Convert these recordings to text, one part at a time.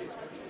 Thank you.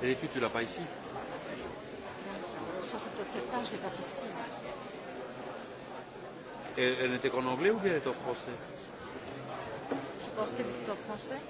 Et l'étude, tu l'as pas ici Ça, c'est peut-être quelque je l'ai pas sorti. Elle n'était qu'en anglais ou bien elle était en français Je pense qu'elle était en français.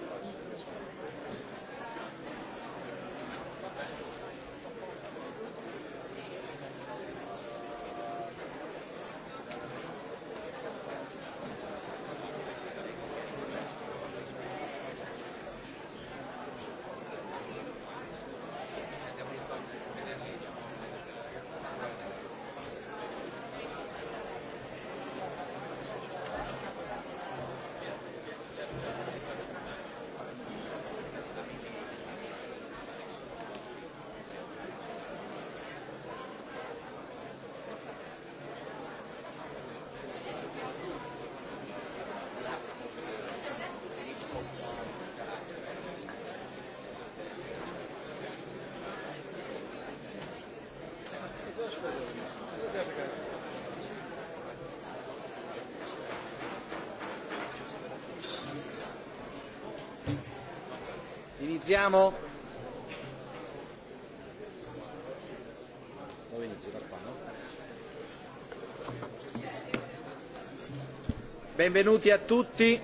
Benvenuti a tutti.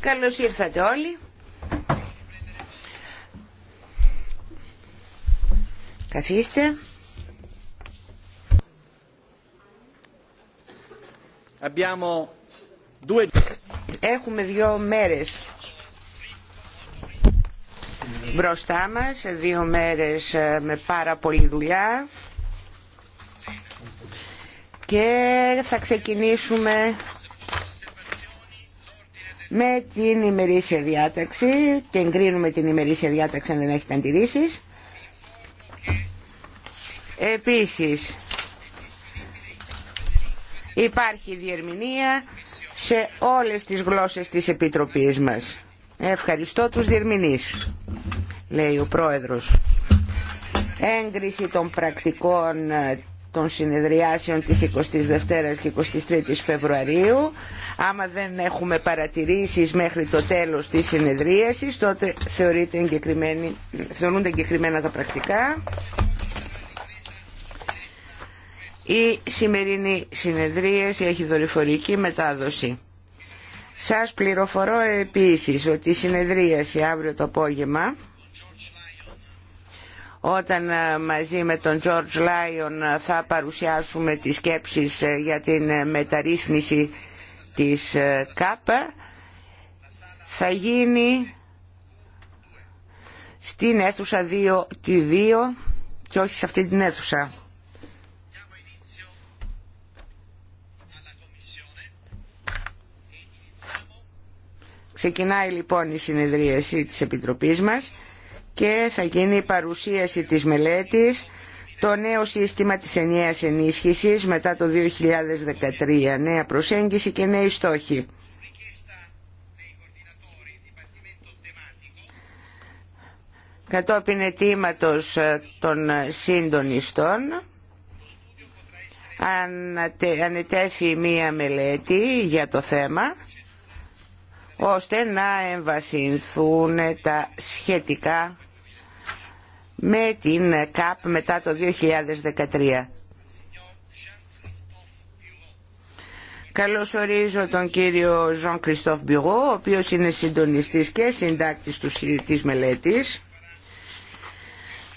Καλώς ήρθατε όλοι. Καθίστε. Έχουμε δύο μέρες μπροστά μας, δύο μέρες ε, με πάρα πολλή δουλειά και θα ξεκινήσουμε με την ημερήσια διάταξη και εγκρίνουμε την ημερήσια διάταξη αν δεν έχετε αντιρρήσεις. Επίσης υπάρχει διερμηνία σε όλες τις γλώσσες της Επιτροπής μας. Ευχαριστώ τους διερμηνείς λέει ο πρόεδρος. Έγκριση των πρακτικών ε, των συνεδριάσεων της 22ης και 23ης Φεβρουαρίου. Άμα δεν έχουμε παρατηρήσεις μέχρι το τέλος της συνεδρίασης, τότε θεωρείται εγκεκριμένη, θεωρούνται εγκεκριμένα τα πρακτικά. Η σημερινή συνεδρίαση έχει δορυφορική μετάδοση. Σας πληροφορώ επίσης ότι η συνεδρίαση αύριο το απόγευμα όταν ε, μαζί με τον George Lyon ε, θα παρουσιάσουμε τις σκέψεις ε, για την μεταρρύθμιση της ΚΑΠΑ θα γίνει στην αίθουσα 2 του 2 και όχι σε αυτή την αίθουσα. Ξεκινάει λοιπόν η συνεδρίαση της Επιτροπής μας και θα γίνει η παρουσίαση της μελέτης το νέο σύστημα της ενιαίας ενίσχυσης μετά το 2013, νέα προσέγγιση και νέοι στόχοι. Κατόπιν ετήματος των συντονιστών, ανετέφει μία μελέτη για το θέμα ώστε να εμβαθυνθούν τα σχετικά με την ΚΑΠ μετά το 2013. ορίζω τον κύριο Ζων Κριστόφ Μπιγό, ο οποίος είναι συντονιστής και συντάκτης του, της μελέτης.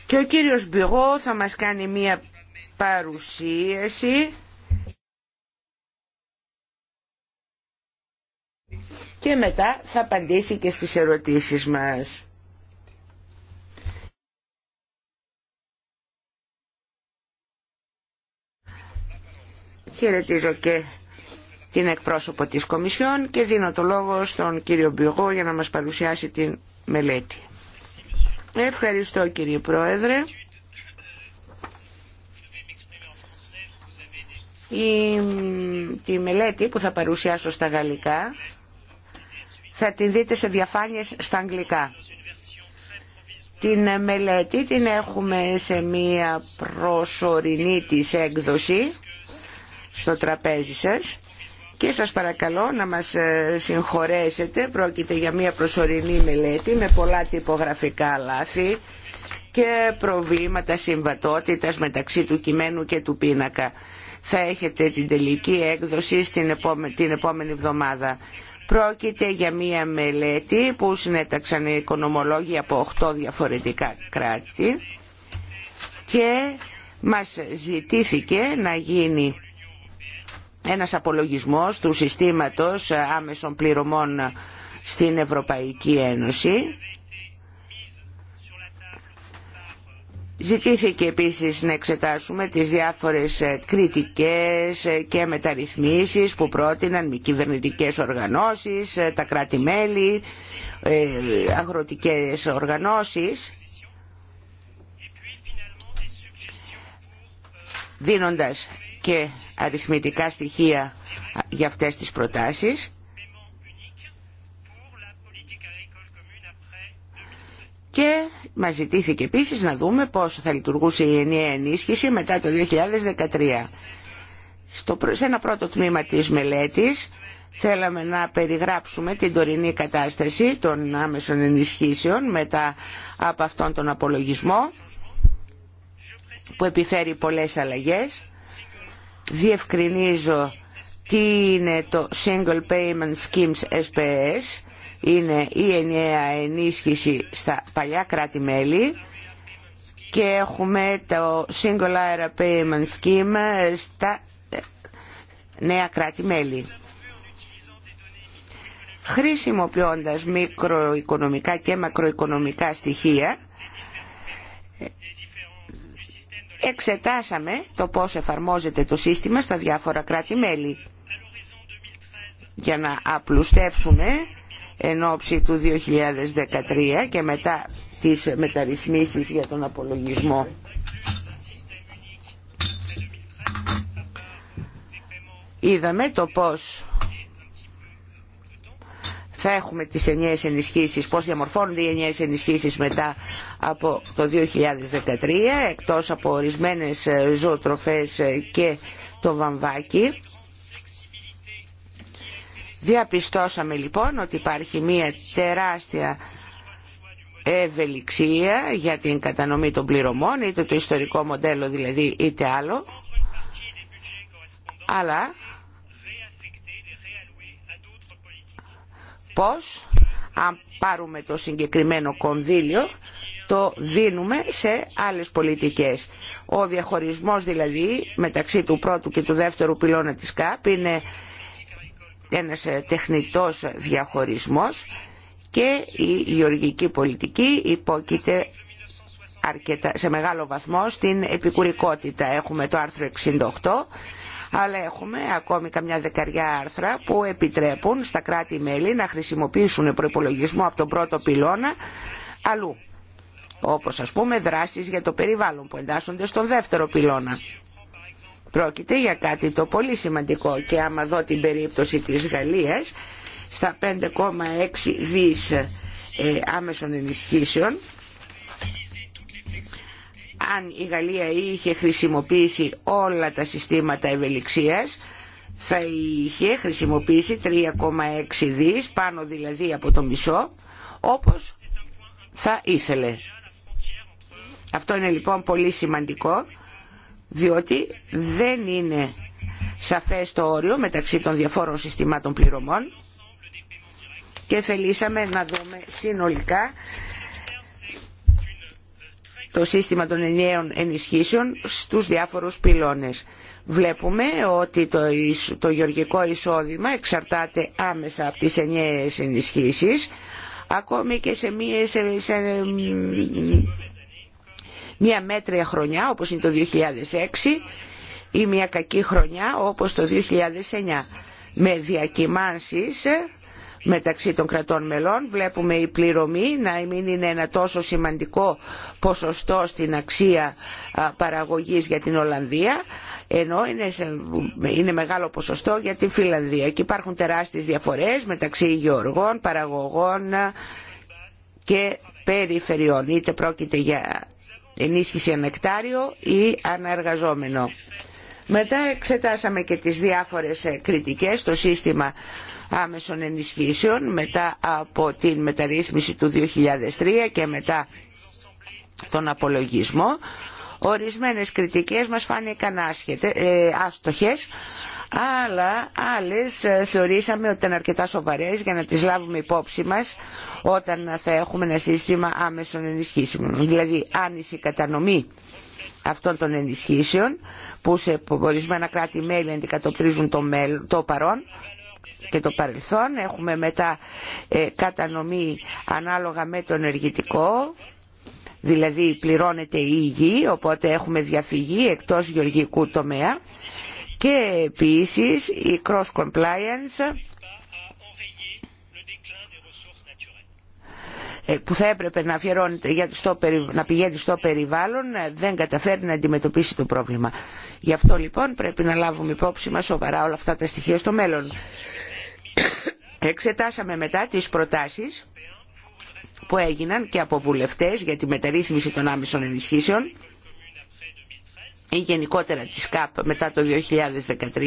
Και ο κύριος Μπιγό θα μας κάνει μία παρουσίαση και μετά θα απαντήσει και στις ερωτήσεις μας. Χαιρετίζω και την εκπρόσωπο της Κομισιόν και δίνω το λόγο στον κύριο Μπιωγό για να μας παρουσιάσει την μελέτη. Ευχαριστώ κύριε Πρόεδρε. Η, τη μελέτη που θα παρουσιάσω στα γαλλικά θα την δείτε σε διαφάνειες στα αγγλικά. Την μελέτη την έχουμε σε μία προσωρινή της έκδοση στο τραπέζι σας και σας παρακαλώ να μας ε, συγχωρέσετε. Πρόκειται για μία προσωρινή μελέτη με πολλά τυπογραφικά λάθη και προβλήματα συμβατότητας μεταξύ του κειμένου και του πίνακα. Θα έχετε την τελική έκδοση στην την επόμενη εβδομάδα. Πρόκειται για μία μελέτη που συνέταξαν οι οικονομολόγοι από 8 διαφορετικά κράτη και μας ζητήθηκε να γίνει ένας απολογισμός του συστήματος άμεσων πληρωμών στην Ευρωπαϊκή Ένωση Ζητήθηκε επίσης να εξετάσουμε τις διάφορες ε, κριτικές ε, και μεταρρυθμίσεις που πρότειναν οι κυβερνητικέ οργανώσεις, ε, τα κράτη-μέλη, αγροτικές οργανώσεις, δίνοντας και αριθμητικά στοιχεία για αυτές τις προτάσεις. Και μας ζητήθηκε επίσης να δούμε πώς θα λειτουργούσε η ενιαία ενίσχυση μετά το 2013. Στο, σε ένα πρώτο τμήμα της μελέτης θέλαμε να περιγράψουμε την τωρινή κατάσταση των άμεσων ενισχύσεων μετά από αυτόν τον απολογισμό που επιφέρει πολλές αλλαγές. Διευκρινίζω τι είναι το Single Payment Schemes SPS είναι η ενιαία ενίσχυση στα παλιά κράτη-μέλη και έχουμε το Single Era Payment Scheme στα νέα κράτη-μέλη. Χρησιμοποιώντας μικροοικονομικά και μακροοικονομικά στοιχεία, εξετάσαμε το πώς εφαρμόζεται το σύστημα στα διάφορα κράτη-μέλη για να απλουστεύσουμε εν ώψη του 2013 και μετά τις μεταρρυθμίσεις για τον απολογισμό. Είδαμε το πώς θα έχουμε τις ενιαίες ενισχύσεις, πώς διαμορφώνονται οι ενιαίες ενισχύσεις μετά από το 2013, εκτός από ορισμένες ζωοτροφές και το βαμβάκι. Διαπιστώσαμε λοιπόν ότι υπάρχει μια τεράστια ευελιξία για την κατανομή των πληρωμών, είτε το ιστορικό μοντέλο δηλαδή είτε άλλο, αλλά πώς αν πάρουμε το συγκεκριμένο κονδύλιο το δίνουμε σε άλλες πολιτικές. Ο διαχωρισμός δηλαδή μεταξύ του πρώτου και του δεύτερου πυλώνα της ΚΑΠ είναι ένας ε, τεχνητός διαχωρισμός και η γεωργική πολιτική υπόκειται αρκετά, σε μεγάλο βαθμό στην επικουρικότητα. Έχουμε το άρθρο 68 αλλά έχουμε ακόμη καμιά δεκαριά άρθρα που επιτρέπουν στα κράτη-μέλη να χρησιμοποιήσουν προπολογισμό από τον πρώτο πυλώνα αλλού. Όπως ας πούμε δράσεις για το περιβάλλον που εντάσσονται στον δεύτερο πυλώνα. Πρόκειται για κάτι το πολύ σημαντικό και άμα δω την περίπτωση της Γαλλίας στα 5,6 δις ε, άμεσων ενισχύσεων αν η Γαλλία είχε χρησιμοποιήσει όλα τα συστήματα ευελιξίας θα είχε χρησιμοποιήσει 3,6 δις, πάνω δηλαδή από το μισό, όπως θα ήθελε. Αυτό είναι λοιπόν πολύ σημαντικό διότι δεν είναι σαφές το όριο μεταξύ των διαφόρων συστημάτων πληρωμών και θελήσαμε να δούμε συνολικά το σύστημα των ενιαίων ενισχύσεων στους διάφορους πυλώνες. Βλέπουμε ότι το, το γεωργικό εισόδημα εξαρτάται άμεσα από τις ενιαίες ενισχύσεις, ακόμη και σε, μία, μια μέτρια χρονιά όπως είναι το 2006 ή μια κακή χρονιά όπως το 2009. Με διακυμάνσεις ε, μεταξύ των κρατών μελών βλέπουμε η πληρωμή να μην είναι ένα τόσο σημαντικό ποσοστό στην αξία παραγωγής για την Ολλανδία ενώ είναι, είναι μεγάλο ποσοστό για την Φιλανδία και υπάρχουν τεράστιες διαφορές μεταξύ γεωργών, παραγωγών και περιφερειών είτε πρόκειται για ενίσχυση ανεκτάριο ή αναεργαζόμενο. Μετά εξετάσαμε και τις διάφορες ε, κριτικές στο σύστημα άμεσων ενισχύσεων μετά από την μεταρρύθμιση του 2003 και μετά τον απολογισμό. Ορισμένες κριτικές μας φάνηκαν ε, άστοχες, αλλά άλλε ε, θεωρήσαμε ότι ήταν αρκετά σοβαρέ για να τις λάβουμε υπόψη μα όταν θα έχουμε ένα σύστημα άμεσων ενισχύσεων. Δηλαδή άνηση κατανομή αυτών των ενισχύσεων που σε ορισμένα κράτη-μέλη αντικατοπτρίζουν το, το παρόν και το παρελθόν. Έχουμε μετά ε, κατανομή ανάλογα με το ενεργητικό, δηλαδή πληρώνεται η γη, οπότε έχουμε διαφυγή εκτός γεωργικού τομέα και επίσης η cross compliance ε, που θα έπρεπε να, αφιερώνεται στο, να πηγαίνει στο περιβάλλον ε, δεν καταφέρνει να αντιμετωπίσει το πρόβλημα. Γι' αυτό λοιπόν πρέπει να λάβουμε υπόψη μας σοβαρά όλα αυτά τα στοιχεία στο μέλλον. Εξετάσαμε μετά τις προτάσεις που έγιναν και από βουλευτές για τη μεταρρύθμιση των άμεσων ενισχύσεων ή γενικότερα της ΚΑΠ μετά το 2013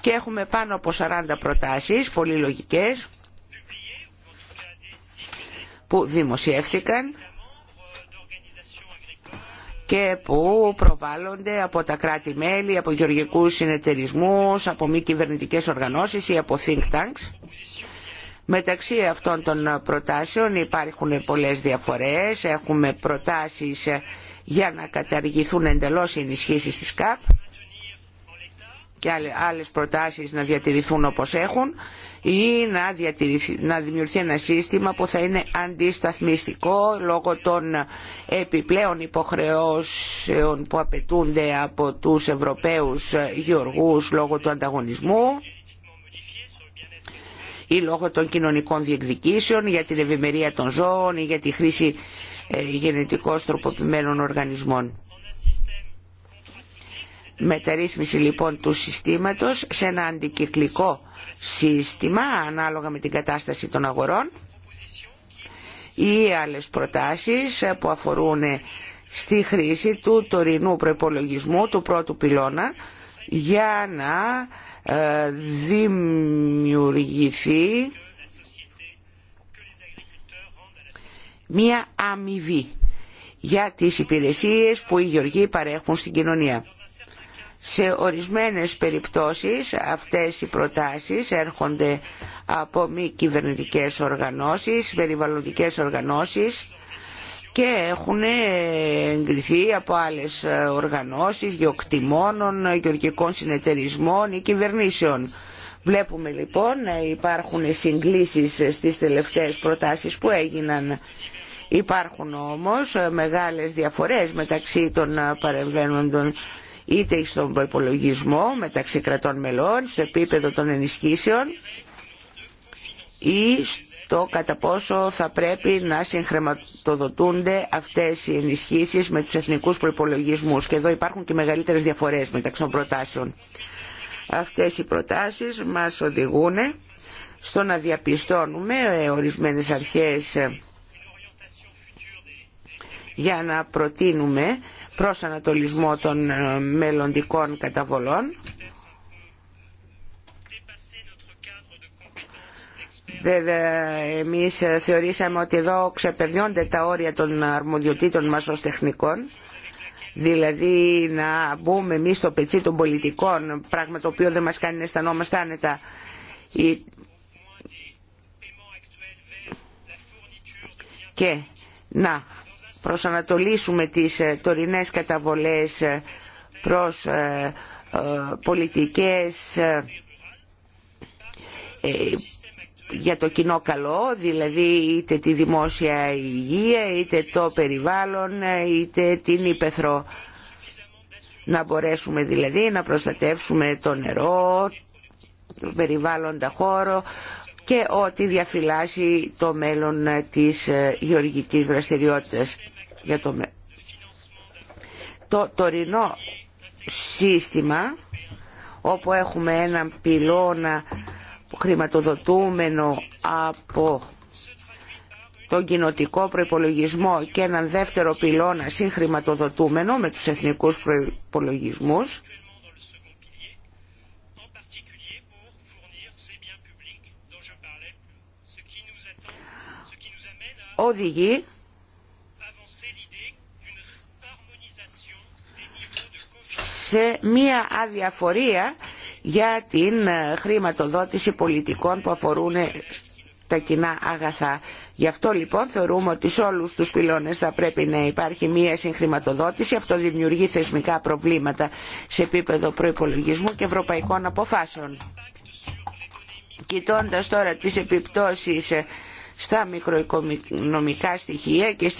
και έχουμε πάνω από 40 προτάσεις πολύ λογικές που δημοσιεύθηκαν και που προβάλλονται από τα κράτη-μέλη, από γεωργικούς συνεταιρισμούς, από μη κυβερνητικές οργανώσεις ή από think tanks. Μεταξύ αυτών των προτάσεων υπάρχουν πολλές διαφορές. Έχουμε προτάσεις για να καταργηθούν εντελώς οι ενισχύσεις της ΚΑΠ και άλλες προτάσεις να διατηρηθούν όπως έχουν ή να, να δημιουργηθεί ένα σύστημα που θα είναι αντισταθμιστικό λόγω των επιπλέον υποχρεώσεων που απαιτούνται από τους Ευρωπαίους γεωργούς λόγω του ανταγωνισμού ή λόγω των κοινωνικών διεκδικήσεων για την ευημερία των ζώων ή για τη χρήση ε, γενετικώς τροποποιημένων οργανισμών. Μεταρρύθμιση λοιπόν του συστήματος σε ένα αντικυκλικό σύστημα ανάλογα με την κατάσταση των αγορών ή άλλες προτάσεις που αφορούν ε, στη χρήση του τωρινού προϋπολογισμού του πρώτου πυλώνα για να ε, δημιουργηθεί μία αμοιβή για τις υπηρεσίες που οι γεωργοί παρέχουν στην κοινωνία. Σε ορισμένες περιπτώσεις αυτές οι προτάσεις έρχονται από μη κυβερνητικές οργανώσεις, περιβαλλοντικές οργανώσεις και έχουν εγκριθεί από άλλες οργανώσεις γεωκτημόνων, γεωργικών συνεταιρισμών ή κυβερνήσεων. Βλέπουμε λοιπόν να υπάρχουν συγκλήσεις στις τελευταίες προτάσεις που έγιναν Υπάρχουν όμως ε, μεγάλες διαφορές μεταξύ των ε, παρεμβαίνοντων είτε στον προπολογισμό μεταξύ κρατών μελών, στο επίπεδο των ενισχύσεων ή στο κατά πόσο θα πρέπει να συγχρηματοδοτούνται αυτές οι ενισχύσεις με τους εθνικούς προϋπολογισμούς. Και εδώ υπάρχουν και μεγαλύτερες διαφορές μεταξύ των προτάσεων. Αυτές οι προτάσεις μας οδηγούν στο να διαπιστώνουμε ε, ορισμένες αρχές για να προτείνουμε ανατολισμό των ε, μελλοντικών καταβολών. Βέβαια, εμείς ε, θεωρήσαμε ότι εδώ ξεπερνιόνται τα όρια των αρμοδιοτήτων μας ως τεχνικών, δηλαδή να μπούμε εμείς στο πετσί των πολιτικών, πράγμα το οποίο δεν μας κάνει να αισθανόμαστε άνετα. Και να προσανατολίσουμε τις ε, τωρινές καταβολές ε, προς ε, πολιτικές για το κοινό καλό, δηλαδή είτε τη δημόσια υγεία, είτε το περιβάλλον, είτε την ύπεθρο. Να μπορέσουμε δηλαδή να προστατεύσουμε το νερό, το περιβάλλοντα χώρο και ό,τι διαφυλάσσει το μέλλον της γεωργικής δραστηριότητας για το, το τωρινό σύστημα όπου έχουμε έναν πυλώνα χρηματοδοτούμενο από τον κοινοτικό προϋπολογισμό και έναν δεύτερο πυλώνα συγχρηματοδοτούμενο με τους εθνικούς προϋπολογισμούς οδηγεί σε μία αδιαφορία για την ε, χρηματοδότηση πολιτικών που αφορούν ε, τα κοινά αγαθά. Γι' αυτό λοιπόν θεωρούμε ότι σε όλους τους πυλώνες θα πρέπει να υπάρχει μία συγχρηματοδότηση. Αυτό δημιουργεί θεσμικά προβλήματα σε επίπεδο προϋπολογισμού και ευρωπαϊκών αποφάσεων. Κοιτώντας τώρα τις επιπτώσεις ε, στα μικροοικονομικά στοιχεία και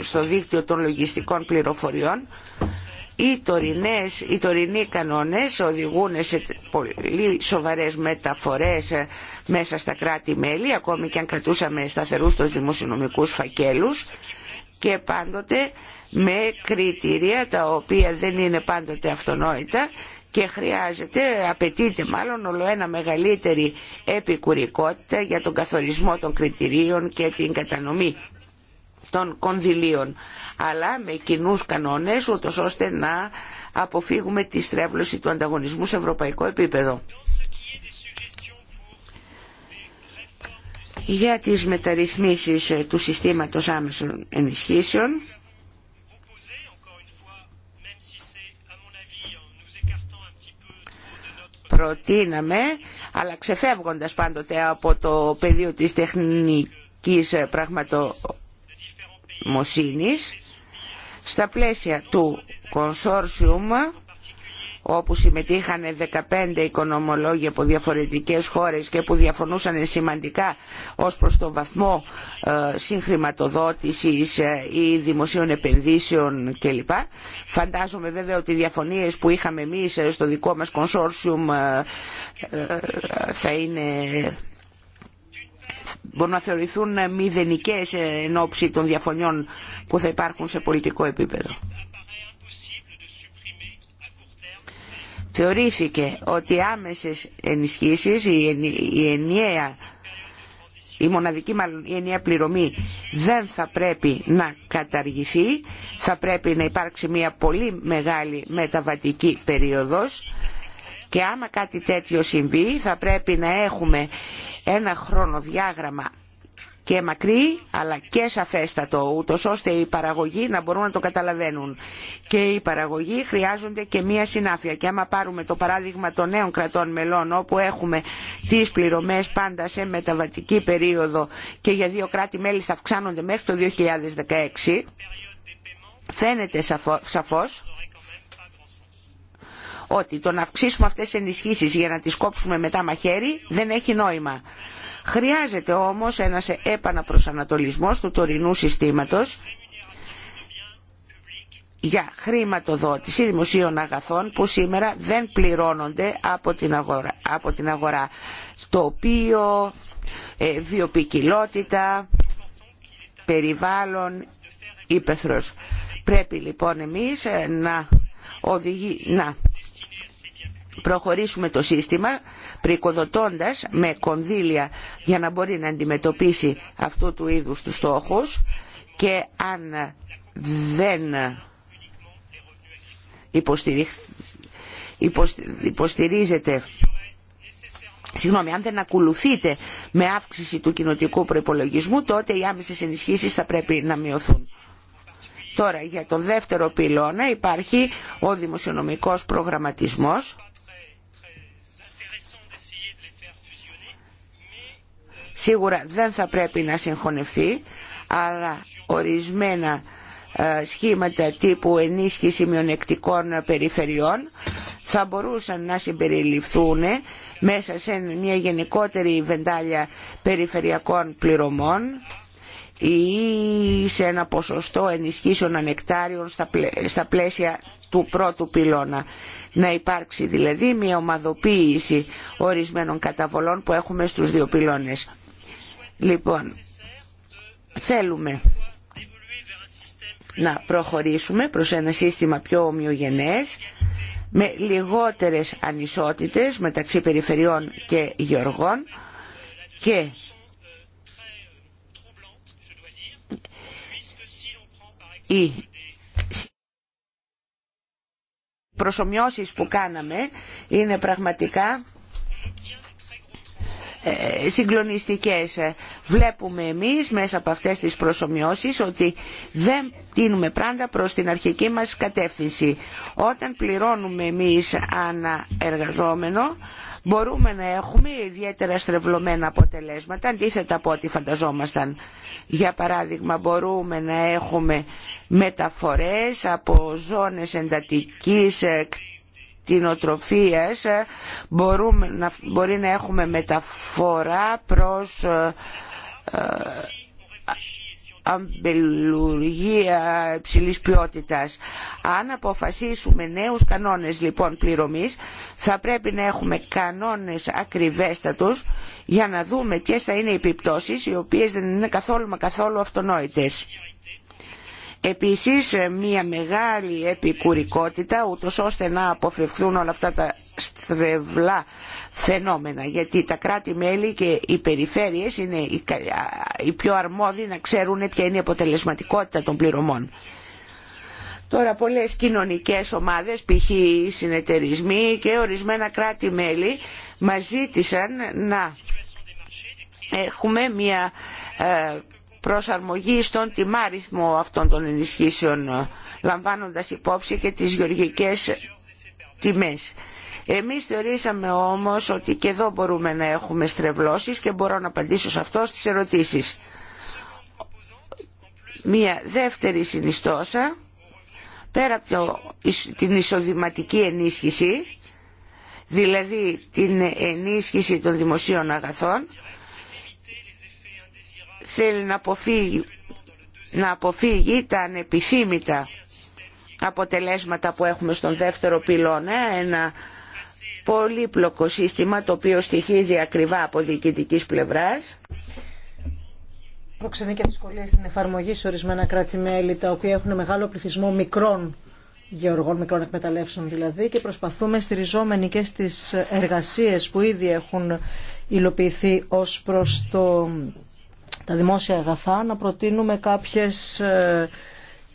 στο δίκτυο των λογιστικών πληροφοριών οι, τωρινές, οι τωρινοί κανόνες οδηγούν σε πολύ σοβαρές μεταφορές ε, μέσα στα κράτη-μέλη, ακόμη και αν κρατούσαμε σταθερούς τους δημοσιονομικούς φακέλους και πάντοτε με κριτήρια τα οποία δεν είναι πάντοτε αυτονόητα και χρειάζεται, απαιτείται μάλλον όλο ένα μεγαλύτερη επικουρικότητα για τον καθορισμό των κριτηρίων και την κατανομή των κονδυλίων αλλά με κοινού κανόνες ούτως ώστε να αποφύγουμε τη στρέβλωση του ανταγωνισμού σε ευρωπαϊκό επίπεδο. Για τις μεταρρυθμίσεις ε, του συστήματος άμεσων ενισχύσεων προτείναμε, αλλά ξεφεύγοντας πάντοτε από το πεδίο της τεχνικής ε, πραγματο στα πλαίσια του κονσόρσιουμ όπου συμμετείχαν 15 οικονομολόγοι από διαφορετικές χώρες και που διαφωνούσαν σημαντικά ως προς το βαθμό ε, συγχρηματοδότησης ε, ή δημοσίων επενδύσεων κλπ. Φαντάζομαι βέβαια ότι οι διαφωνίες που είχαμε εμείς ε, στο δικό μας κονσόρσιουμ θα είναι μπορούν να θεωρηθούν ε, μηδενικέ ε, εν ώψη των διαφωνιών που θα υπάρχουν σε πολιτικό επίπεδο. Θεωρήθηκε ότι άμεσες ενισχύσεις, η ενιαία η μοναδική μάλλον η ενιαία πληρωμή δεν θα πρέπει να καταργηθεί, θα πρέπει να υπάρξει μια πολύ μεγάλη μεταβατική περίοδος και άμα κάτι τέτοιο συμβεί θα πρέπει να έχουμε ένα χρονοδιάγραμμα και μακρύ αλλά και σαφέστατο ούτως ώστε οι παραγωγοί να μπορούν να το καταλαβαίνουν και οι παραγωγοί χρειάζονται και μία συνάφεια και άμα πάρουμε το παράδειγμα των νέων κρατών μελών όπου έχουμε τις πληρωμές πάντα σε μεταβατική περίοδο και για δύο κράτη-μέλη θα αυξάνονται μέχρι το 2016 φαίνεται σαφώς ότι το να αυξήσουμε αυτές τις ενισχύσεις για να τις κόψουμε μετά μαχαίρι δεν έχει νόημα. Χρειάζεται όμως ένας επαναπροσανατολισμός του τωρινού συστήματος για χρηματοδότηση δημοσίων αγαθών που σήμερα δεν πληρώνονται από την αγορά, από την αγορά. τοπίο, ε, βιοπικιλότητα, περιβάλλον, ύπεθρος. Πρέπει λοιπόν εμείς ε, να, οδηγεί, προχωρήσουμε το σύστημα πρικοδοτώντας με κονδύλια για να μπορεί να αντιμετωπίσει αυτού του είδους τους στόχους και αν δεν υποστηριχ... υποστηρίζεται Συγγνώμη, αν δεν ακολουθείτε με αύξηση του κοινοτικού προϋπολογισμού, τότε οι άμεσες ενισχύσεις θα πρέπει να μειωθούν. Τώρα, για τον δεύτερο πυλώνα υπάρχει ο δημοσιονομικός προγραμματισμός, Σίγουρα δεν θα πρέπει να συγχωνευτεί, αλλά ορισμένα ε, σχήματα τύπου ενίσχυση μειονεκτικών περιφερειών θα μπορούσαν να συμπεριληφθούν μέσα σε μια γενικότερη βεντάλια περιφερειακών πληρωμών ή σε ένα ποσοστό ενισχύσεων ανεκτάριων στα πλαίσια του πρώτου πυλώνα. Να υπάρξει δηλαδή μια ομαδοποίηση ορισμένων καταβολών που έχουμε στους δύο πυλώνες. Λοιπόν, θέλουμε να προχωρήσουμε προς ένα σύστημα πιο ομοιογενές με λιγότερες ανισότητες μεταξύ περιφερειών και γεωργών και οι προσωμιώσεις που κάναμε είναι πραγματικά ε, συγκλονιστικές. Βλέπουμε εμείς μέσα από αυτές τις προσωμιώσεις ότι δεν τίνουμε πράντα προς την αρχική μας κατεύθυνση. Όταν πληρώνουμε εμείς ανά εργαζόμενο μπορούμε να έχουμε ιδιαίτερα στρεβλωμένα αποτελέσματα αντίθετα από ό,τι φανταζόμασταν. Για παράδειγμα μπορούμε να έχουμε μεταφορές από ζώνες εντατικής ε, κτηνοτροφίας ε, μπορούμε να, μπορεί να έχουμε μεταφορά προς ε, ε, αμπελουργία ψηλής ποιότητας. Αν αποφασίσουμε νέους κανόνες λοιπόν πληρωμής θα πρέπει να έχουμε κανόνες ακριβέστατους για να δούμε ποιες θα είναι οι επιπτώσεις οι οποίες δεν είναι καθόλου μα καθόλου αυτονόητες. Επίσης ε, μια μεγάλη επικουρικότητα ούτως ώστε να αποφευχθούν όλα αυτά τα στρεβλά φαινόμενα γιατί τα κράτη-μέλη και οι περιφέρειες είναι οι πιο αρμόδιοι να ξέρουν ποια είναι η αποτελεσματικότητα των πληρωμών. Τώρα πολλές κοινωνικές ομάδες, π.χ. οι συνεταιρισμοί και ορισμένα κράτη-μέλη μας ζήτησαν να έχουμε μια ε, προσαρμογή στον τιμάριθμο αυτών των ενισχύσεων ε, λαμβάνοντας υπόψη και τις γεωργικές τιμές. Εμείς θεωρήσαμε όμως ότι και εδώ μπορούμε να έχουμε στρεβλώσεις και μπορώ να απαντήσω σε αυτό στις ερωτήσεις. Μία δεύτερη συνιστόσα, πέρα από την εισοδηματική ενίσχυση, δηλαδή την ενίσχυση των δημοσίων αγαθών, θέλει να αποφύγει, να αποφύγει τα ανεπιθύμητα αποτελέσματα που έχουμε στον δεύτερο πυλώνα, ένα πολύπλοκο σύστημα το οποίο στοιχίζει ακριβά από διοικητικής πλευράς. Προξενεί και δυσκολίε στην εφαρμογή σε ορισμένα κράτη-μέλη τα οποία έχουν μεγάλο πληθυσμό μικρών γεωργών, μικρών εκμεταλλεύσεων δηλαδή και προσπαθούμε στηριζόμενοι και στις εργασίες που ήδη έχουν υλοποιηθεί ως προς το τα δημόσια αγαθά να προτείνουμε κάποιες ε,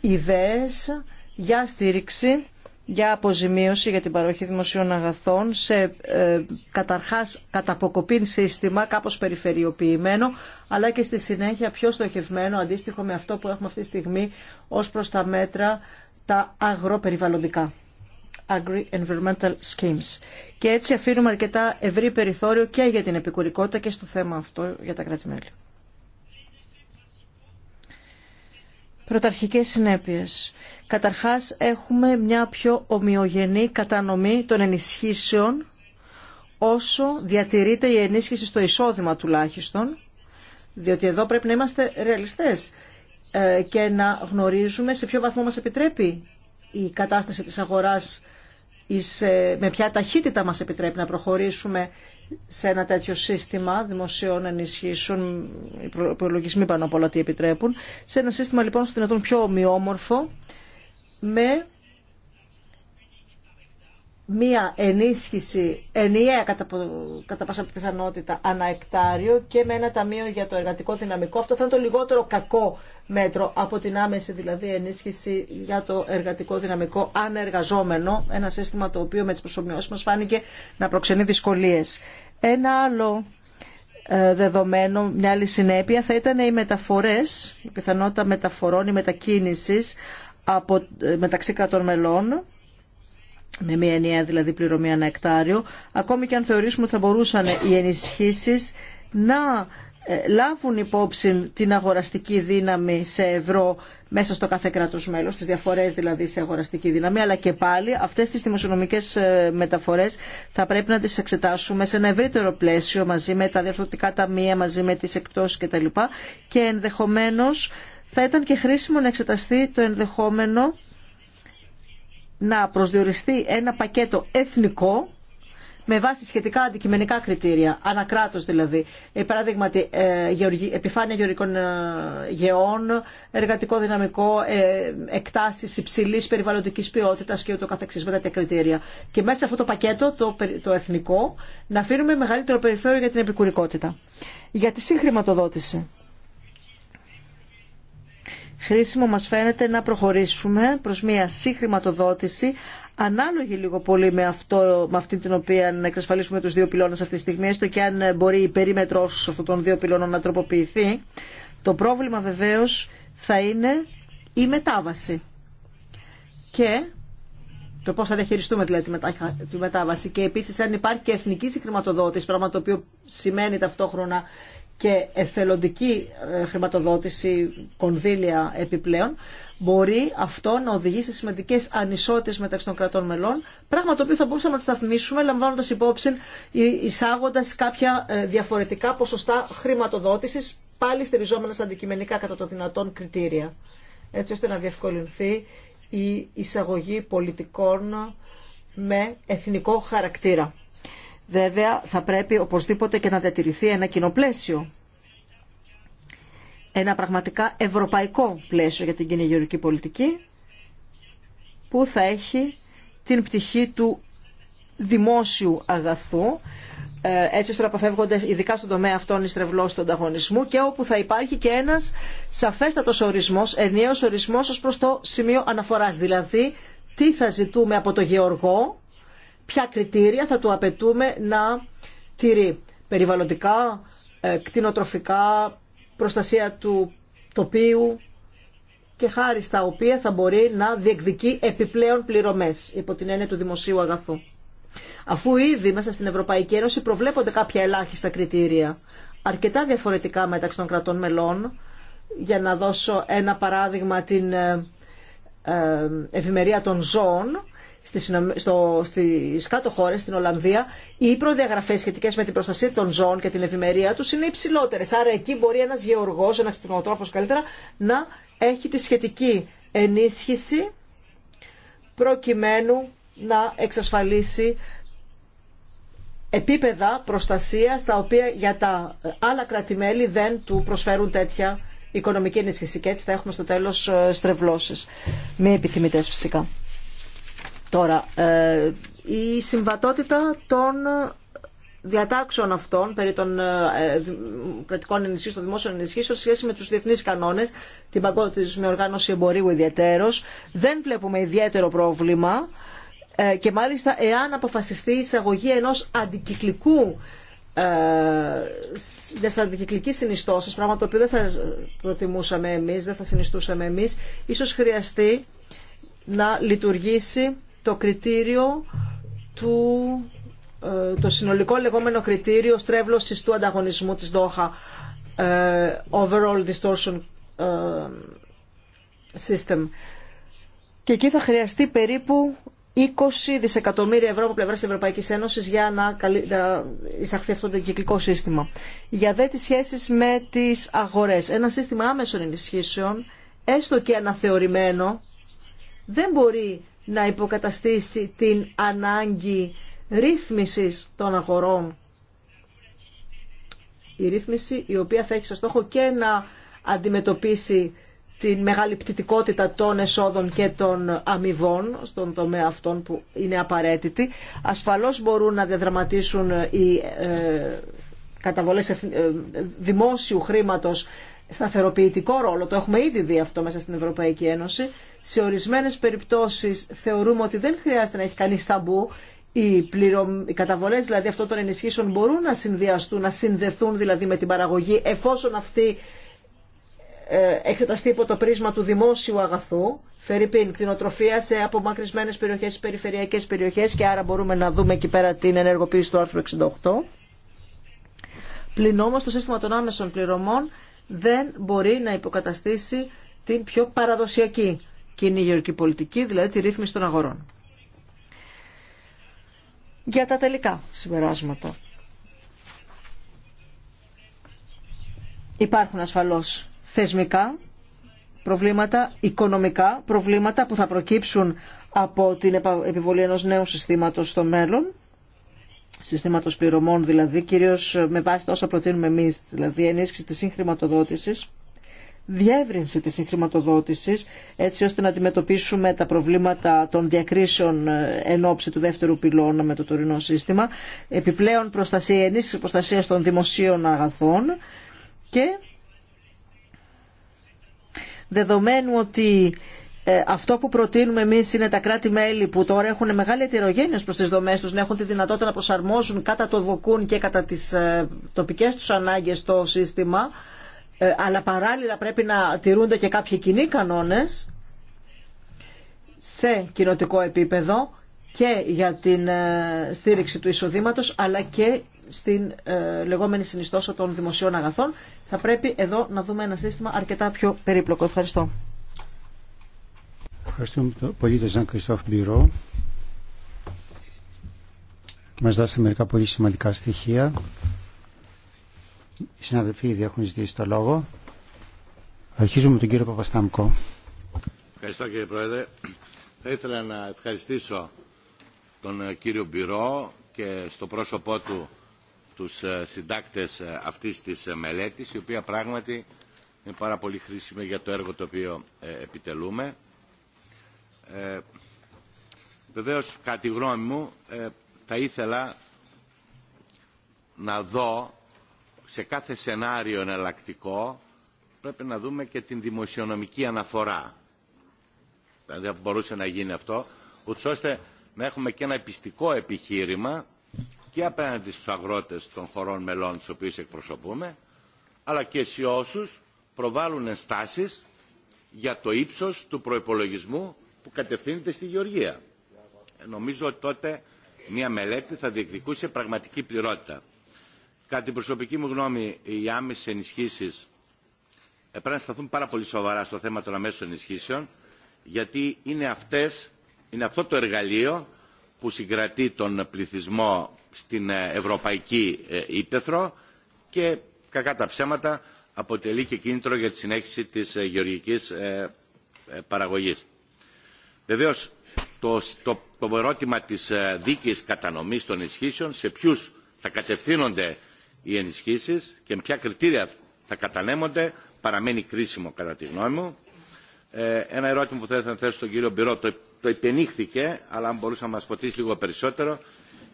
ιδέες για στήριξη, για αποζημίωση για την παροχή δημοσίων αγαθών σε ε, καταρχάς καταποκοπήν σύστημα, κάπως περιφερειοποιημένο, αλλά και στη συνέχεια πιο στοχευμένο, αντίστοιχο με αυτό που έχουμε αυτή τη στιγμή ως προς τα μέτρα τα αγροπεριβαλλοντικά. Agri-Environmental Schemes. Και έτσι αφήνουμε αρκετά ευρύ περιθώριο και για την επικουρικότητα και στο θέμα αυτό για τα κράτη-μέλη. πρωταρχικές συνέπειες. Καταρχάς έχουμε μια πιο ομοιογενή κατανομή των ενισχύσεων όσο διατηρείται η ενίσχυση στο εισόδημα τουλάχιστον, διότι εδώ πρέπει να είμαστε ρεαλιστές ε, και να γνωρίζουμε σε ποιο βαθμό μας επιτρέπει η κατάσταση της αγοράς με ποια ταχύτητα μας επιτρέπει να προχωρήσουμε σε ένα τέτοιο σύστημα δημοσίων ενισχύσεων, οι προλογισμοί πάνω απ' όλα τι επιτρέπουν, σε ένα σύστημα λοιπόν στο δυνατόν πιο ομοιόμορφο με μία ενίσχυση ενιαία κατά, κατά πάσα πιθανότητα αναεκτάριο και με ένα ταμείο για το εργατικό δυναμικό. Αυτό θα είναι το λιγότερο κακό μέτρο από την άμεση δηλαδή ενίσχυση για το εργατικό δυναμικό ανεργαζόμενο, ένα σύστημα το οποίο με τις προσωμιώσεις μας φάνηκε να προξενεί δυσκολίες. Ένα άλλο ε, δεδομένο, μια άλλη συνέπεια θα ήταν οι μεταφορές, η πιθανότητα μεταφορών, η μετακίνησης από, ε, μεταξύ κρατών μελών με μια ενιαία δηλαδή πληρωμή ένα εκτάριο, ακόμη και αν θεωρήσουμε ότι θα μπορούσαν οι ενισχύσεις να ε, λάβουν υπόψη την αγοραστική δύναμη σε ευρώ μέσα στο κάθε κράτο μέλο, τι διαφορέ δηλαδή σε αγοραστική δύναμη, αλλά και πάλι αυτές τις δημοσιονομικέ ε, μεταφορέ θα πρέπει να τι εξετάσουμε σε ένα ευρύτερο πλαίσιο μαζί με τα διαφορετικά ταμεία, μαζί με τι εκπτώσεις κτλ. Και ενδεχομένω, θα ήταν και χρήσιμο να εξεταστεί το ενδεχόμενο να προσδιοριστεί ένα πακέτο εθνικό με βάση σχετικά αντικειμενικά κριτήρια, ανακράτο δηλαδή. Ε, ε επιφάνεια γεωργικών ε, γεών, εργατικό δυναμικό, ε, εκτάσει υψηλή περιβαλλοντική ποιότητα και ούτω καθεξή με τέτοια κριτήρια. Και μέσα σε αυτό το πακέτο, το, το εθνικό, να αφήνουμε μεγαλύτερο περιθώριο για την επικουρικότητα. Για τη συγχρηματοδότηση. Χρήσιμο μας φαίνεται να προχωρήσουμε προς μια συγχρηματοδότηση ανάλογη λίγο πολύ με, αυτό, με αυτή την οποία να εξασφαλίσουμε τους δύο πυλώνες αυτή τη στιγμή, έστω και αν μπορεί η περίμετρος αυτών των δύο πυλώνων να τροποποιηθεί. Το πρόβλημα βεβαίως θα είναι η μετάβαση. Και το πώς θα διαχειριστούμε δηλαδή τη μετάβαση. Και επίση, αν υπάρχει και εθνική συγχρηματοδότηση, πράγμα το οποίο σημαίνει ταυτόχρονα και εθελοντική ε, χρηματοδότηση κονδύλια επιπλέον, μπορεί αυτό να οδηγήσει σε σημαντικέ ανισότητε μεταξύ των κρατών μελών, πράγμα το οποίο θα μπορούσαμε να σταθμίσουμε λαμβάνοντα υπόψη ή ε, εισάγοντα κάποια ε, διαφορετικά ποσοστά χρηματοδότηση, πάλι στηριζόμενα αντικειμενικά κατά το δυνατόν κριτήρια, έτσι ώστε να διευκολυνθεί η εισαγωγή πολιτικών με εθνικό χαρακτήρα. Βέβαια θα πρέπει οπωσδήποτε και να διατηρηθεί ένα κοινό πλαίσιο. Ένα πραγματικά ευρωπαϊκό πλαίσιο για την κοινή πολιτική που θα έχει την πτυχή του δημόσιου αγαθού ε, έτσι ώστε να αποφεύγονται ειδικά στον τομέα αυτών οι στρεβλώσει του ανταγωνισμού και όπου θα υπάρχει και ένα σαφέστατο ορισμό, ενιαίο ορισμό ω προ το σημείο αναφορά. Δηλαδή, τι θα ζητούμε από το γεωργό ποια κριτήρια θα του απαιτούμε να τηρεί. Περιβαλλοντικά, ε, κτηνοτροφικά, προστασία του τοπίου και χάρη στα οποία θα μπορεί να διεκδικεί επιπλέον πληρωμές υπό την έννοια του δημοσίου αγαθού. Αφού ήδη μέσα στην Ευρωπαϊκή Ένωση προβλέπονται κάποια ελάχιστα κριτήρια, αρκετά διαφορετικά μεταξύ των κρατών μελών, για να δώσω ένα παράδειγμα την ε, ε, ευημερία των ζώων, στις, στις κάτω χώρες, στην Ολλανδία, οι προδιαγραφές σχετικές με την προστασία των ζώων και την ευημερία τους είναι υψηλότερες. Άρα εκεί μπορεί ένας γεωργός, ένας κτηνοτρόφο καλύτερα, να έχει τη σχετική ενίσχυση προκειμένου να εξασφαλίσει επίπεδα προστασίας τα οποία για τα άλλα κρατημέλη δεν του προσφέρουν τέτοια οικονομική ενίσχυση και έτσι θα έχουμε στο τέλος ε, στρεβλώσεις μη επιθυμητές φυσικά. Τώρα, ε, η συμβατότητα των διατάξεων αυτών περί των ε, κρατικών ενισχύσεων, των δημόσιων ενισχύσεων, σε σχέση με του διεθνεί κανόνε, την Παγκόσμια Οργάνωση Εμπορίου ιδιαίτερω, δεν βλέπουμε ιδιαίτερο πρόβλημα ε, και μάλιστα εάν αποφασιστεί η εισαγωγή ενό αντικυκλικού αντικυκλικής συνιστώση, πράγμα το οποίο δεν θα προτιμούσαμε εμεί, δεν θα συνιστούσαμε εμεί, ίσω χρειαστεί να λειτουργήσει το κριτήριο του ε, το συνολικό λεγόμενο κριτήριο στρέβλωσης του ανταγωνισμού της Δόχα ε, overall distortion ε, system και εκεί θα χρειαστεί περίπου 20 δισεκατομμύρια ευρώ από πλευρά της Ευρωπαϊκής Ένωσης για να εισαχθεί αυτό το κυκλικό σύστημα. Για δε τις σχέσεις με τις αγορές. Ένα σύστημα άμεσων ενισχύσεων, έστω και αναθεωρημένο, δεν μπορεί να υποκαταστήσει την ανάγκη ρύθμισης των αγορών. Η ρύθμιση η οποία θα έχει σαν στόχο και να αντιμετωπίσει την μεγάλη πτυτικότητα των εσόδων και των αμοιβών στον τομέα αυτών που είναι απαραίτητη. Ασφαλώς μπορούν να διαδραματίσουν οι ε, καταβολές ε, δημόσιου χρήματος σταθεροποιητικό ρόλο, το έχουμε ήδη δει αυτό μέσα στην Ευρωπαϊκή Ένωση. Σε ορισμένες περιπτώσεις θεωρούμε ότι δεν χρειάζεται να έχει κανεί ταμπού, οι, πληρω... οι καταβολές δηλαδή αυτών των ενισχύσεων μπορούν να συνδυαστούν, να συνδεθούν δηλαδή με την παραγωγή εφόσον αυτή ε, εξεταστεί υπό το πρίσμα του δημόσιου αγαθού, φερρυπίν, κτηνοτροφία σε απομακρυσμένες περιοχές, περιφερειακέ περιοχέ, και άρα μπορούμε να δούμε εκεί πέρα την ενεργοποίηση του άρθρου 68. Πλην όμω το σύστημα των άμεσων πληρωμών δεν μπορεί να υποκαταστήσει την πιο παραδοσιακή κοινή γεωργική πολιτική, δηλαδή τη ρύθμιση των αγορών. Για τα τελικά συμπεράσματα. Υπάρχουν ασφαλώς θεσμικά προβλήματα, οικονομικά προβλήματα που θα προκύψουν από την επιβολή ενός νέου συστήματος στο μέλλον Συστήματο πληρωμών, δηλαδή κυρίως ε, με βάση τα όσα προτείνουμε εμεί δηλαδή ενίσχυση τη συγχρηματοδότησης, διεύρυνση της συγχρηματοδότησης, έτσι ώστε να αντιμετωπίσουμε τα προβλήματα των διακρίσεων ε, εν ώψη του δεύτερου πυλώνα με το τωρινό σύστημα, επιπλέον προστασία, ενίσχυση προστασία των δημοσίων αγαθών και δεδομένου ότι ε, αυτό που προτείνουμε εμεί είναι τα κράτη-μέλη που τώρα έχουν μεγάλη ετερογένεια προ τι δομέ του να έχουν τη δυνατότητα να προσαρμόζουν κατά το δοκούν και κατά τι ε, τοπικέ του ανάγκε το σύστημα, ε, αλλά παράλληλα πρέπει να τηρούνται και κάποιοι κοινοί κανόνε σε κοινοτικό επίπεδο και για την στήριξη του εισοδήματο, αλλά και στην λεγόμενη συνιστόσα των δημοσίων αγαθών. Θα πρέπει εδώ να δούμε ένα σύστημα αρκετά πιο περίπλοκο. Ευχαριστώ. Ευχαριστούμε πολύ τον Ζαν Κριστόφ Μπυρό. Μας δώσετε μερικά πολύ σημαντικά στοιχεία. Οι συναδελφοί ήδη έχουν ζητήσει το λόγο. Αρχίζουμε με τον κύριο Παπαστάμκο. Ευχαριστώ κύριε Πρόεδρε. Θα ήθελα να ευχαριστήσω τον ε, κύριο Μπυρό και στο πρόσωπό του τους ε, συντάκτες ε, αυτής της μελέτης, η οποία πράγματι είναι πάρα πολύ χρήσιμη για το έργο το οποίο επιτελούμε. Ε, βεβαίως, κατά τη γνώμη μου, ε, θα ήθελα να δω σε κάθε σενάριο εναλλακτικό πρέπει να δούμε και την δημοσιονομική αναφορά. Δηλαδή θα μπορούσε να γίνει αυτό, ούτως ώστε να έχουμε και ένα επιστικό επιχείρημα και απέναντι στους αγρότες των χωρών μελών τους οποίους εκπροσωπούμε, αλλά και σε όσους προβάλλουν ενστάσεις για το ύψος του προϋπολογισμού που κατευθύνεται στη Γεωργία. Ε, νομίζω ότι τότε μια μελέτη θα διεκδικούσε πραγματική πληρότητα. Κατά την προσωπική μου γνώμη, οι άμεσε ενισχύσει πρέπει να σταθούν πάρα πολύ σοβαρά στο θέμα των αμέσων ενισχύσεων, γιατί είναι, αυτές, είναι αυτό το εργαλείο που συγκρατεί τον πληθυσμό στην ε, ευρωπαϊκή ύπεθρο ε, και κακά τα ψέματα αποτελεί και κίνητρο για τη συνέχιση της γεωργικής παραγωγής. Βεβαίως το, ερώτημα της ε, δίκαιης κατανομής των ενισχύσεων, σε ποιους θα κατευθύνονται οι ενισχύσεις και με ποια κριτήρια θα κατανέμονται, παραμένει κρίσιμο κατά τη γνώμη μου. Ε, ένα ερώτημα που θα ήθελα να θέσω στον κύριο Μπυρό, το, το υπενήχθηκε, αλλά αν μπορούσε να μας φωτίσει λίγο περισσότερο,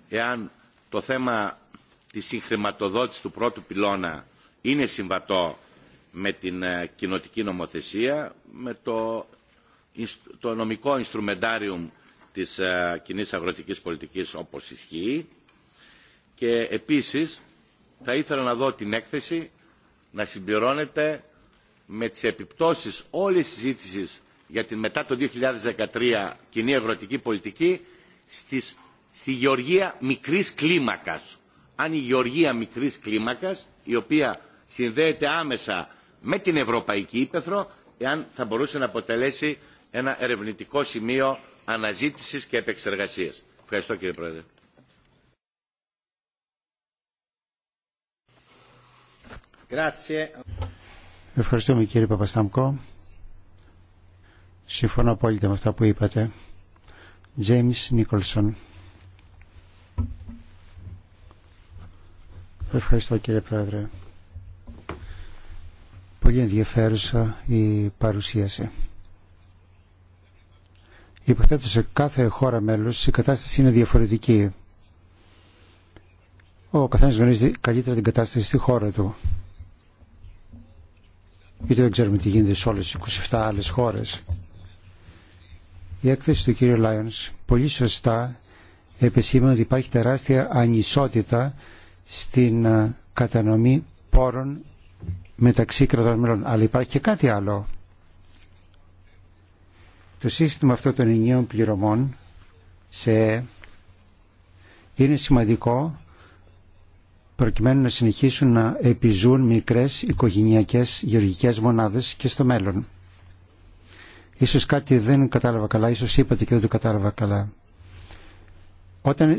εάν το θέμα της συγχρηματοδότησης του πρώτου πυλώνα είναι συμβατό με την ε, κοινοτική νομοθεσία, με το το νομικό instrumentarium της ε, κοινή αγροτικής πολιτικής όπως ισχύει και επίσης θα ήθελα να δω την έκθεση να συμπληρώνεται με τις επιπτώσεις όλης της συζήτηση για την μετά το 2013 κοινή αγροτική πολιτική στις, στη γεωργία μικρής κλίμακας. Αν η γεωργία μικρής κλίμακας, η οποία συνδέεται άμεσα με την Ευρωπαϊκή Ήπεθρο, εάν θα μπορούσε να αποτελέσει ένα ερευνητικό σημείο αναζήτησης και επεξεργασίας. Ευχαριστώ κύριε Πρόεδρε. Ευχαριστούμε κύριε Παπαστάμκο. Συμφωνώ απόλυτα με αυτά που είπατε. James Nicholson. Ευχαριστώ κύριε Πρόεδρε. Πολύ ενδιαφέρουσα η παρουσίαση υποθέτω σε κάθε χώρα μέλος η κατάσταση είναι διαφορετική. Ο καθένας γνωρίζει καλύτερα την κατάσταση στη χώρα του. Γιατί δεν ξέρουμε τι γίνεται σε όλες τις 27 άλλες χώρες. Η έκθεση του κ. Λάιονς πολύ σωστά επεσήμανε ότι υπάρχει τεράστια ανισότητα στην ε, κατανομή πόρων μεταξύ κρατών μελών. Αλλά υπάρχει και κάτι άλλο. Το σύστημα αυτό των ενιαίων πληρωμών σε... είναι σημαντικό προκειμένου να συνεχίσουν να επιζούν μικρές οικογενειακές γεωργικές μονάδες και στο μέλλον. Ίσως κάτι δεν κατάλαβα καλά, ίσως είπατε και δεν το κατάλαβα καλά. Όταν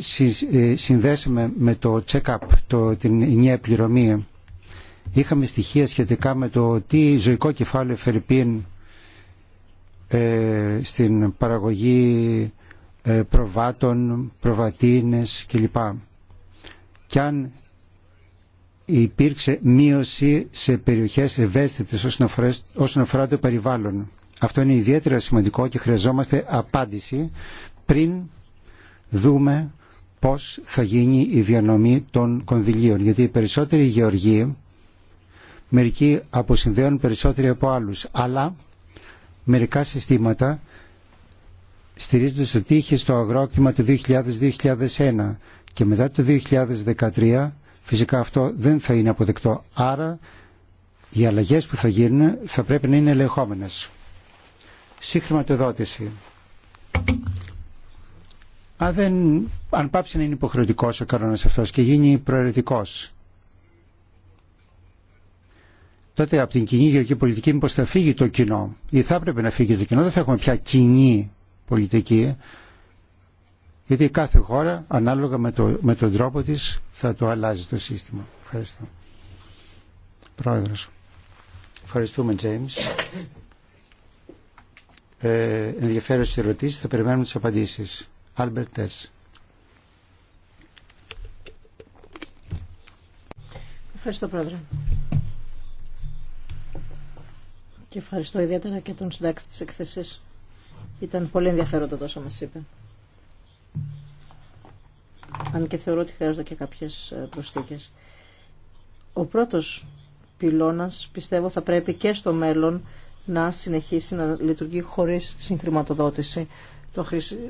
ε, συνδέσαμε με το check-up, το, την ενιαία πληρωμή, είχαμε στοιχεία σχετικά με το τι ζωικό κεφάλαιο Φερρυπίν ε, στην παραγωγή ε, προβάτων, προβατίνες κλπ. Κι αν υπήρξε μείωση σε περιοχές ευαίσθητες όσον αφορά, όσον αφορά το περιβάλλον. Αυτό είναι ιδιαίτερα σημαντικό και χρειαζόμαστε απάντηση πριν δούμε πώς θα γίνει η διανομή των κονδυλίων. Γιατί οι περισσότεροι γεωργοί, μερικοί αποσυνδέουν περισσότεροι από άλλους, αλλά μερικά συστήματα στηρίζονται στο τύχη στο αγρόκτημα του 2000-2001 και μετά το 2013 φυσικά αυτό δεν θα είναι αποδεκτό. Άρα οι αλλαγές που θα γίνουν θα πρέπει να είναι ελεγχόμενες. Συγχρηματοδότηση. Αν, δεν, αν πάψει να είναι υποχρεωτικός ο κανόνας αυτός και γίνει προαιρετικός τότε από την κοινή γεωργική πολιτική μήπως θα φύγει το κοινό ή θα έπρεπε να φύγει το κοινό, δεν θα έχουμε πια κοινή πολιτική γιατί κάθε χώρα ανάλογα με, το, με τον τρόπο της θα το αλλάζει το σύστημα. Ευχαριστώ. Πρόεδρος. Ευχαριστούμε Τζέιμς. Ε, ενδιαφέρουσες ερωτήσεις, θα περιμένουμε τις απαντήσεις. Άλμπερτ Τες. Ευχαριστώ Πρόεδρε. Και ευχαριστώ ιδιαίτερα και τον συντάξη της εκθεσής. Ήταν πολύ ενδιαφέροντα τόσο μας είπε. Αν και θεωρώ ότι χρειάζονται και κάποιες ε, προσθήκες. Ο πρώτος πυλώνας πιστεύω θα πρέπει και στο μέλλον να συνεχίσει να λειτουργεί χωρίς συγχρηματοδότηση.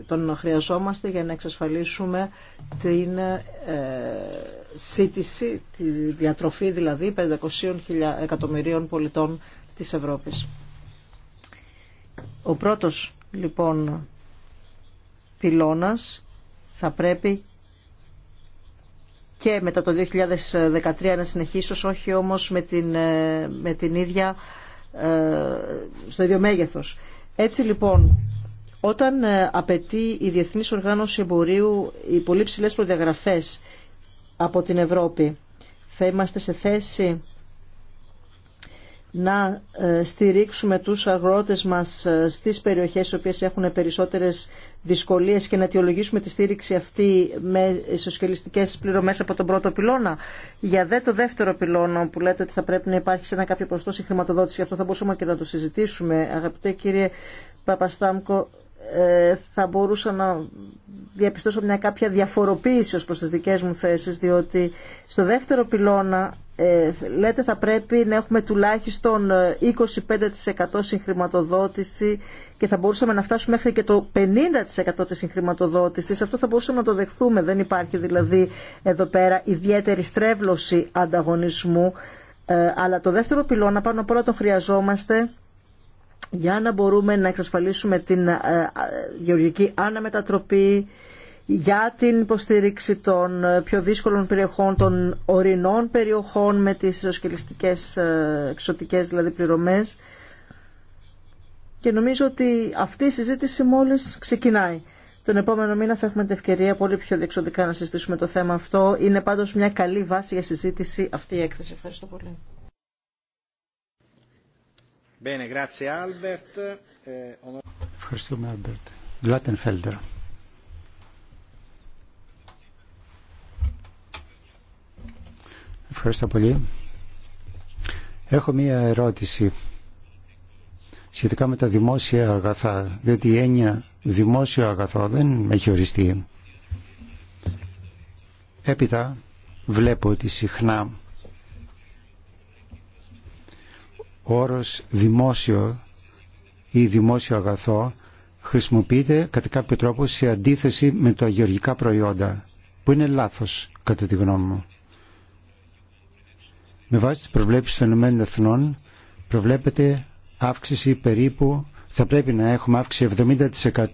Τον χρειαζόμαστε για να εξασφαλίσουμε την ε, σύντηση, τη διατροφή δηλαδή 500 εκατομμυρίων πολιτών της Ευρώπης. Ο πρώτος λοιπόν πυλώνας θα πρέπει και μετά το 2013 να συνεχίσω, όχι όμως με την, ε, με την ίδια, ε, στο ίδιο μέγεθος. Έτσι λοιπόν, όταν ε, απαιτεί η Διεθνής Οργάνωση Εμπορίου οι πολύ ψηλές προδιαγραφές από την Ευρώπη, θα είμαστε σε θέση να ε, στηρίξουμε τους αγρότες μας ε, στις περιοχές οι οποίες έχουν περισσότερες δυσκολίες και να αιτιολογήσουμε τη στήριξη αυτή με σοσιαλιστικές πληρωμές από τον πρώτο πυλώνα. Για δε το δεύτερο πυλώνα που λέτε ότι θα πρέπει να υπάρχει σε ένα κάποιο ποσοστό συγχρηματοδότηση, αυτό θα μπορούσαμε και να το συζητήσουμε. Αγαπητέ κύριε Παπαστάμκο, ε, θα μπορούσα να διαπιστώσω μια κάποια διαφοροποίηση ως προς τις δικές μου θέσεις, διότι στο δεύτερο πυλώνα ε, λέτε θα πρέπει να έχουμε τουλάχιστον 25% ε, συγχρηματοδότηση και θα μπορούσαμε να φτάσουμε μέχρι και το 50% της συγχρηματοδότησης. Αυτό θα μπορούσαμε να το δεχθούμε. Δεν υπάρχει δηλαδή εδώ πέρα ιδιαίτερη στρέβλωση ανταγωνισμού. Αλλά το δεύτερο πυλώνα πάνω απ' όλα τον χρειαζόμαστε για να μπορούμε να εξασφαλίσουμε την ε, ε, γεωργική αναμετατροπή για την υποστήριξη των ε, πιο δύσκολων περιοχών, των ορεινών περιοχών με τις ισοσκελιστικές εξωτικές δηλαδή πληρωμές. Και νομίζω ότι αυτή η συζήτηση μόλις ξεκινάει. Τον επόμενο μήνα θα έχουμε την ευκαιρία πολύ πιο διεξοδικά να συζητήσουμε το θέμα αυτό. Είναι πάντως μια καλή βάση για συζήτηση αυτή η έκθεση. Ευχαριστώ πολύ. Eh, Ευχαριστούμε, Άλμπερτ. Ευχαριστώ πολύ. Έχω μία ερώτηση σχετικά με τα δημόσια αγαθά, διότι η έννοια δημόσιο αγαθό δεν έχει οριστεί. Έπειτα βλέπω ότι συχνά Ο όρος δημόσιο ή δημόσιο αγαθό χρησιμοποιείται κατά κάποιο τρόπο σε αντίθεση με τα γεωργικά προϊόντα, που είναι λάθος κατά τη γνώμη μου. Με βάση τις προβλέψεις των ΗΕ προβλέπεται αύξηση περίπου, θα πρέπει να έχουμε αύξηση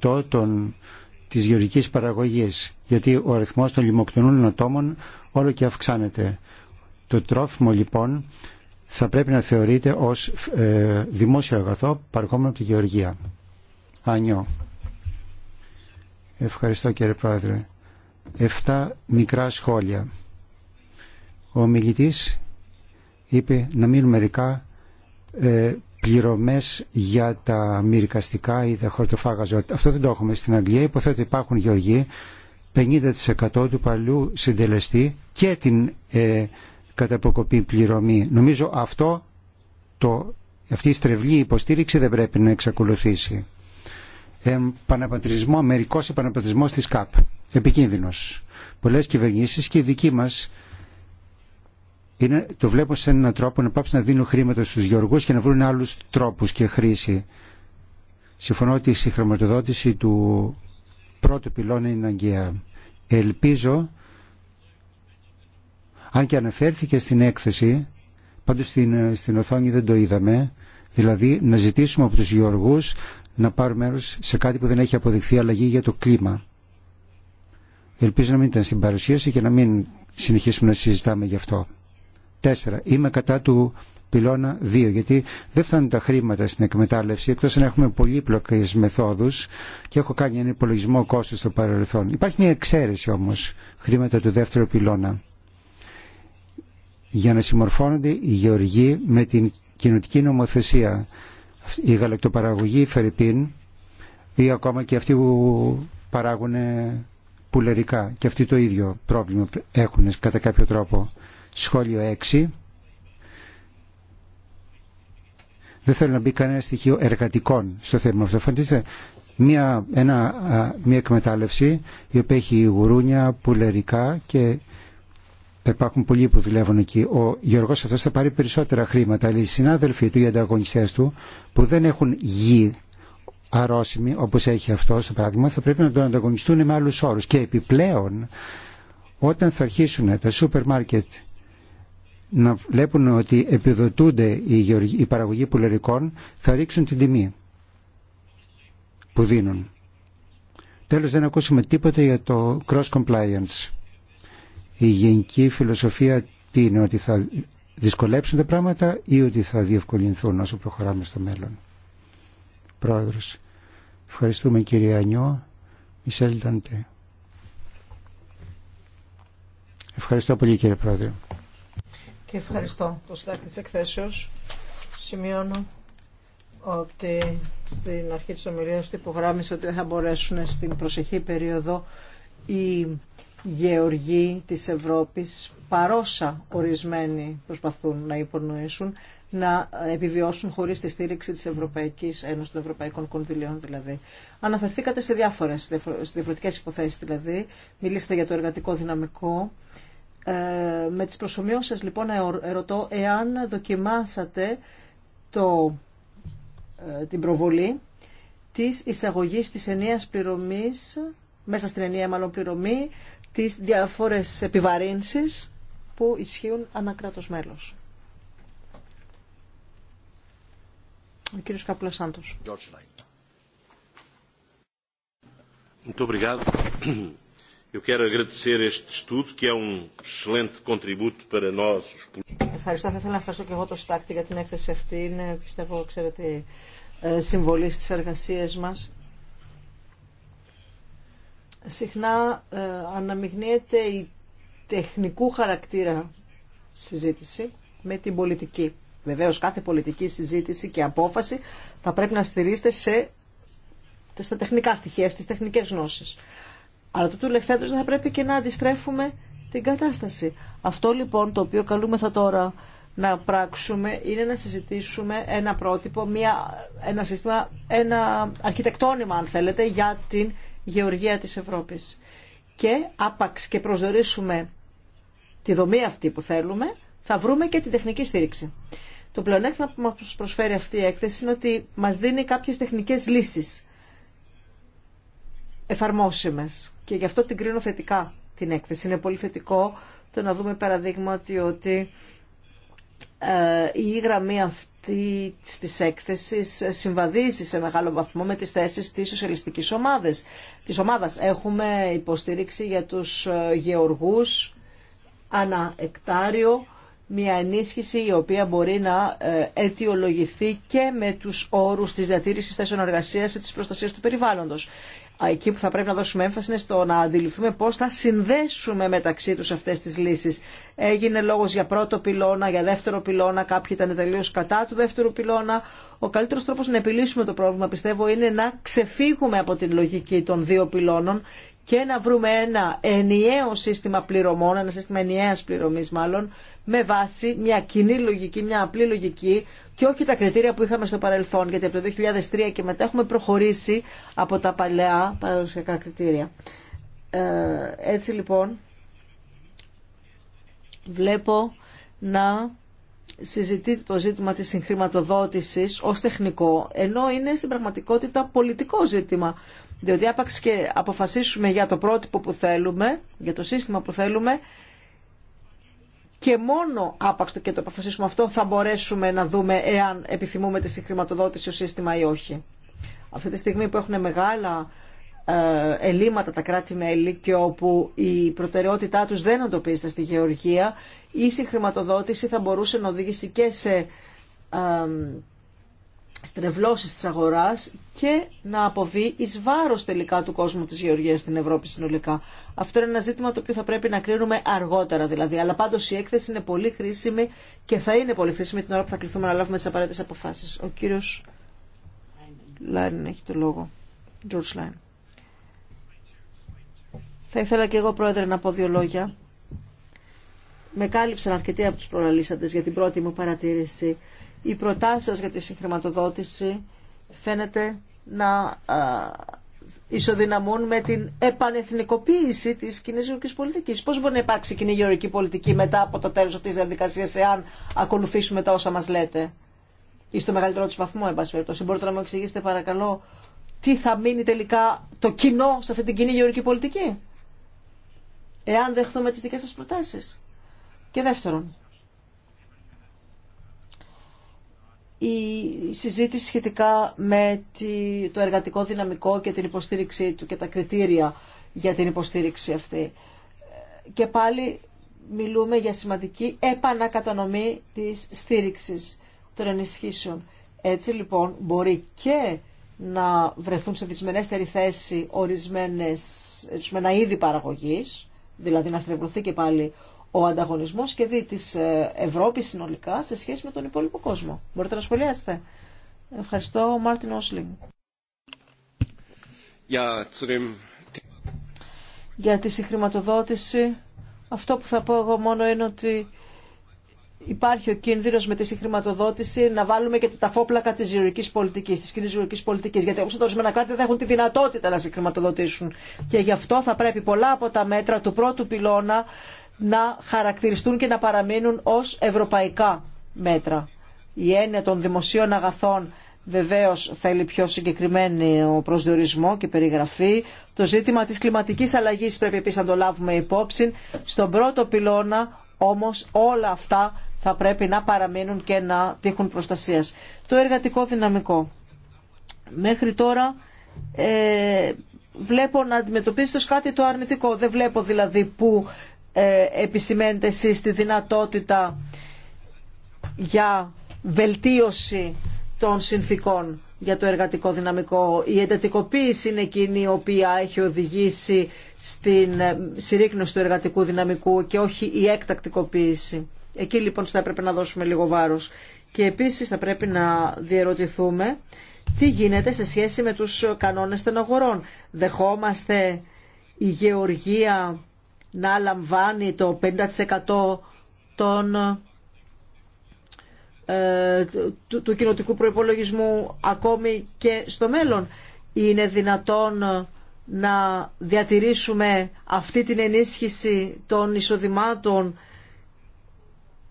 70% των, της γεωργικής παραγωγής, γιατί ο αριθμός των λιμοκτονούν ατόμων όλο και αυξάνεται. Το τρόφιμο λοιπόν θα πρέπει να θεωρείται ως ε, δημόσιο αγαθό παρκόμενο από τη Γεωργία. Ανιώ. Ευχαριστώ κύριε Πρόεδρε. Εφτά μικρά σχόλια. Ο μιλητής είπε να μείνουν μερικά ε, πληρωμές για τα μυρικαστικά ή τα χορτοφάγα Αυτό δεν το έχουμε στην Αγγλία. Υποθέτω υπάρχουν γεωργοί 50% του παλιού συντελεστή και την ε, κατά αποκοπή πληρωμή. Νομίζω αυτό το, αυτή η στρεβλή υποστήριξη δεν πρέπει να εξακολουθήσει. Επαναπατρισμό, μερικός επαναπατρισμός της ΚΑΠ. Επικίνδυνος. Πολλές κυβερνήσεις και οι δικοί μας το βλέπω σε έναν τρόπο να πάψουν να δίνουν χρήματα στους γεωργούς και να βρουν άλλους τρόπους και χρήση. Συμφωνώ ότι η χρηματοδότηση του πρώτου πυλώνα είναι αγκαία. Ελπίζω αν και αναφέρθηκε στην έκθεση, πάντως στην, ε, στην οθόνη δεν το είδαμε, δηλαδή να ζητήσουμε από τους γεωργούς να πάρουν μέρος σε κάτι που δεν έχει αποδειχθεί αλλαγή για το κλίμα. Ελπίζω να μην ήταν στην παρουσίαση και να μην συνεχίσουμε να συζητάμε γι' αυτό. Τέσσερα. Είμαι κατά του πυλώνα 2, γιατί δεν φτάνουν τα χρήματα στην εκμετάλλευση, εκτός αν έχουμε πολύπλοκες μεθόδους και έχω κάνει ένα υπολογισμό κόστος στο παρελθόν. Υπάρχει μια εξαίρεση όμως, χρήματα του δεύτερου πυλώνα για να συμμορφώνονται οι γεωργοί με την κοινωτική νομοθεσία. Η γαλακτοπαραγωγή, η Φερρυπίν ή ακόμα και αυτοί που παράγουν πουλερικά και αυτοί το ίδιο πρόβλημα έχουν κατά κάποιο τρόπο. Σχόλιο 6. Δεν θέλω να μπει κανένα στοιχείο εργατικών στο θέμα αυτό. Φαντίστε, μια, ένα, μια εκμετάλλευση η οποία έχει γουρούνια, πουλερικά και θα υπάρχουν πολλοί που δουλεύουν εκεί. Ο Γιώργο αυτό θα πάρει περισσότερα χρήματα, αλλά οι συνάδελφοί του, οι ανταγωνιστέ του, που δεν έχουν γη αρρώσιμη, όπω έχει αυτό στο παράδειγμα, θα πρέπει να τον ανταγωνιστούν με άλλου όρου. Και επιπλέον, όταν θα αρχίσουν τα σούπερ μάρκετ να βλέπουν ότι επιδοτούνται οι παραγωγοί πουλερικών, θα ρίξουν την τιμή που δίνουν. Τέλος δεν ακούσαμε τίποτα για το cross compliance η γενική φιλοσοφία τι είναι, ότι θα δυσκολέψουν τα πράγματα ή ότι θα διευκολυνθούν όσο προχωράμε στο μέλλον. Πρόεδρος, ευχαριστούμε κύριε Ανιώ, Μισελ Ευχαριστώ πολύ κύριε Πρόεδρε. Και ευχαριστώ το συντάκτη της εκθέσεως. Σημειώνω ότι στην αρχή της ομιλίας του υπογράμμισε ότι θα μπορέσουν στην προσεχή περίοδο οι γεωργοί της Ευρώπης παρόσα ορισμένοι προσπαθούν να υπονοήσουν να επιβιώσουν χωρίς τη στήριξη της Ευρωπαϊκής Ένωσης των Ευρωπαϊκών Κονδυλίων δηλαδή. Αναφερθήκατε σε διάφορες, σε διαφορετικές υποθέσεις δηλαδή, μιλήσατε για το εργατικό δυναμικό. Ε, με τις προσωμιώσεις λοιπόν ερωτώ εάν δοκιμάσατε το, ε, την προβολή της εισαγωγής της ενίας πληρωμής μέσα στην ενία μάλλον πληρωμή τις διάφορες επιβαρύνσεις που ισχύουν ανακράτος μέλος. Ο κύριος Καπούλα Muito obrigado. Eu quero agradecer este estudo, que é um excelente contributo para nós, Ευχαριστώ. Θα ήθελα να ευχαριστώ και εγώ το Στάκτη για την έκθεση αυτή. Είναι, πιστεύω, ξέρετε, συμβολή στις εργασίες μας συχνά ε, αναμειγνύεται η τεχνικού χαρακτήρα συζήτηση με την πολιτική. Βεβαίως κάθε πολιτική συζήτηση και απόφαση θα πρέπει να στηρίζεται σε, στα τεχνικά στοιχεία, στις τεχνικές γνώσεις. Αλλά το δεν θα πρέπει και να αντιστρέφουμε την κατάσταση. Αυτό λοιπόν το οποίο θα τώρα να πράξουμε είναι να συζητήσουμε ένα πρότυπο, μια, ένα σύστημα, ένα αρχιτεκτόνημα αν θέλετε για την γεωργία της Ευρώπης. Και άπαξ και προσδορίσουμε τη δομή αυτή που θέλουμε, θα βρούμε και την τεχνική στήριξη. Το πλεονέκτημα που μας προσφέρει αυτή η έκθεση είναι ότι μας δίνει κάποιες τεχνικές λύσεις εφαρμόσιμες και γι' αυτό την κρίνω θετικά την έκθεση. Είναι πολύ θετικό το να δούμε παραδείγμα ότι, ότι ε, η γραμμή αυτή Τη στις εκθέσεις συμβαδίζει σε μεγάλο βαθμό με τις θέσεις της σοσιαλιστική ομάδας. Της ομάδας έχουμε υποστήριξη για τους ε, γεωργούς ανά εκτάριο μια ενίσχυση η οποία μπορεί να ε, αιτιολογηθεί και με τους όρους της διατήρησης θέσεων εργασίας και της προστασίας του περιβάλλοντος. Εκεί που θα πρέπει να δώσουμε έμφαση είναι στο να αντιληφθούμε πώς θα συνδέσουμε μεταξύ τους αυτές τις λύσεις. Έγινε λόγος για πρώτο πυλώνα, για δεύτερο πυλώνα, κάποιοι ήταν τελείω κατά του δεύτερου πυλώνα. Ο καλύτερος τρόπος να επιλύσουμε το πρόβλημα πιστεύω είναι να ξεφύγουμε από την λογική των δύο πυλώνων και να βρούμε ένα ενιαίο σύστημα πληρωμών, ένα σύστημα ενιαία πληρωμή, μάλλον, με βάση μια κοινή λογική, μια απλή λογική και όχι τα κριτήρια που είχαμε στο παρελθόν, γιατί από το 2003 και μετά έχουμε προχωρήσει από τα παλαιά παραδοσιακά κριτήρια. Ε, έτσι λοιπόν βλέπω να συζητείται το ζήτημα της συγχρηματοδότησης ως τεχνικό, ενώ είναι στην πραγματικότητα πολιτικό ζήτημα. Διότι άπαξ και αποφασίσουμε για το πρότυπο που θέλουμε, για το σύστημα που θέλουμε, και μόνο άπαξ το και το αποφασίσουμε αυτό θα μπορέσουμε να δούμε εάν επιθυμούμε τη συγχρηματοδότηση ο σύστημα ή όχι. Αυτή τη στιγμή που έχουν μεγάλα ε, ελλείμματα τα κράτη-μέλη και όπου η προτεραιότητά τους δεν εντοπίζεται στη γεωργία, η συγχρηματοδότηση θα μπορούσε να οδηγήσει και σε ε, στρεβλώσεις της αγοράς και να αποβεί εις βάρος τελικά του κόσμου της γεωργίας στην Ευρώπη συνολικά. Αυτό είναι ένα ζήτημα το οποίο θα πρέπει να κρίνουμε αργότερα δηλαδή. Αλλά πάντως η έκθεση είναι πολύ χρήσιμη και θα είναι πολύ χρήσιμη την ώρα που θα κληθούμε να λάβουμε τις απαραίτητες αποφάσεις. Ο κύριος Λάιν έχει το λόγο. George Λάιν. Θα ήθελα και εγώ πρόεδρε να πω δύο λόγια. Με κάλυψαν αρκετοί από τους προλαλήσαντες για την πρώτη μου παρατήρηση οι προτάσεις σας για τη συγχρηματοδότηση φαίνεται να ισοδυναμούν με την επανεθνικοποίηση τη κοινή γεωργική πολιτική. Πώ μπορεί να υπάρξει κοινή γεωργική πολιτική μετά από το τέλο αυτή τη διαδικασία, εάν ακολουθήσουμε τα όσα μα λέτε, ή στο μεγαλύτερο του βαθμό, εν πάση περιπτώσει. Μπορείτε να μου εξηγήσετε, παρακαλώ, τι θα μείνει τελικά το κοινό σε αυτή την κοινή γεωργική πολιτική, εάν δεχθούμε τι δικέ σα προτάσει. Και δεύτερον, η συζήτηση σχετικά με το εργατικό δυναμικό και την υποστήριξή του και τα κριτήρια για την υποστήριξη αυτή. Και πάλι μιλούμε για σημαντική επανακατανομή της στήριξης των ενισχύσεων. Έτσι λοιπόν μπορεί και να βρεθούν σε δυσμενέστερη θέση ορισμένες, ορισμένα είδη παραγωγής, δηλαδή να στρεβλωθεί και πάλι ο ανταγωνισμό και δι τη ε, Ευρώπη συνολικά σε σχέση με τον υπόλοιπο κόσμο. Μπορείτε να σχολιάσετε. Ευχαριστώ, Μάρτιν Όσλινγκ. Για τη συγχρηματοδότηση, αυτό που θα πω εγώ μόνο είναι ότι υπάρχει ο κίνδυνος με τη συγχρηματοδότηση να βάλουμε και τα φόπλακα της γεωργικής πολιτικής, της κοινής γεωργικής πολιτικής, γιατί όπως τα ορισμένα κράτη δεν έχουν τη δυνατότητα να συγχρηματοδοτήσουν. Και γι' αυτό θα πρέπει πολλά από τα μέτρα του πρώτου πυλώνα να χαρακτηριστούν και να παραμείνουν ως ευρωπαϊκά μέτρα. Η έννοια των δημοσίων αγαθών βεβαίως θέλει πιο συγκεκριμένο προσδιορισμό και περιγραφή. Το ζήτημα της κλιματικής αλλαγής πρέπει επίσης να το λάβουμε υπόψη. Στον πρώτο πυλώνα όμως όλα αυτά θα πρέπει να παραμείνουν και να τύχουν προστασίας. Το εργατικό δυναμικό. Μέχρι τώρα ε, βλέπω να αντιμετωπίζεται κάτι το αρνητικό. Δεν βλέπω δηλαδή που ε, επισημαίνετε εσείς τη δυνατότητα για βελτίωση των συνθήκων για το εργατικό δυναμικό. Η εντατικοποίηση είναι εκείνη η οποία έχει οδηγήσει στην ε, συρρήκνωση του εργατικού δυναμικού και όχι η εκτακτικοποίηση. Εκεί λοιπόν θα έπρεπε να δώσουμε λίγο βάρος. Και επίσης θα πρέπει να διερωτηθούμε τι γίνεται σε σχέση με τους κανόνες των αγορών. Δεχόμαστε η γεωργία να λαμβάνει το 50% των, ε, του, του κοινοτικού προϋπολογισμού ακόμη και στο μέλλον. Είναι δυνατόν να διατηρήσουμε αυτή την ενίσχυση των εισοδημάτων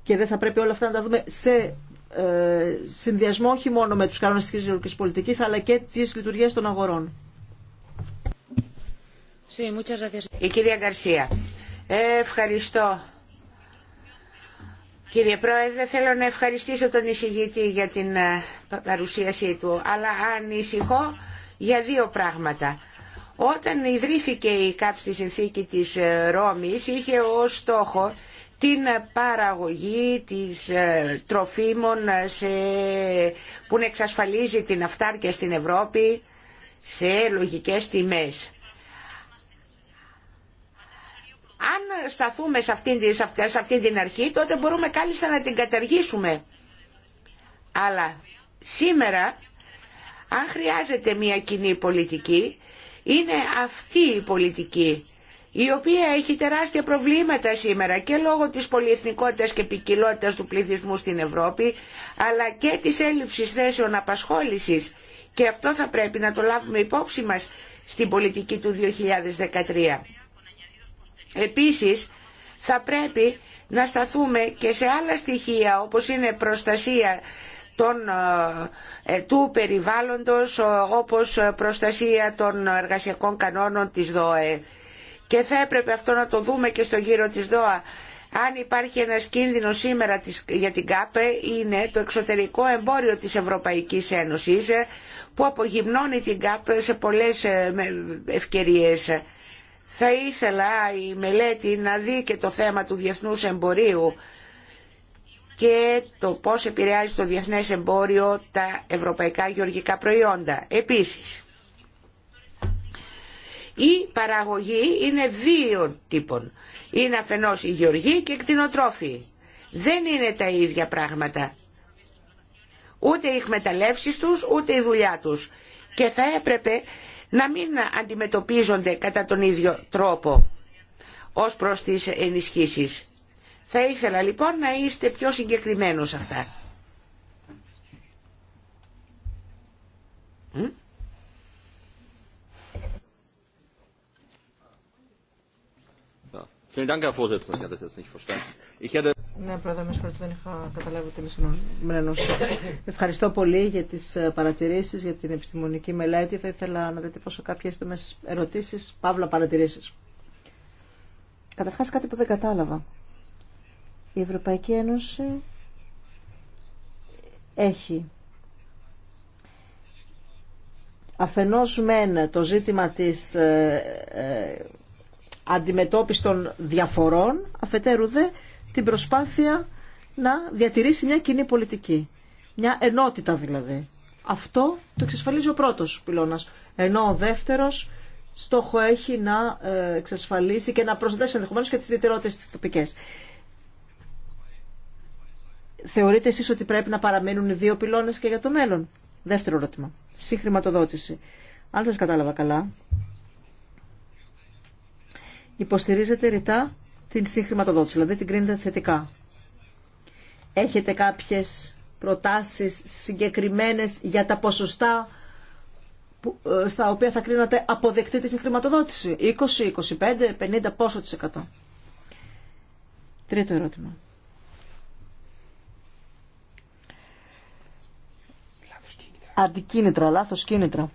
και δεν θα πρέπει όλα αυτά να τα δούμε σε ε, συνδυασμό όχι μόνο με τους κανόνες της πολιτικούς, πολιτικής αλλά και τις λειτουργίες των αγορών. Η κυρία Γκαρσία. Ε, ευχαριστώ. Κύριε Πρόεδρε, θέλω να ευχαριστήσω τον εισηγητή για την ε, παρουσίασή του, αλλά ανησυχώ για δύο πράγματα. Όταν ιδρύθηκε η ΚΑΠ στη συνθήκη της ε, Ρώμης, είχε ως στόχο την παραγωγή της τροφίμων σε... που εξασφαλίζει την αυτάρκεια στην Ευρώπη σε λογικές τιμές. Αν σταθούμε σε αυτήν, την αρχή τότε μπορούμε κάλλιστα να την καταργήσουμε. Αλλά σήμερα αν χρειάζεται μια κοινή πολιτική είναι αυτή η πολιτική η οποία έχει τεράστια προβλήματα σήμερα και λόγω της πολυεθνικότητας και ποικιλότητα του πληθυσμού στην Ευρώπη αλλά και της έλλειψης θέσεων απασχόλησης και αυτό θα πρέπει να το λάβουμε υπόψη μας στην πολιτική του 2013. Επίσης θα πρέπει να σταθούμε και σε άλλα στοιχεία όπως είναι προστασία ε, ε, του περιβάλλοντος όπως προστασία των εργασιακών κανόνων της ΔΟΕ. Και θα έπρεπε αυτό να το δούμε και στο γύρο της ΔΟΑ. Αν υπάρχει ένας κίνδυνος σήμερα για την ΚΑΠΕ είναι το εξωτερικό εμπόριο της Ευρωπαϊκής Ένωσης ε, που απογυμνώνει την ΚΑΠΕ σε πολλές ευκαιρίες θα ήθελα η μελέτη να δει και το θέμα του διεθνούς εμπορίου και το πώς επηρεάζει το διεθνές εμπόριο τα ευρωπαϊκά γεωργικά προϊόντα. Επίσης, η παραγωγή είναι δύο τύπων. Είναι αφενός η γεωργή και η κτηνοτρόφη. Δεν είναι τα ίδια πράγματα. Ούτε οι εκμεταλλεύσεις τους, ούτε η δουλειά τους. Και θα έπρεπε να μην αντιμετωπίζονται κατά τον ίδιο τρόπο ως προς τις ενισχύσεις. Θα ήθελα λοιπόν να είστε πιο συγκεκριμένος αυτά. Ναι, δεν είχα καταλάβει Ευχαριστώ πολύ για τι ε, παρατηρήσει, για την επιστημονική μελέτη. Θα ήθελα να πόσο κάποιε σύντομε ερωτήσει, παύλα παρατηρήσει. Καταρχά, κάτι που δεν κατάλαβα. Η Ευρωπαϊκή Ένωση έχει αφενός μεν το ζήτημα της ε, ε, αντιμετώπιση των διαφορών, αφετέρου δε την προσπάθεια να διατηρήσει μια κοινή πολιτική. Μια ενότητα δηλαδή. Αυτό το εξασφαλίζει ο πρώτος πυλώνας. Ενώ ο δεύτερος στόχο έχει να ε, εξασφαλίσει και να προσθέσει ενδεχομένω και τις ιδιαιτερότητες τις τοπικές. Θεωρείτε εσείς ότι πρέπει να παραμείνουν οι δύο πυλώνες και για το μέλλον. Δεύτερο ερώτημα. Συγχρηματοδότηση. Αν σας κατάλαβα καλά, υποστηρίζετε ρητά την συγχρηματοδότηση, δηλαδή την κρίνετε θετικά. Έχετε κάποιες προτάσεις συγκεκριμένες για τα ποσοστά ε, στα οποία θα κρίνατε αποδεκτή τη συγχρηματοδότηση. 20, 25, 50, πόσο της εκατό. Τρίτο ερώτημα. Αντικίνητρα, λάθος κίνητρα.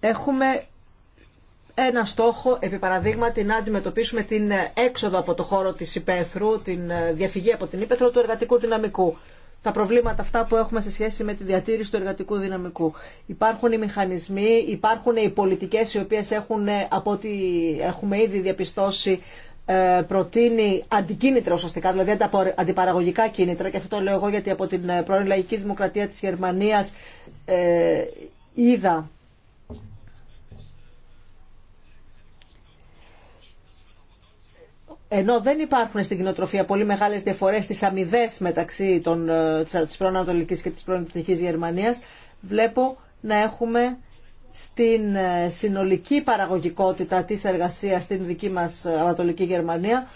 έχουμε ένα στόχο, επί παραδείγματι, να αντιμετωπίσουμε την έξοδο από το χώρο της υπαίθρου, την διαφυγή από την υπαίθρο του εργατικού δυναμικού. Τα προβλήματα αυτά που έχουμε σε σχέση με τη διατήρηση του εργατικού δυναμικού. Υπάρχουν οι μηχανισμοί, υπάρχουν οι πολιτικές οι οποίες έχουν, από ό,τι έχουμε ήδη διαπιστώσει, ε, προτείνει αντικίνητρα ουσιαστικά, δηλαδή αντιπαραγωγικά κίνητρα και αυτό το λέω εγώ γιατί από την πρώην λαϊκή δημοκρατία της Γερμανίας ε, είδα ενώ δεν υπάρχουν στην κοινοτροφία πολύ μεγάλε διαφορέ στι αμοιβέ μεταξύ ε, τη προανατολική και τη προανατολική Γερμανία, βλέπω να έχουμε στην ε, συνολική παραγωγικότητα της εργασίας στην δική μας Ανατολική Γερμανία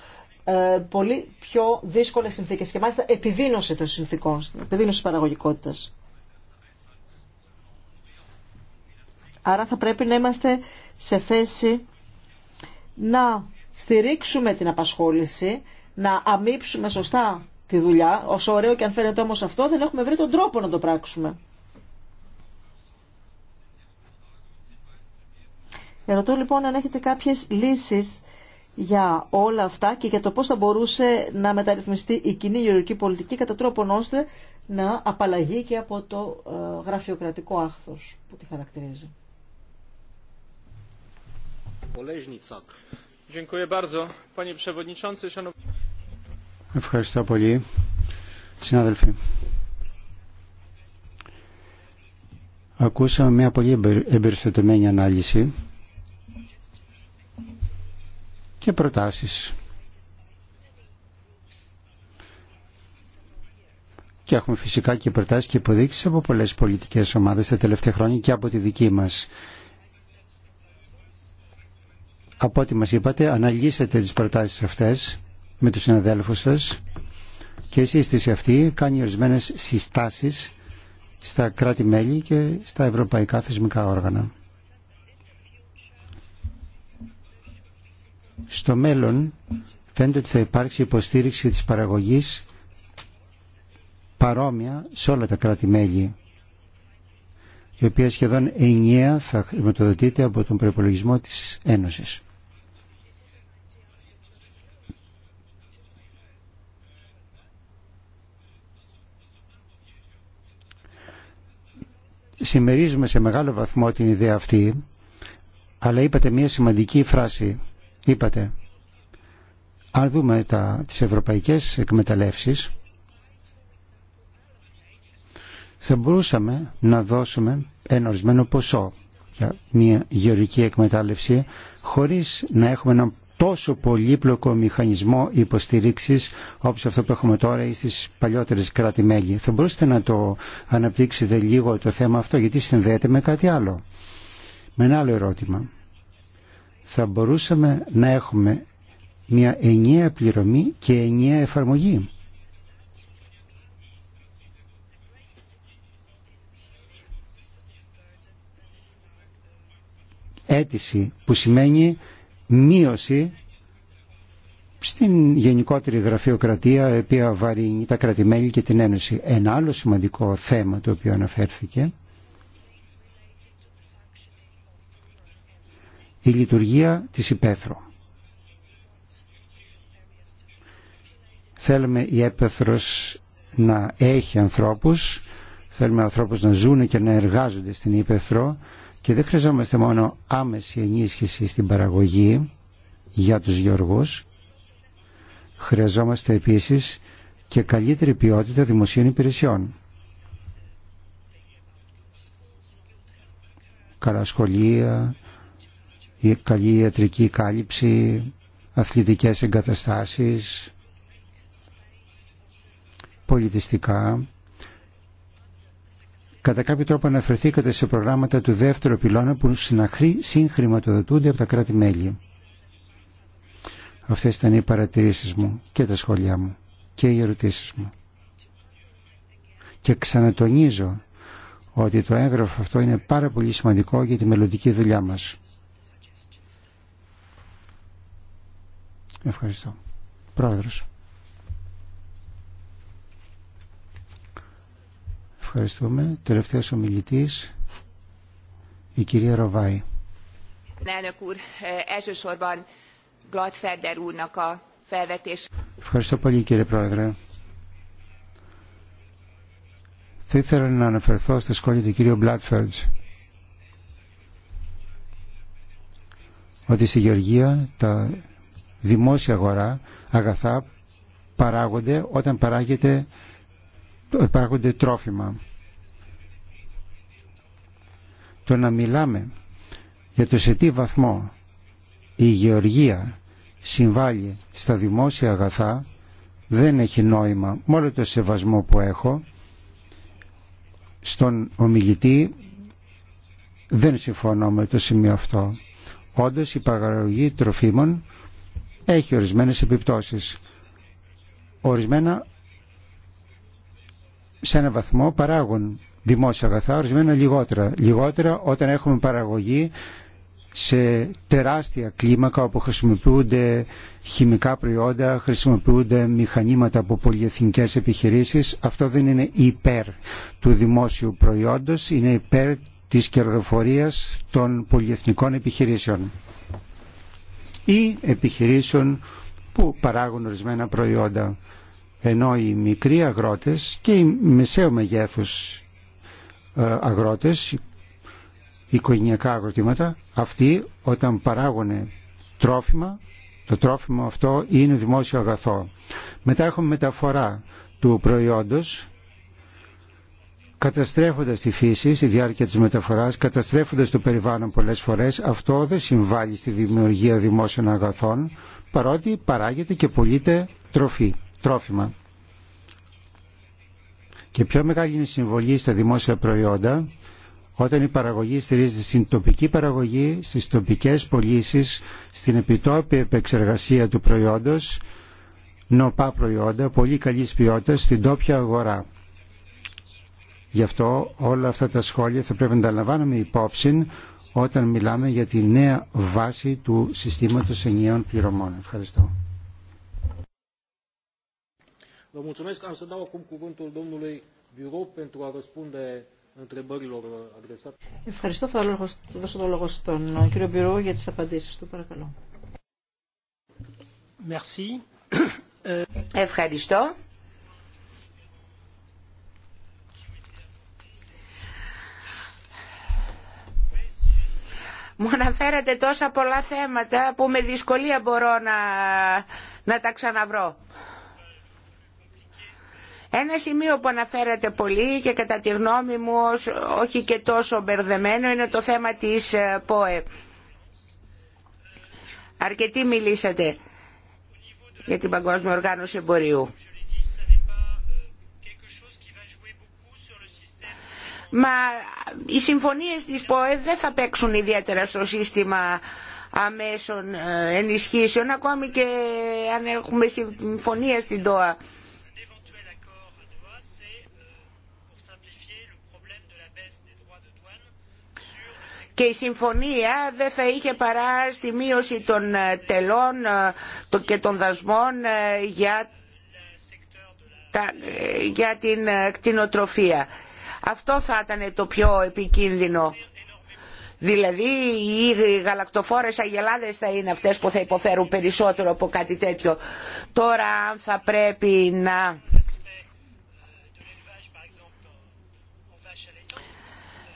ε, πολύ πιο δύσκολες συνθήκες και μάλιστα επιδείνωση των συνθήκων, επιδείνωση παραγωγικότητας. Άρα θα πρέπει να είμαστε σε θέση να στηρίξουμε την απασχόληση, να αμύψουμε σωστά τη δουλειά, όσο ωραίο και αν φαίνεται όμως αυτό, δεν έχουμε βρει τον τρόπο να το πράξουμε. Ερωτώ λοιπόν αν έχετε κάποιες λύσεις για όλα αυτά και για το πώς θα μπορούσε να μεταρρυθμιστεί η κοινή γεωργική πολιτική κατά τρόπον ώστε να απαλλαγεί και από το ε, γραφειοκρατικό άχθος που τη χαρακτηρίζει. Ευχαριστώ πολύ. Συνάδελφοι, ακούσαμε μια πολύ εμπεριστατωμένη ανάλυση και προτάσεις. Και έχουμε φυσικά και προτάσεις και υποδείξεις από πολλές πολιτικές ομάδες τα τελευταία χρόνια και από τη δική μας από ό,τι μας είπατε, αναλύσετε τις προτάσεις αυτές με τους συναδέλφους σας και η σύστηση αυτή κάνει ορισμένε συστάσεις στα κράτη-μέλη και στα ευρωπαϊκά θεσμικά όργανα. Στο μέλλον φαίνεται ότι θα υπάρξει υποστήριξη της παραγωγής παρόμοια σε όλα τα κράτη-μέλη η οποία σχεδόν ενιαία θα χρηματοδοτείται από τον προπολογισμό της Ένωσης. συμμερίζουμε σε μεγάλο βαθμό την ιδέα αυτή, αλλά είπατε μια σημαντική φράση. Είπατε, αν δούμε τα, τις ευρωπαϊκές εκμεταλλεύσεις, θα μπορούσαμε να δώσουμε ένα ορισμένο ποσό για μια γεωρική εκμετάλλευση χωρίς να έχουμε έναν τόσο πολύπλοκο μηχανισμό υποστήριξης όπως αυτό που έχουμε τώρα ή στις παλιότερες κράτη-μέλη. Θα μπορούσατε να το αναπτύξετε λίγο το θέμα αυτό γιατί συνδέεται με κάτι άλλο. Με ένα άλλο ερώτημα. Θα μπορούσαμε να έχουμε μια ενιαία πληρωμή και ενιαία εφαρμογή. Αίτηση που σημαίνει μείωση στην γενικότερη γραφειοκρατία η οποία βαρύνει τα κρατημέλη και την Ένωση. Ένα άλλο σημαντικό θέμα το οποίο αναφέρθηκε η λειτουργία της υπαίθρου. Θέλουμε η έπεθρος να έχει ανθρώπους, θέλουμε ανθρώπους να ζουν και να εργάζονται στην υπαίθρο και δεν χρειαζόμαστε μόνο άμεση ενίσχυση στην παραγωγή για τους γεωργούς. Χρειαζόμαστε επίσης και καλύτερη ποιότητα δημοσίων υπηρεσιών. Καλά σχολεία, καλή ιατρική κάλυψη, αθλητικές εγκαταστάσεις, πολιτιστικά κατά κάποιο τρόπο αναφερθήκατε σε προγράμματα του δεύτερου πυλώνα που συγχρηματοδοτούνται από τα κράτη-μέλη. Αυτές ήταν οι παρατηρήσεις μου και τα σχόλιά μου και οι ερωτήσεις μου. Και ξανατονίζω ότι το έγγραφο αυτό είναι πάρα πολύ σημαντικό για τη μελλοντική δουλειά μας. Ευχαριστώ. Πρόεδρος. Ευχαριστούμε. Τελευταίος ομιλητής, η κυρία Ροβάη. Ε, Ευχαριστώ πολύ κύριε Πρόεδρε. Θα ήθελα να αναφερθώ στα σχόλια του κύριου Μπλάτφερντ ότι στη Γεωργία τα δημόσια αγορά αγαθά παράγονται όταν παράγεται υπάρχονται τρόφιμα. Το να μιλάμε για το σε τι βαθμό η γεωργία συμβάλλει στα δημόσια αγαθά δεν έχει νόημα μόνο το σεβασμό που έχω στον ομιλητή δεν συμφωνώ με το σημείο αυτό. Όντως η παραγωγή τροφίμων έχει ορισμένες επιπτώσεις. Ορισμένα σε ένα βαθμό παράγουν δημόσια αγαθά, ορισμένα λιγότερα. Λιγότερα όταν έχουμε παραγωγή σε τεράστια κλίμακα όπου χρησιμοποιούνται χημικά προϊόντα, χρησιμοποιούνται μηχανήματα από πολυεθνικές επιχειρήσεις. Αυτό δεν είναι υπέρ του δημόσιου προϊόντος, είναι υπέρ της κερδοφορίας των πολυεθνικών επιχειρήσεων ή επιχειρήσεων που παράγουν ορισμένα προϊόντα ενώ οι μικροί αγρότες και οι μεσαίου μεγέθους ε, αγρότες, οικογενειακά αγροτήματα, αυτοί όταν παράγουν τρόφιμα, το τρόφιμο αυτό είναι δημόσιο αγαθό. Μετά έχουμε μεταφορά του προϊόντος, καταστρέφοντας τη φύση στη διάρκεια της μεταφοράς, καταστρέφοντας το περιβάλλον πολλές φορές, αυτό δεν συμβάλλει στη δημιουργία δημόσιων αγαθών, παρότι παράγεται και πωλείται τροφή. Και πιο μεγάλη είναι η συμβολή στα δημόσια προϊόντα όταν η παραγωγή στηρίζεται στην τοπική παραγωγή, στις τοπικές πωλήσει, στην επιτόπια επεξεργασία του προϊόντος, νοπά προϊόντα, πολύ καλής ποιότητας, στην τόπια αγορά. Γι' αυτό όλα αυτά τα σχόλια θα πρέπει να τα λαμβάνουμε υπόψη όταν μιλάμε για τη νέα βάση του συστήματος ενιαίων πληρωμών. Ευχαριστώ. Vă mulțumesc. Am să dau acum cuvântul domnului Biro pentru a răspunde întrebărilor adresate. Ευχαριστώ. Θα δώσω το λόγο στον ε, κύριο Biro για τις απαντήσεις του. Παρακαλώ. Merci. Ε, ευχαριστώ. Μου αναφέρατε τόσα πολλά θέματα που με δυσκολία μπορώ να, να τα ξαναβρω. Ένα σημείο που αναφέρατε πολύ και κατά τη γνώμη μου όχι και τόσο μπερδεμένο είναι το θέμα της ε, ΠΟΕ. Αρκετοί μιλήσατε για την Παγκόσμια Οργάνωση Εμπορίου. Μα οι συμφωνίες της ΠΟΕ δεν θα παίξουν ιδιαίτερα στο σύστημα αμέσων ε, ενισχύσεων, ακόμη και αν έχουμε συμφωνία στην ΤΟΑ. και η συμφωνία δεν θα είχε παρά στη μείωση των ε, τελών ε, και των δασμών ε, για, τα, για την κτηνοτροφία. Αυτό θα ήταν το πιο επικίνδυνο. Δηλαδή οι γαλακτοφόρες αγελάδες θα είναι αυτές που θα υποφέρουν περισσότερο από κάτι τέτοιο. Τώρα θα πρέπει να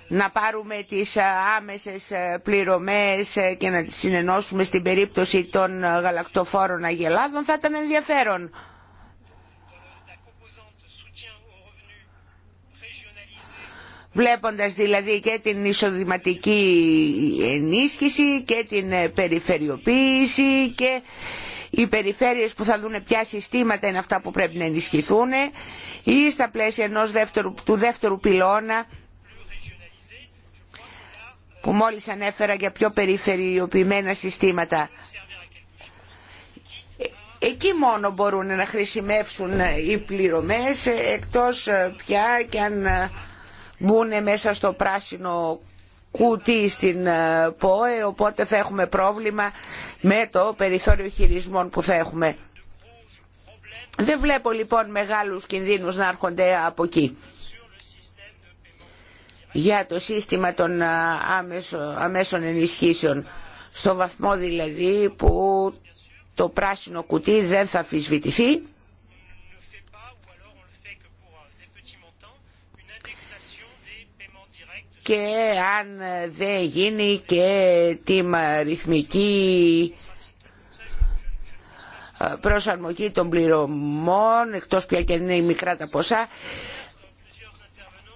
να πάρουμε τις ε, άμεσες ε, πληρωμές ε, και να τις συνενώσουμε στην περίπτωση των γαλακτοφόρων αγελάδων θα ήταν ενδιαφέρον. Βλέποντας δηλαδή και την εισοδηματική ενίσχυση και την περιφερειοποίηση και οι περιφέρειες που θα δουν ποια συστήματα είναι αυτά που πρέπει να ενισχυθούν ή στα πλαίσια ενός δεύτερου, του δεύτερου πυλώνα που μόλις ανέφερα για πιο περιφερειοποιημένα συστήματα. Εκεί μόνο μπορούν να χρησιμεύσουν οι πληρωμές, εκτός πια και αν μπουν μέσα στο πράσινο κουτί στην ΠΟΕ, οπότε θα έχουμε πρόβλημα με το περιθώριο χειρισμών που θα έχουμε. Δεν βλέπω λοιπόν μεγάλους κινδύνους να έρχονται από εκεί για το σύστημα των αμέσων ενισχύσεων στο βαθμό δηλαδή που το πράσινο κουτί δεν θα αφισβητηθεί και αν δεν γίνει και τη ρυθμική προσαρμογή των πληρωμών εκτός πια και είναι μικρά τα ποσά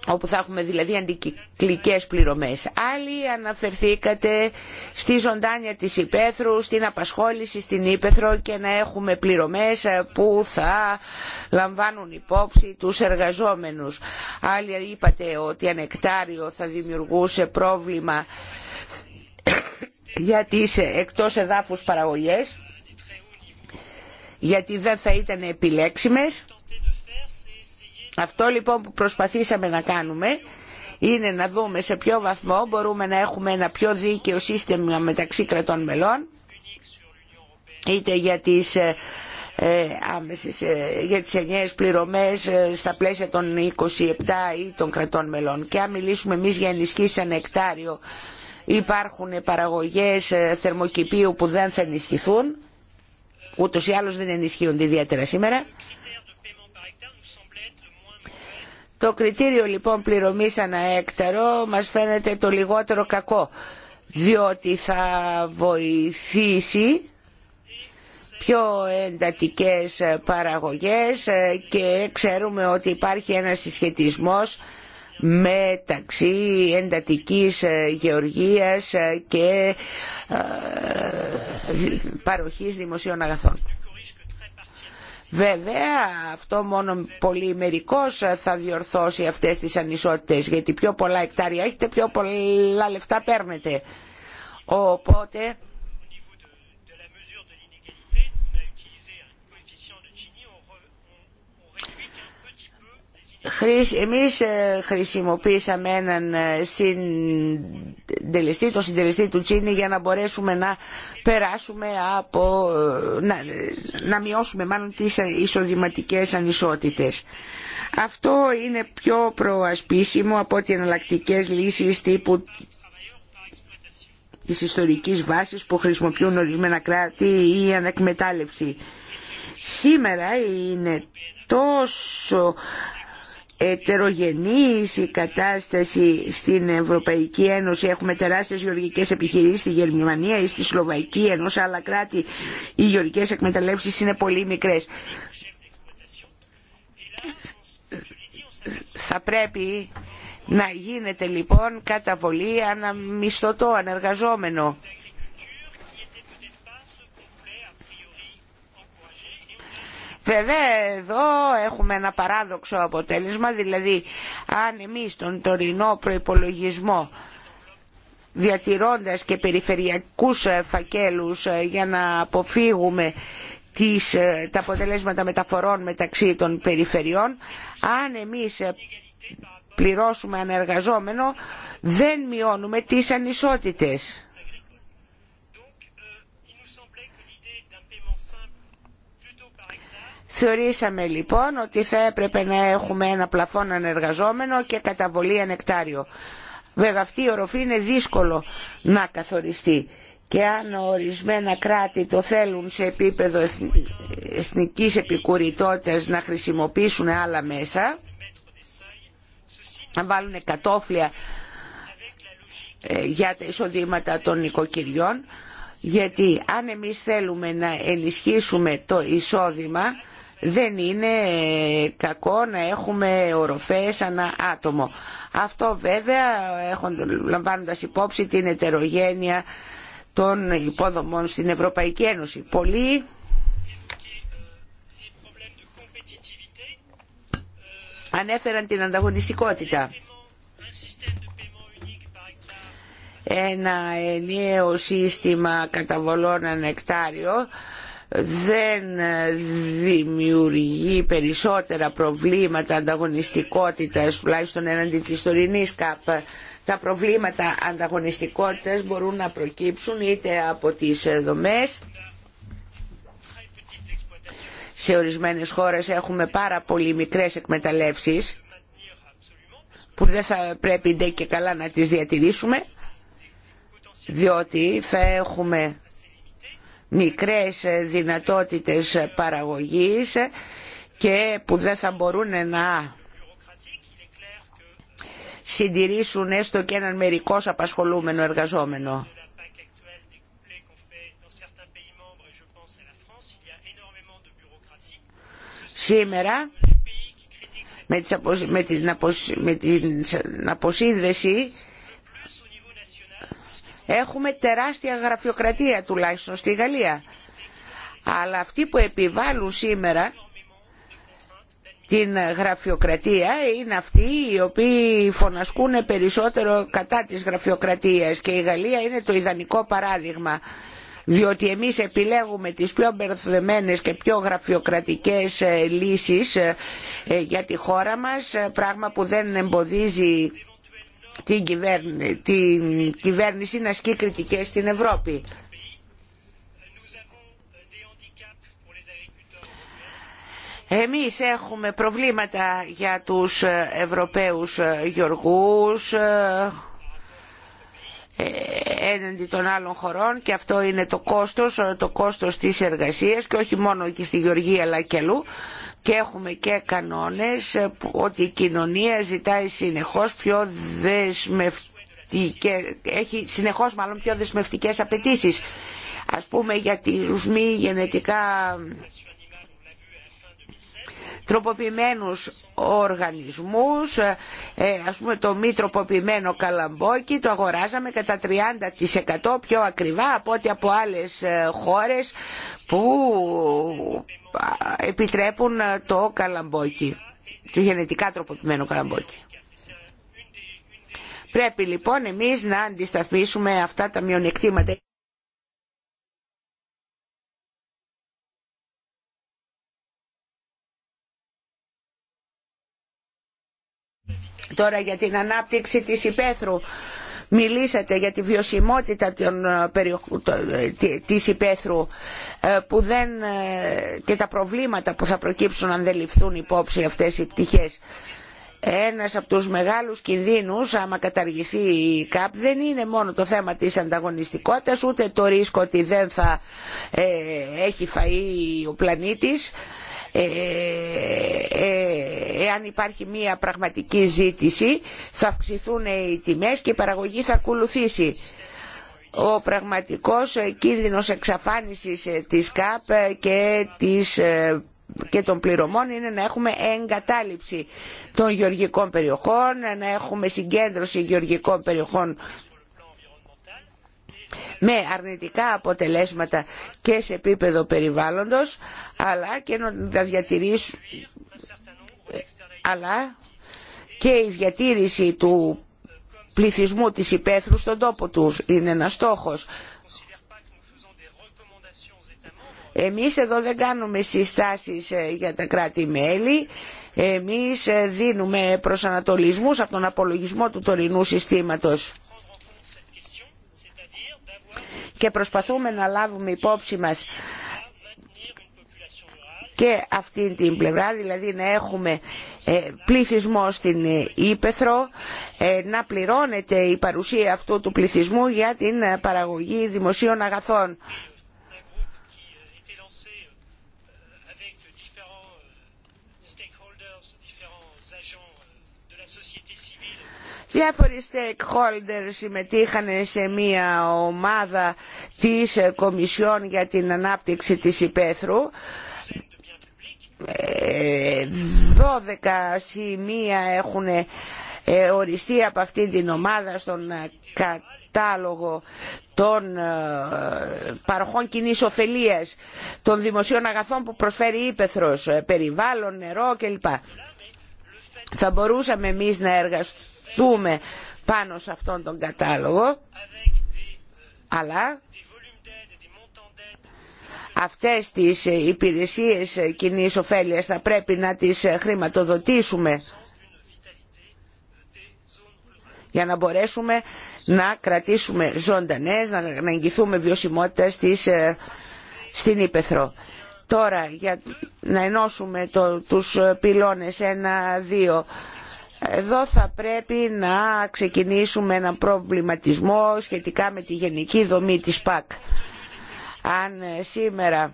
όπου θα έχουμε δηλαδή αντικυκλικές πληρωμές. Άλλοι αναφερθήκατε στη ζωντάνια της Υπέθρου, στην απασχόληση στην υπαίθρο και να έχουμε πληρωμές που θα λαμβάνουν υπόψη τους εργαζόμενους. Άλλοι είπατε ότι ανεκτάριο θα δημιουργούσε πρόβλημα για τις εκτός εδάφους παραγωγές, γιατί δεν θα ήταν επιλέξιμες αυτό λοιπόν που προσπαθήσαμε να κάνουμε είναι να δούμε σε ποιο βαθμό μπορούμε να έχουμε ένα πιο δίκαιο σύστημα μεταξύ κρατών μελών είτε για τις, ε, ε άμεσες, ε, για τις ενιαίες πληρωμές ε, στα πλαίσια των 27 ή των κρατών μελών. Και αν μιλήσουμε εμείς για ενισχύσεις εκτάριο υπάρχουν παραγωγές θερμοκηπίου που δεν θα ενισχυθούν ούτως ή άλλως δεν ενισχύονται ιδιαίτερα σήμερα Το κριτήριο λοιπόν πληρωμής ανά έκταρο μας φαίνεται το λιγότερο κακό διότι θα βοηθήσει πιο εντατικές παραγωγές και ξέρουμε ότι υπάρχει ένας συσχετισμός μεταξύ εντατικής γεωργίας και ε, παροχής δημοσίων αγαθών. Βέβαια αυτό μόνο πολυμερικώς θα διορθώσει αυτές τις ανισότητες γιατί πιο πολλά εκτάρια έχετε πιο πολλά λεφτά παίρνετε. Οπότε Εμείς ε, χρησιμοποίησαμε έναν ε, συντελεστή, τον συντελεστή του Τσίνη για να μπορέσουμε να περάσουμε από, ε, να, μειώσουμε μάλλον τις εισοδηματικές ανισότητες. Αυτό είναι πιο προασπίσιμο από ότι εναλλακτικέ λύσεις τύπου της ιστορικής βάσης που χρησιμοποιούν ορισμένα κράτη ή ανακμετάλλευση. Σήμερα είναι τόσο ετερογενής η κατάσταση στην Ευρωπαϊκή Ένωση. Έχουμε τεράστιες γεωργικές επιχειρήσεις στη Γερμανία ή στη Σλοβακία, ενώ σε άλλα κράτη οι γεωργικές εκμεταλλεύσεις είναι πολύ μικρές. Θα πρέπει να γίνεται λοιπόν καταβολή αναμισθωτό, ανεργαζόμενο. Βέβαια εδώ έχουμε ένα παράδοξο αποτέλεσμα, δηλαδή αν εμείς τον τωρινό προϋπολογισμό διατηρώντας και περιφερειακούς ε, φακέλους ε, για να αποφύγουμε τις, ε, τα αποτελέσματα μεταφορών μεταξύ των περιφερειών, αν εμείς πληρώσουμε ανεργαζόμενο δεν μειώνουμε τις ανισότητες. Θεωρήσαμε λοιπόν ότι θα έπρεπε να έχουμε ένα πλαφόν ανεργαζόμενο και καταβολή ανεκτάριο. Βέβαια αυτή η οροφή είναι δύσκολο να καθοριστεί και αν ορισμένα κράτη το θέλουν σε επίπεδο εθνικής επικουρητότητας να χρησιμοποιήσουν άλλα μέσα, να βάλουν κατόφλια ε, για τα εισοδήματα των νοικοκυριών, γιατί αν εμείς θέλουμε να ενισχύσουμε το εισόδημα δεν είναι κακό να έχουμε οροφές ανά άτομο. Αυτό βέβαια λαμβάνοντας υπόψη την ετερογένεια των υποδομών στην Ευρωπαϊκή Ένωση. Πολύ ανέφεραν την ανταγωνιστικότητα. Ένα ενιαίο σύστημα καταβολών ανεκτάριο δεν δημιουργεί περισσότερα προβλήματα ανταγωνιστικότητας τουλάχιστον έναντι της τωρινής ΚΑΠ τα προβλήματα ανταγωνιστικότητας μπορούν να προκύψουν είτε από τις δομές σε ορισμένες χώρες έχουμε πάρα πολύ μικρές εκμεταλλεύσεις που δεν θα πρέπει ντε και καλά να τις διατηρήσουμε διότι θα έχουμε μικρές δυνατότητες παραγωγής και που δεν θα μπορούν να συντηρήσουν έστω και έναν μερικό απασχολούμενο εργαζόμενο. Σήμερα με την αποσύνδεση Έχουμε τεράστια γραφειοκρατία τουλάχιστον στη Γαλλία. Αλλά αυτοί που επιβάλλουν σήμερα την γραφειοκρατία είναι αυτοί οι οποίοι φωνασκούν περισσότερο κατά της γραφειοκρατίας και η Γαλλία είναι το ιδανικό παράδειγμα διότι εμείς επιλέγουμε τις πιο μπερδεμένες και πιο γραφειοκρατικές ε, λύσεις ε, για τη χώρα μας ε, πράγμα που δεν εμποδίζει την, κυβέρνηση να ασκεί κριτικές στην Ευρώπη. Εμείς έχουμε προβλήματα για τους ε, Ευρωπαίους ε, γεωργούς ε, έναντι των άλλων χωρών και αυτό είναι το κόστος, το κόστος της εργασίας και όχι μόνο και στη Γεωργία αλλά και αλλού και έχουμε και κανόνες ότι η κοινωνία ζητάει συνεχώς πιο δεσμευτικές, έχει συνεχώς μάλλον πιο δεσμευτικές απαιτήσεις. Ας πούμε για τη ρουσμή γενετικά τροποποιημένους οργανισμούς, ε, ε, ας πούμε το μη τροποποιημένο καλαμπόκι το αγοράζαμε κατά 30% πιο ακριβά από ό,τι από άλλες ε, χώρες που επιτρέπουν το καλαμπόκι, το γενετικά τροποποιημένο καλαμπόκι. Πρέπει λοιπόν εμείς να αντισταθμίσουμε αυτά τα μειονεκτήματα. Τώρα για την ανάπτυξη της υπαίθρου. Μιλήσατε για τη βιωσιμότητα ε, ε, της υπαίθρου ε, που δεν, και τα προβλήματα που θα προκύψουν αν δεν ληφθούν υπόψη αυτές οι πτυχές. Ένας από τους μεγάλους κινδύνους άμα καταργηθεί η ΚΑΠ δεν είναι μόνο το θέμα της ανταγωνιστικότητας ούτε το ρίσκο ότι δεν θα έχει φαΐ ο πλανήτης ε, ε, ε, εάν υπάρχει μία πραγματική ζήτηση θα αυξηθούν οι τιμές και η παραγωγή θα ακολουθήσει. Ο πραγματικός κίνδυνος εξαφάνισης της ΚΑΠ και και των πληρωμών είναι να έχουμε εγκατάλειψη των γεωργικών περιοχών, να έχουμε συγκέντρωση γεωργικών περιοχών με αρνητικά αποτελέσματα και σε επίπεδο περιβάλλοντος αλλά και να διατηρήσουν αλλά και η διατήρηση του πληθυσμού της υπαίθρου στον τόπο τους είναι ένας στόχος. Εμείς εδώ δεν κάνουμε συστάσεις ε, για τα κράτη-μέλη, εμείς ε, δίνουμε προσανατολισμούς από τον απολογισμό του τωρινού συστήματος και προσπαθούμε να λάβουμε υπόψη μας και αυτή την πλευρά, δηλαδή να έχουμε ε, πληθυσμό στην ε, Ήπεθρο, ε, να πληρώνεται η παρουσία αυτού του πληθυσμού για την παραγωγή δημοσίων αγαθών. Διάφοροι stakeholders συμμετείχαν σε μια ομάδα της Κομισιόν για την Ανάπτυξη της Υπέθρου. 12 σημεία έχουν ε, οριστεί από αυτήν την ομάδα στον ε, κατάλογο των ε, παροχών κοινή ωφελία των δημοσίων αγαθών που προσφέρει η περιβάλλον, νερό κλπ. Θα μπορούσαμε εμείς να εργαστούμε πάνω σε αυτόν τον κατάλογο αλλά αυτές τις υπηρεσίες κοινή ωφέλεια θα πρέπει να τις χρηματοδοτήσουμε για να μπορέσουμε να κρατήσουμε ζωντανές, να εγγυθούμε βιωσιμότητα ε, στην Ήπεθρο. Τώρα, για να ενώσουμε το, τους πυλώνες 1-2 εδώ θα πρέπει να ξεκινήσουμε έναν προβληματισμό σχετικά με τη γενική δομή της ΠΑΚ. Αν ε, σήμερα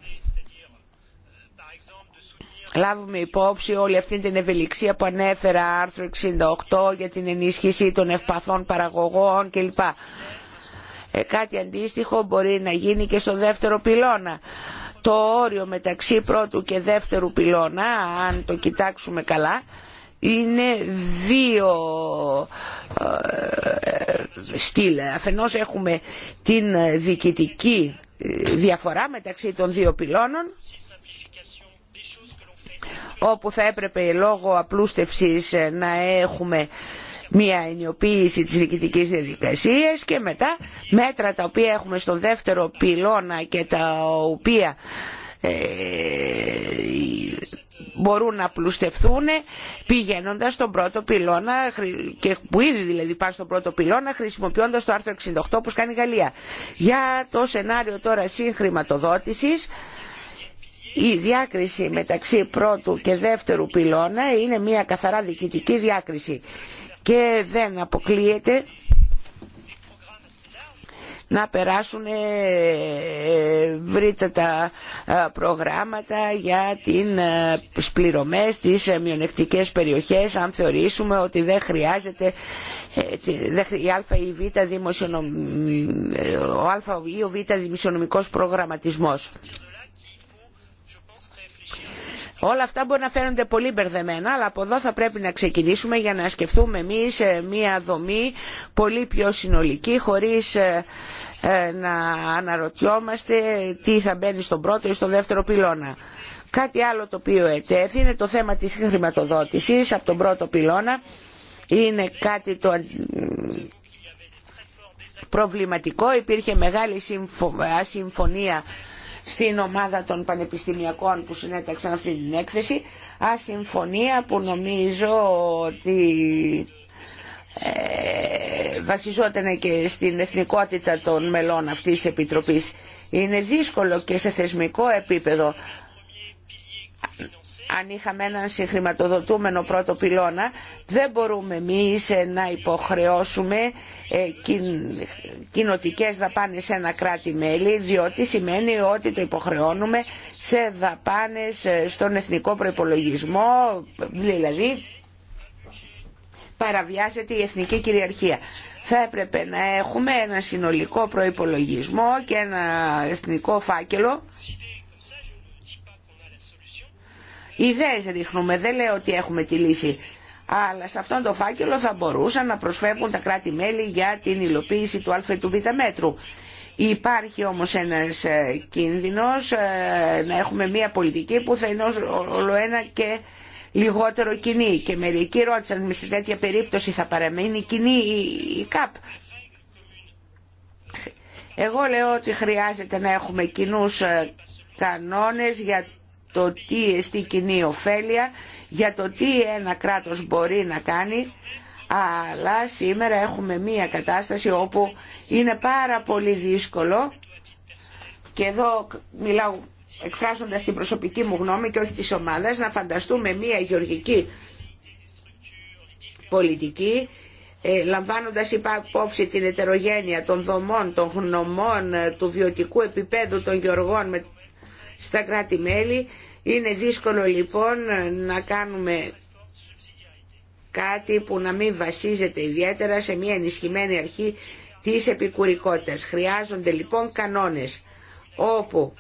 λάβουμε υπόψη όλη αυτή την ευελιξία που ανέφερα άρθρο 68 για την ενίσχυση των ευπαθών παραγωγών κλπ. Ε, κάτι αντίστοιχο μπορεί να γίνει και στο δεύτερο πυλώνα. Το όριο μεταξύ πρώτου και δεύτερου πυλώνα, αν το κοιτάξουμε καλά, είναι δύο ε, ε, στυλ. Αφενός έχουμε την διοικητική ε, διαφορά μεταξύ των δύο πυλώνων όπου θα έπρεπε λόγω απλούστευσης να έχουμε μια ενιοποίηση της διοικητικής διαδικασίας και μετά μέτρα τα οποία έχουμε στο δεύτερο πυλώνα και τα οποία ε, μπορούν να πλουστευτούν πηγαίνοντας στον πρώτο πυλώνα και που ήδη δηλαδή πάνε στον πρώτο πυλώνα χρησιμοποιώντας το άρθρο 68 όπως κάνει η Γαλλία. Για το σενάριο τώρα συγχρηματοδότησης η διάκριση μεταξύ πρώτου και δεύτερου πυλώνα είναι μια καθαρά διοικητική διάκριση και δεν αποκλείεται να περάσουν ε, ε, βρείτε τα ε, προγράμματα για την πληρωμές στις μειονεκτικές περιοχές αν θεωρήσουμε ότι δεν χρειάζεται η α ή β δημοσιονομ... ο α ή ο β δημοσιονομικός προγραμματισμός. Όλα αυτά μπορεί να φαίνονται πολύ μπερδεμένα, αλλά από εδώ θα πρέπει να ξεκινήσουμε για να σκεφτούμε εμεί ε, μία δομή πολύ πιο συνολική, χωρίς ε, ε, να αναρωτιόμαστε τι θα μπαίνει στον πρώτο ή στον δεύτερο πυλώνα. Κάτι άλλο το οποίο ετέθη είναι το θέμα της χρηματοδότησης από τον πρώτο πυλώνα. Είναι κάτι το προβληματικό, υπήρχε μεγάλη ασυμφωνία στην ομάδα των πανεπιστημιακών που συνέταξαν αυτή την έκθεση ασυμφωνία που νομίζω ότι ε, βασιζόταν και στην εθνικότητα των μελών αυτής της Επιτροπής. Είναι δύσκολο και σε θεσμικό επίπεδο αν είχαμε έναν συγχρηματοδοτούμενο πρώτο πυλώνα, δεν μπορούμε εμείς ε, να υποχρεώσουμε ε, κοινοτικές δαπάνες σε ένα κράτη-μέλη, διότι σημαίνει ότι τα υποχρεώνουμε σε δαπάνες ε, στον εθνικό προϋπολογισμό, δηλαδή παραβιάζεται η εθνική κυριαρχία. Θα έπρεπε να έχουμε ένα συνολικό προϋπολογισμό και ένα εθνικό φάκελο ιδέες ρίχνουμε, δεν λέω ότι έχουμε τη λύση. Αλλά σε αυτόν τον φάκελο θα μπορούσαν να προσφεύγουν τα κράτη-μέλη για την υλοποίηση του α του β μέτρου. Υπάρχει όμως ένας ε, κίνδυνος ε, να έχουμε μια πολιτική που θα είναι ένα και λιγότερο κοινή. Και μερικοί ρώτησαν με σε τέτοια περίπτωση θα παραμείνει κοινή η ΚΑΠ. Εγώ λέω ότι χρειάζεται να έχουμε κοινούς ε, κανόνες για το τι εστί κοινή ωφέλεια, για το τι ένα κράτος μπορεί να κάνει, αλλά σήμερα έχουμε μία κατάσταση όπου είναι πάρα πολύ δύσκολο και εδώ μιλάω εκφράζοντας την προσωπική μου γνώμη και όχι της ομάδας, να φανταστούμε μία γεωργική πολιτική ε, λαμβάνοντας υπόψη την ετερογένεια των δομών, των γνωμών, ε, του βιωτικού επίπεδου των γεωργών με στα κράτη-μέλη. Είναι δύσκολο λοιπόν να κάνουμε κάτι που να μην βασίζεται ιδιαίτερα σε μια ενισχυμένη αρχή της επικουρικότητας. Χρειάζονται λοιπόν κανόνες όπου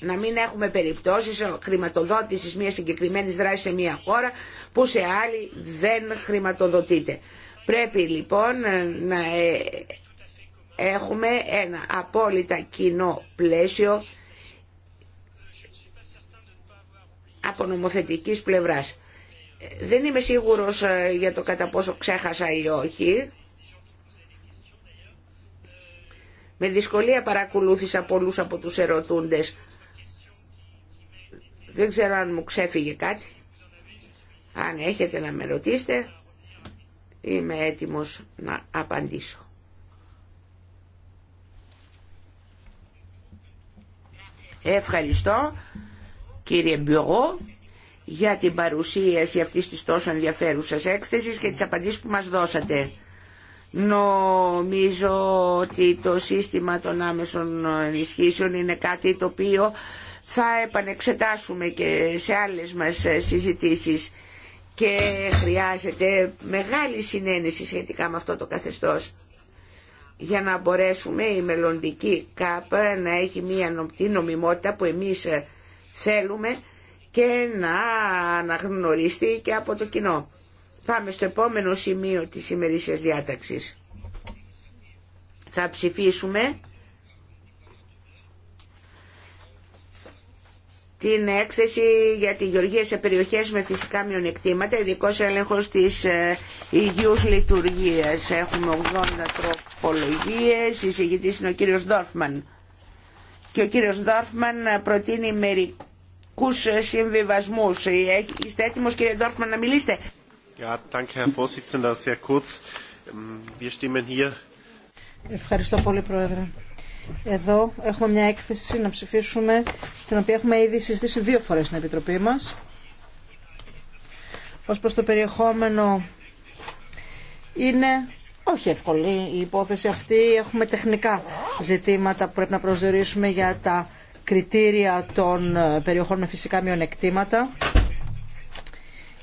να μην έχουμε περιπτώσεις χρηματοδότησης μια συγκεκριμένης δράσης σε μια χώρα που σε άλλη δεν χρηματοδοτείται. Πρέπει λοιπόν να ε, έχουμε ένα απόλυτα κοινό πλαίσιο από νομοθετικής πλευράς. Δεν είμαι σίγουρος ε, για το κατά πόσο ξέχασα ή όχι. Με δυσκολία παρακολούθησα πολλούς από τους ερωτούντες. Δεν ξέρω αν μου ξέφυγε κάτι. Αν έχετε να με ρωτήσετε, είμαι έτοιμος να απαντήσω. Ευχαριστώ κύριε Μπιωγό για την παρουσίαση αυτής της τόσο ενδιαφέρουσας έκθεσης και τις απαντήσεις που μας δώσατε. Νομίζω ότι το σύστημα των άμεσων ενισχύσεων είναι κάτι το οποίο θα επανεξετάσουμε και σε άλλες μας συζητήσεις και χρειάζεται μεγάλη συνένεση σχετικά με αυτό το καθεστώς για να μπορέσουμε η μελλοντική ΚΑΠ να έχει μια νομιμότητα που εμείς ε, θέλουμε και να αναγνωριστεί και από το κοινό. Πάμε στο επόμενο σημείο της ημερήσιας διάταξης. Θα ψηφίσουμε την έκθεση για τη γεωργία σε περιοχές με φυσικά μειονεκτήματα, ειδικό έλεγχο της ε, υγιούς λειτουργίας. Έχουμε 80 τροπολογίες, εισηγητής είναι ο κύριος Ντόρφμαν. Και ο κύριος Ντόρφμαν προτείνει μερικούς συμβιβασμούς. Ε, είστε έτοιμος κύριε Ντόρφμαν να μιλήσετε. Ähm, Ευχαριστώ πολύ Πρόεδρε. Εδώ έχουμε μια έκθεση να ψηφίσουμε, την οποία έχουμε ήδη συζητήσει δύο φορές στην Επιτροπή μας. Ως προς το περιεχόμενο είναι όχι εύκολη η υπόθεση αυτή. Έχουμε τεχνικά ζητήματα που πρέπει να προσδιορίσουμε για τα κριτήρια των ε, περιοχών με φυσικά μειονεκτήματα.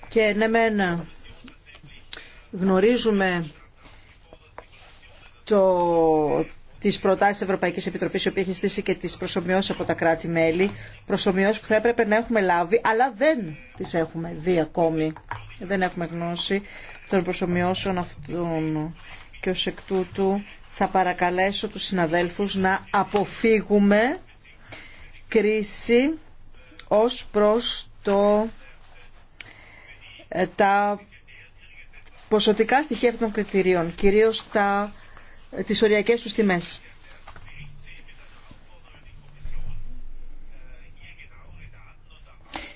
Και ναι μεν γνωρίζουμε το, τις προτάσεις Ευρωπαϊκής Επιτροπής, η οποία έχει στήσει και τις προσωμιώσει από τα κράτη-μέλη, Προσωμιώσει που θα έπρεπε να έχουμε λάβει, αλλά δεν τις έχουμε δει ακόμη. Δεν έχουμε γνώση των προσωμιώσεων αυτών και ω εκ τούτου θα παρακαλέσω τους συναδέλφους να αποφύγουμε κρίση ως προς το, ε, τα ποσοτικά στοιχεία των κριτηρίων, κυρίως τα τις οριακές τους τιμές.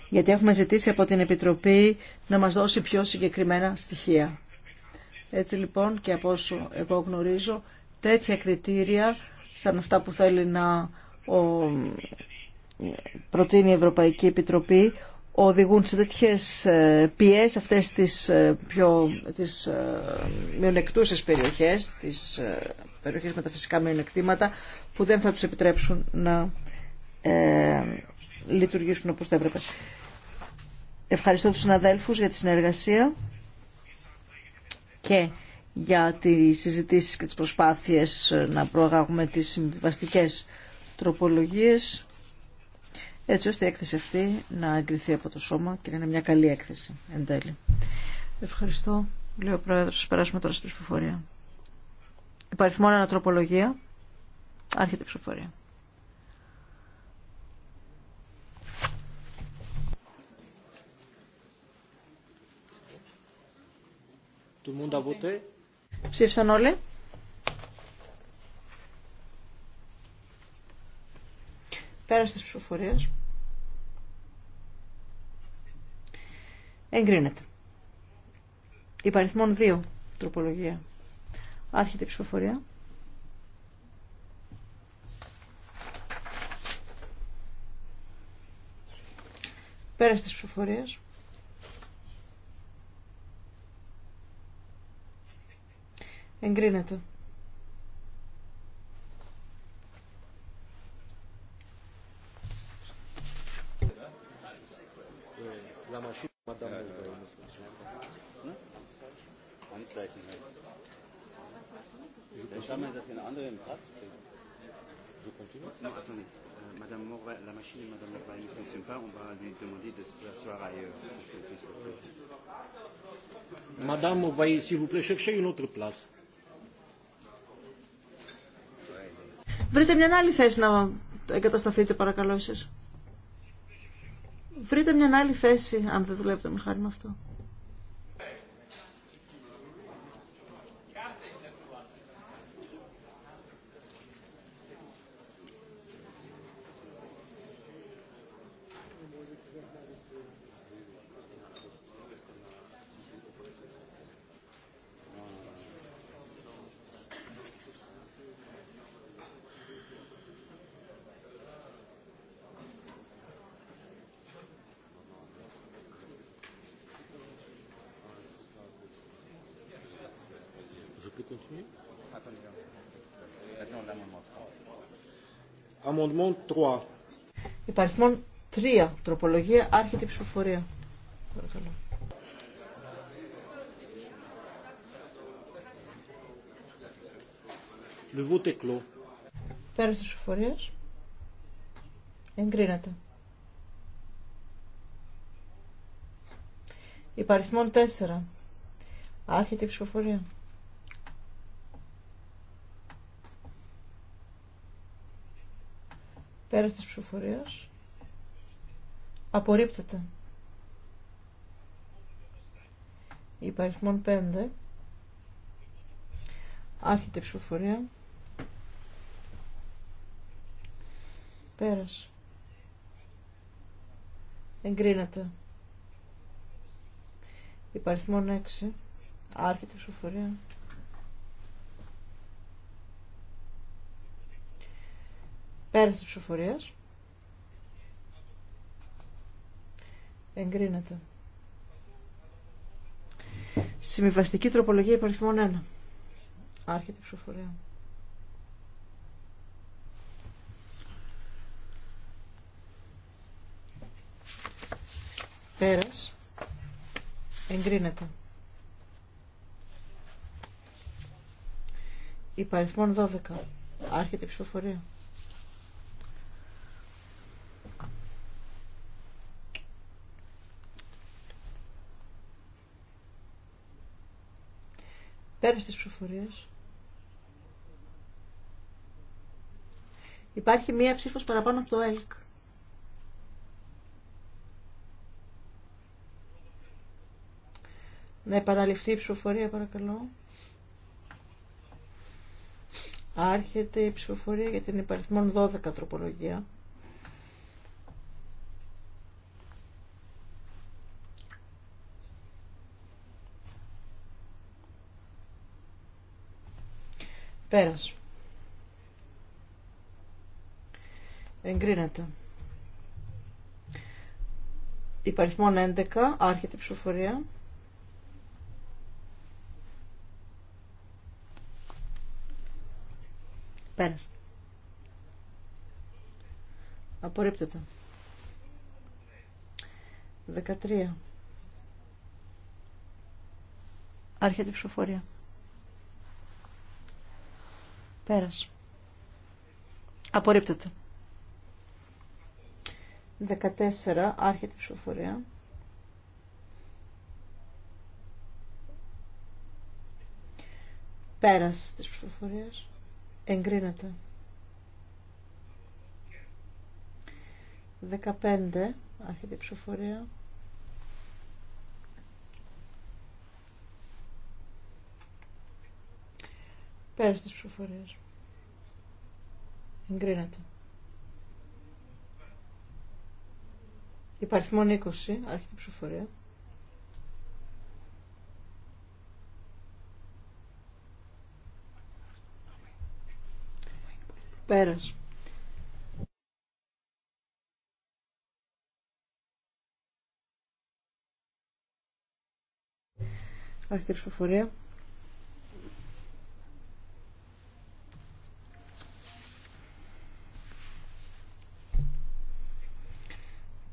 γιατί έχουμε ζητήσει από την Επιτροπή να μας δώσει πιο συγκεκριμένα στοιχεία. Έτσι λοιπόν και από όσο εγώ γνωρίζω, τέτοια κριτήρια σαν αυτά που θέλει να προτείνει η Ευρωπαϊκή Επιτροπή οδηγούν σε τέτοιες ε, πιές, αυτές τις, ε, πιο, τις ε, μειονεκτούσες περιοχές, τις περιοχές με τα φυσικά μειονεκτήματα που δεν θα τους επιτρέψουν να ε, λειτουργήσουν όπως θα έπρεπε. Ευχαριστώ τους συναδέλφους για τη συνεργασία και για τις συζητήσεις και τις προσπάθειες να προαγάγουμε τις συμβιβαστικές τροπολογίες έτσι ώστε η έκθεση αυτή να εγκριθεί από το σώμα και να είναι μια καλή έκθεση εν τέλει. Ευχαριστώ. Λέω ο Πρόεδρος, περάσουμε τώρα στην ψηφοφορία. Υπάρχει μόνο ανατροπολογία. Άρχεται η ψηφοφορία. Ψήφισαν όλοι. Πέρα της ψηφοφορίες Εγκρίνεται. Υπαριθμών 2. Τροπολογία. Άρχεται η ψηφοφορία. Πέρα της ψηφοφορίες Εγκρίνεται. Anzeichen. Ich schaue mal, dass ihr Platz Je continue Non, attendez. Madame Morvay, la machine de Madame Morvay ne fonctionne pas. On va lui demander de s'asseoir ailleurs. Madame Morvay, s'il vous plaît, cherchez une autre place. Βρείτε μια άλλη θέση να εγκατασταθείτε παρακαλώ εσείς. Βρείτε μια άλλη θέση αν δεν δουλεύετε με χάρη με αυτό. peut continuer Amendement 3. Υπαριθμόν 3. Τροπολογία. Άρχεται ψηφοφορία. Παρακαλώ. Le vote est clos. Πέρασε τη ψηφοφορία. Εγκρίνεται. Υπαριθμόν 4. Άρχεται η ψηφοφορία. Πέρα της ψηφοφορίας. Απορρίπτεται. Υπαριθμών 5. Άρχεται η ψηφοφορία. Πέρας. Εγκρίνεται. Υπαριθμών 6. Άρχεται η ψηφοφορία. Πέρασε τη ψηφοφορία. Εγκρίνεται. Συμβιβαστική τροπολογία υπαριθμών 1. Άρχεται η ψηφοφορία. Πέρας. Εγκρίνεται. Υπαριθμών 12. Άρχεται η ψηφοφορία. Πέρα στις ψηφοφορίες. Υπάρχει μία ψήφος παραπάνω από το ΕΛΚ. Να επαναληφθεί η ψηφοφορία παρακαλώ. Άρχεται η ψηφοφορία για την υπαριθμόν 12 τροπολογία. σου. Εγκρίνεται. Υπαριθμόν 11, άρχεται η ψηφοφορία. Πέρασε Απορρίπτεται. 13. Άρχεται η ψηφοφορία. Πέρας. Απορρίπτεται. 14. Άρχεται η ψηφοφορία. Πέρας της ψηφοφορίας. Εγκρίνεται. 15. Άρχεται η ψηφοφορία. Πέρας της ψηφοφορίας. Εγκρίνεται. Υπάρχει μόνο 20, άρχεται ψηφοφορία. Πέρας. Άρχεται ψηφοφορία.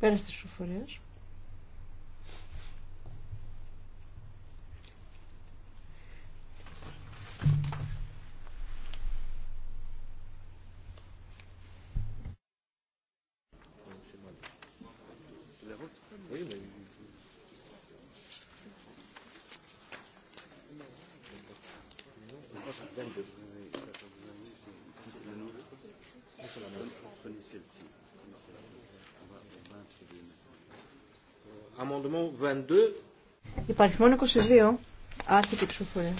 Πέρα στις σωφορίες. Thank you. Υπαριθμόν 22, άρχιτη ψηφοφορία.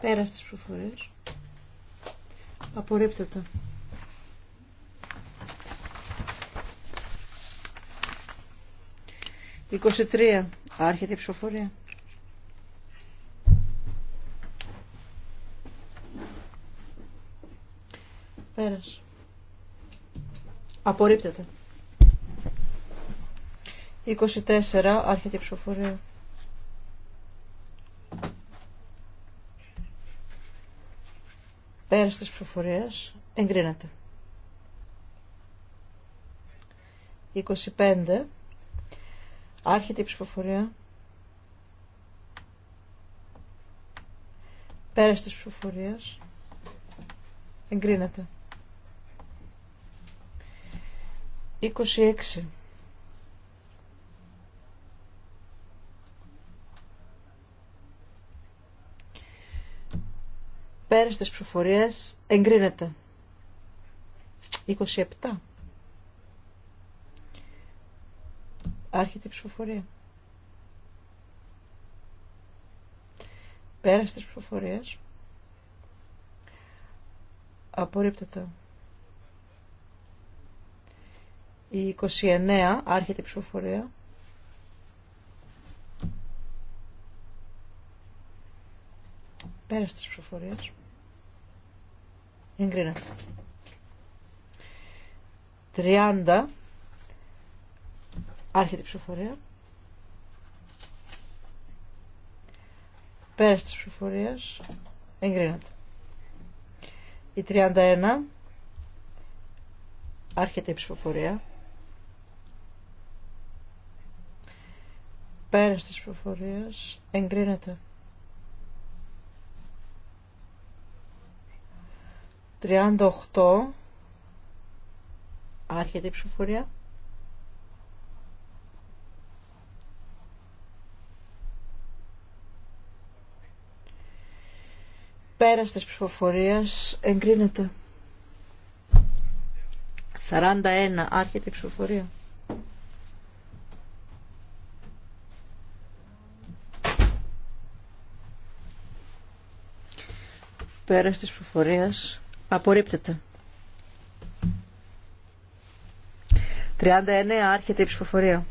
Πέρα τις ψηφοφορίες. Απορρίπτεται. 23. τρία. Άρχεται η ψηφοφορία. Πέρας. Απορρίπτεται. 24. Άρχεται η ψηφοφορία. Πέρας της ψηφοφορίας. Εγκρίνεται. 25. Άρχεται η ψηφοφορία. Πέρας της ψηφοφορίας. Εγκρίνεται. 26. Πέρας της ψηφοφορίας εγκρίνεται. 27. Άρχεται η ψηφοφορία. Πέρας της ψηφοφορίας απορρίπτεται. Η 29 άρχεται η ψηφοφορία. Πέρασε τη ψηφοφορία. Εγκρίνεται. 30 άρχεται η ψηφοφορία. Πέρασε τη ψηφοφορία. Εγκρίνεται. Η 31 άρχεται η ψηφοφορία. Πέρας της προφορίας εγκρίνεται. 38 άρχεται η ψηφοφορία. Πέρας της ψηφοφορίας εγκρίνεται. 41 άρχεται η ψηφοφορία. Πέρας της προφορίας απορρίπτεται. 39 άρχεται η ψηφοφορία.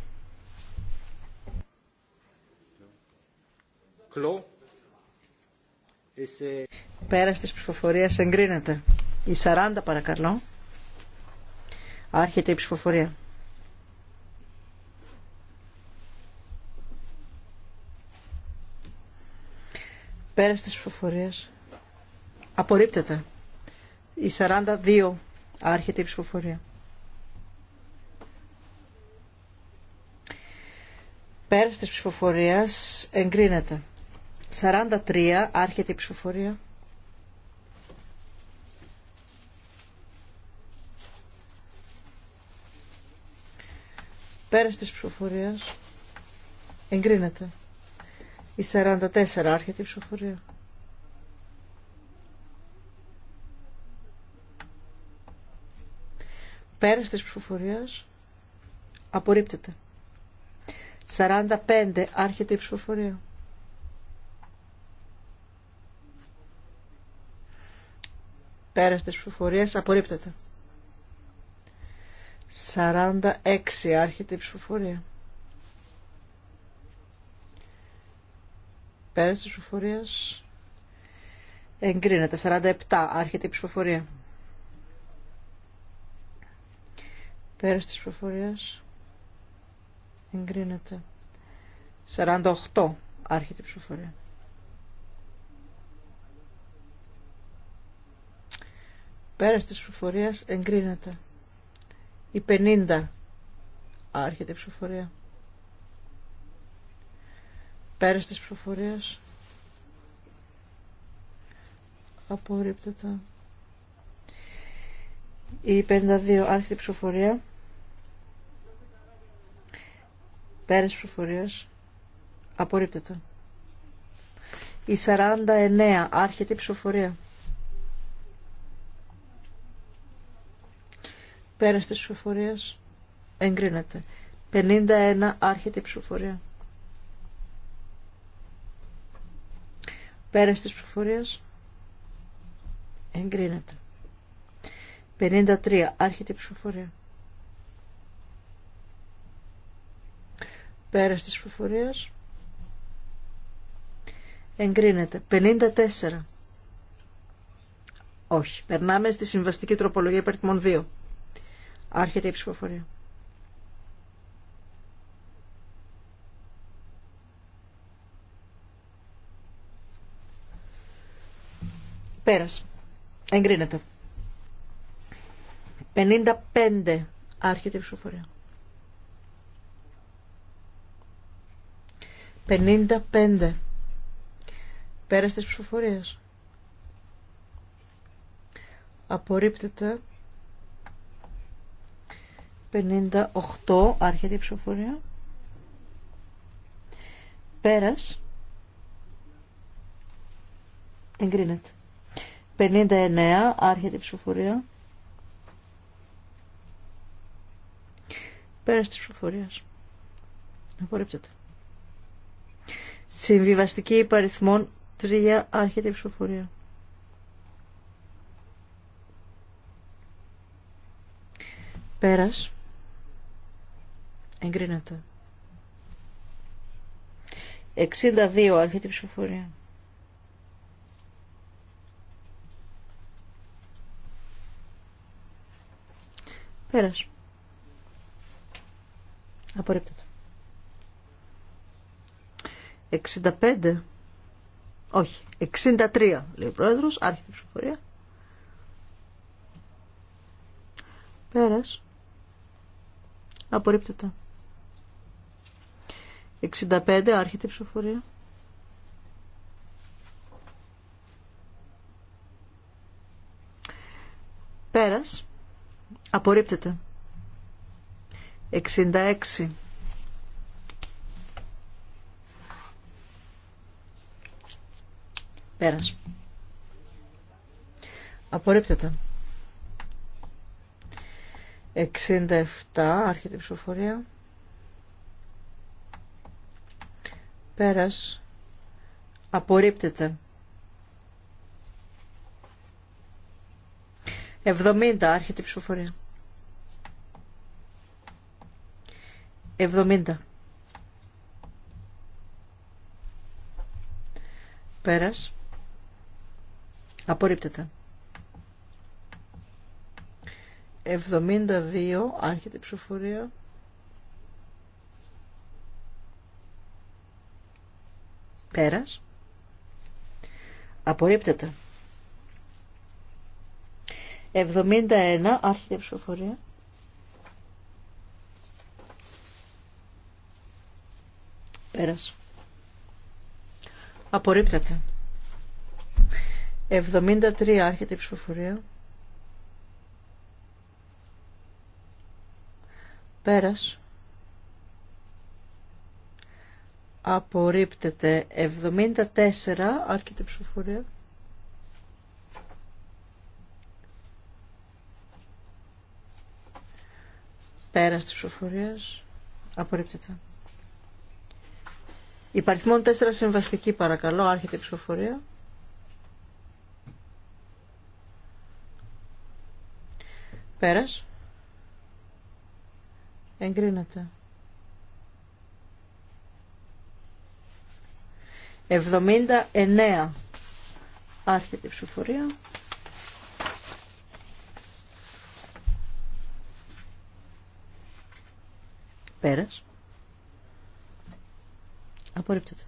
Κλο. Πέρας της ψηφοφορίας εγκρίνεται. Η 40 παρακαλώ. Άρχεται η ψηφοφορία. Πέρας της ψηφοφορίας Απορρίπτεται. Η 42. Άρχεται η ψηφοφορία. Πέρας της ψηφοφορίας εγκρίνεται. 43. Άρχεται η ψηφοφορία. Πέρας της ψηφοφορίας εγκρίνεται. Η 44. Άρχεται η ψηφοφορία. Πέρες της ψηφοφορίας απορρίπτεται. 45 άρχεται η ψηφοφορία. Πέρας της ψηφοφορίας απορρίπτεται. 46 άρχεται η ψηφοφορία. Πέρας της ψηφοφορίας εγκρίνεται. 47 άρχεται η ψηφοφορία. Πέρας της προφορίας εγκρίνεται. 48 άρχεται η ψηφοφορία. Πέρας της ψηφορίας εγκρίνεται. Η 50 άρχεται η ψηφοφορία. Πέρας της ψηφορίας απορρίπτεται. Η 52 άρχιτη ψηφοφορία. Πέρας ψηφοφορίας. Απορρίπτεται. Η 49 άρχιτη ψηφοφορία. Πέρας της ψηφοφορίας. Εγκρίνεται. 51 άρχιτη ψηφοφορία. Πέρας της ψηφοφορίας. Εγκρίνεται. 53. Άρχεται η ψηφοφορία. Πέρας της ψηφοφορίας. Εγκρίνεται. 54. Όχι. Περνάμε στη συμβαστική τροπολογία υπαριθμών 2. Άρχεται η ψηφοφορία. Πέρας. Εγκρίνεται. 55. Άρχεται η ψηφοφορία. 55. πέρασε τη ψηφοφορίας. Απορρίπτεται. 58. Άρχεται η ψηφοφορία. Πέρας. Εγκρίνεται. 59. Άρχεται η ψηφοφορία. Πέρα τη ψηφοφορία. Απορρίπτεται. Συμβιβαστική υπαριθμών 3 άρχεται η ψηφοφορία. Πέρας. Εγκρίνεται. 62 άρχεται η ψηφοφορία. Πέρας. Απορρίπτεται. 65. Όχι. 63 λέει ο πρόεδρος. Άρχεται ψηφοφορία. Πέρας. Απορρίπτεται. 65. Άρχεται ψηφοφορία. Πέρας. Απορρίπτεται. 66 Πέρας. Απορρίπτεται. 67, άρχεται η ψηφοφορία. Πέρας. Απορρίπτεται. 70, άρχεται η ψηφοφορία. 70. Πέρας. Απορρίπτεται. 72. Άρχεται η ψηφοφορία. Πέρας. Απορρίπτεται. 71. Άρχεται η ψηφοφορία. Πέρας. Απορρίπτεται. 73 άρχεται η ψηφοφορία. Πέρας. Απορρίπτεται. 74 άρχεται η ψηφοφορία. Πέρας της ψηφοφορίας. Απορρίπτεται. Υπαριθμόν 4 συμβαστική παρακαλώ, άρχεται η ψηφοφορία. Πέρας. Εγκρίνεται. 79. Άρχεται η ψηφοφορία. Πέρας. Απορρίπτεται.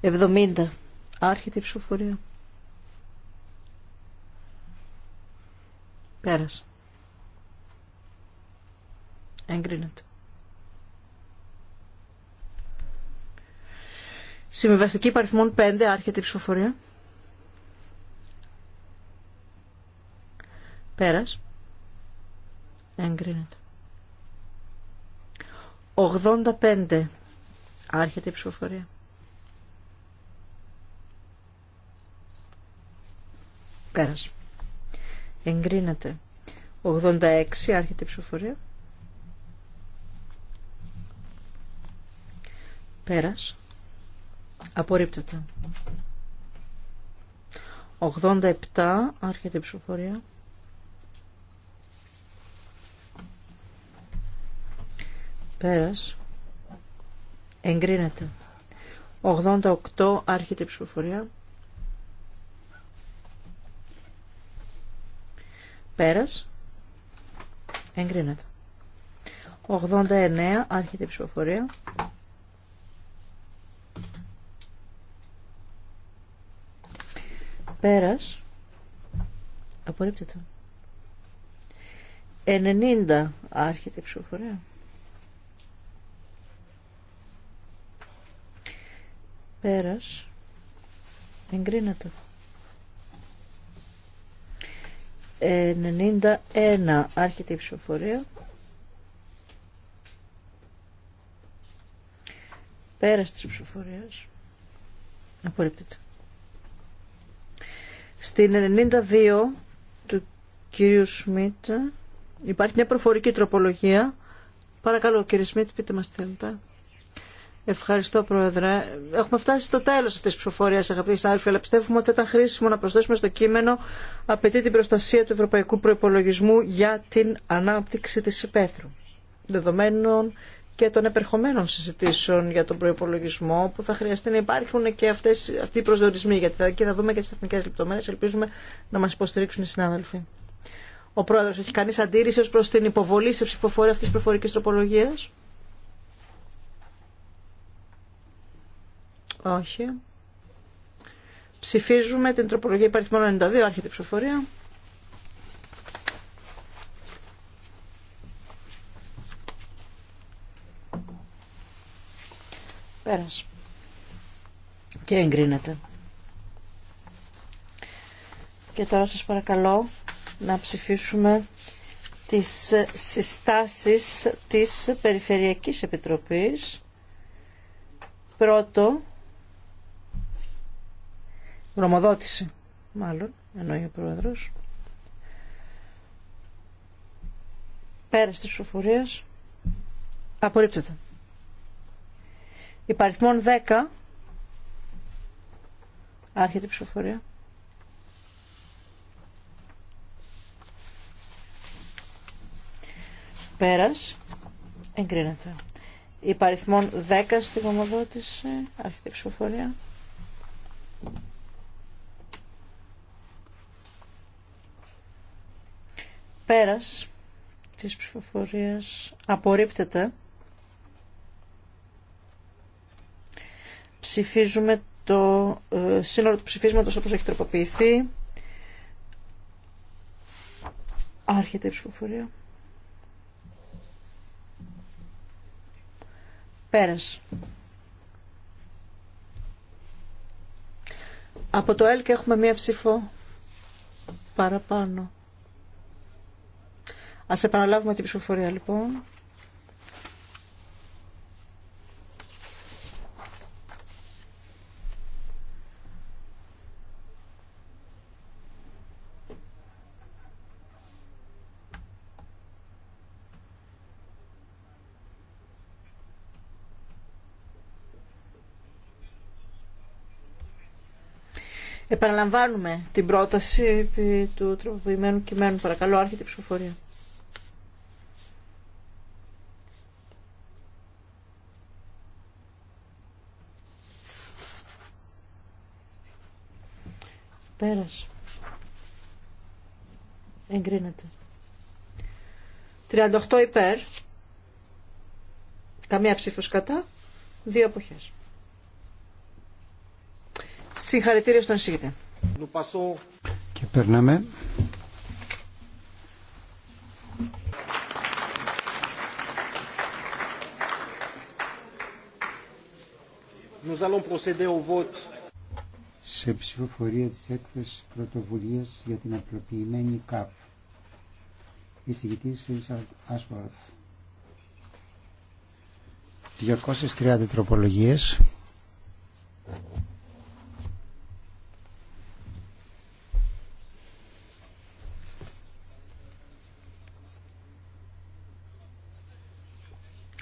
70. Άρχεται η ψηφοφορία. Πέρασε. Εγκρίνεται. Συμβιβαστική παριθμών 5. Άρχεται η ψηφοφορία. Πέρας. Εγκρίνεται. 85. Άρχεται η ψηφοφορία. Πέρας. Εγκρίνεται. 86. Άρχεται η ψηφοφορία. Πέρας. Απορρίπτεται. 87. Άρχεται η ψηφοφορία. Πέρας. Εγκρίνεται. 88 άρχεται ψηφοφορία. Πέρας. Εγκρίνεται. 89 άρχεται ψηφοφορία. Πέρας. Απορρίπτεται. 90 άρχεται η ψηφοφορία. Πέρας. Εγκρίνεται. 91. Άρχεται η ψηφοφορία. Πέρας της ψηφοφορίας. Απορρίπτεται. Στην 92 του κυρίου Σμιτ υπάρχει μια προφορική τροπολογία. Παρακαλώ κύριε Σμιτ πείτε μας τι θέλετε. Ευχαριστώ, Πρόεδρε. Έχουμε φτάσει στο τέλο αυτή τη ψηφοφορία, αγαπητοί συνάδελφοι, αλλά πιστεύουμε ότι θα ήταν χρήσιμο να προσθέσουμε στο κείμενο απαιτεί την προστασία του ευρωπαϊκού προπολογισμού για την ανάπτυξη τη υπαίθρου. Δεδομένων και των επερχομένων συζητήσεων για τον προπολογισμό, που θα χρειαστεί να υπάρχουν και αυτές, αυτοί οι προσδιορισμοί, γιατί και θα δούμε και τι τεχνικέ λεπτομέρειε. Ελπίζουμε να μα υποστηρίξουν οι συνάδελφοι. Ο Πρόεδρο, έχει κανεί αντίρρηση ω προ την υποβολή σε ψηφοφορία αυτή τη προφορική τροπολογία. Όχι. Ψηφίζουμε την τροπολογία υπαριθμών 92, άρχεται η ψηφοφορία. Πέρασε. Και εγκρίνεται. Και τώρα σας παρακαλώ να ψηφίσουμε τις συστάσεις της Περιφερειακής Επιτροπής. Πρώτο, Γνωμοδότηση, μάλλον, εννοεί ο Πρόεδρος. πέρα τη ψηφοφορία Απορρίπτεται. υπαριθμόν 10. Άρχεται η ψηφοφορία. Πέρας. Εγκρίνεται. υπαριθμόν 10 στη γνωμοδότηση. Άρχεται η ψηφοφορία. Πέρας της ψηφοφορίας απορρίπτεται. Ψηφίζουμε το ε, σύνολο του ψηφίσματος όπως έχει τροποποιηθεί. Άρχεται η ψηφοφορία. Πέρας. Από το ΕΛΚ έχουμε μία ψήφο παραπάνω. Ας επαναλάβουμε την ψηφοφορία λοιπόν. Επαναλαμβάνουμε την πρόταση του τροποποιημένου κειμένου. Παρακαλώ, άρχεται η ψηφοφορία. Πέρας. Εγκρίνεται. 38 υπέρ. Καμία ψήφος κατά. Δύο αποχές. Συγχαρητήρια στον Σίγητη. Και περνάμε. Nous allons procéder au vote σε ψηφοφορία της έκθεσης πρωτοβουλίας για την απλοποιημένη ΚΑΠ. Εισηγητής Άσουαρθ. 230 τροπολογίες.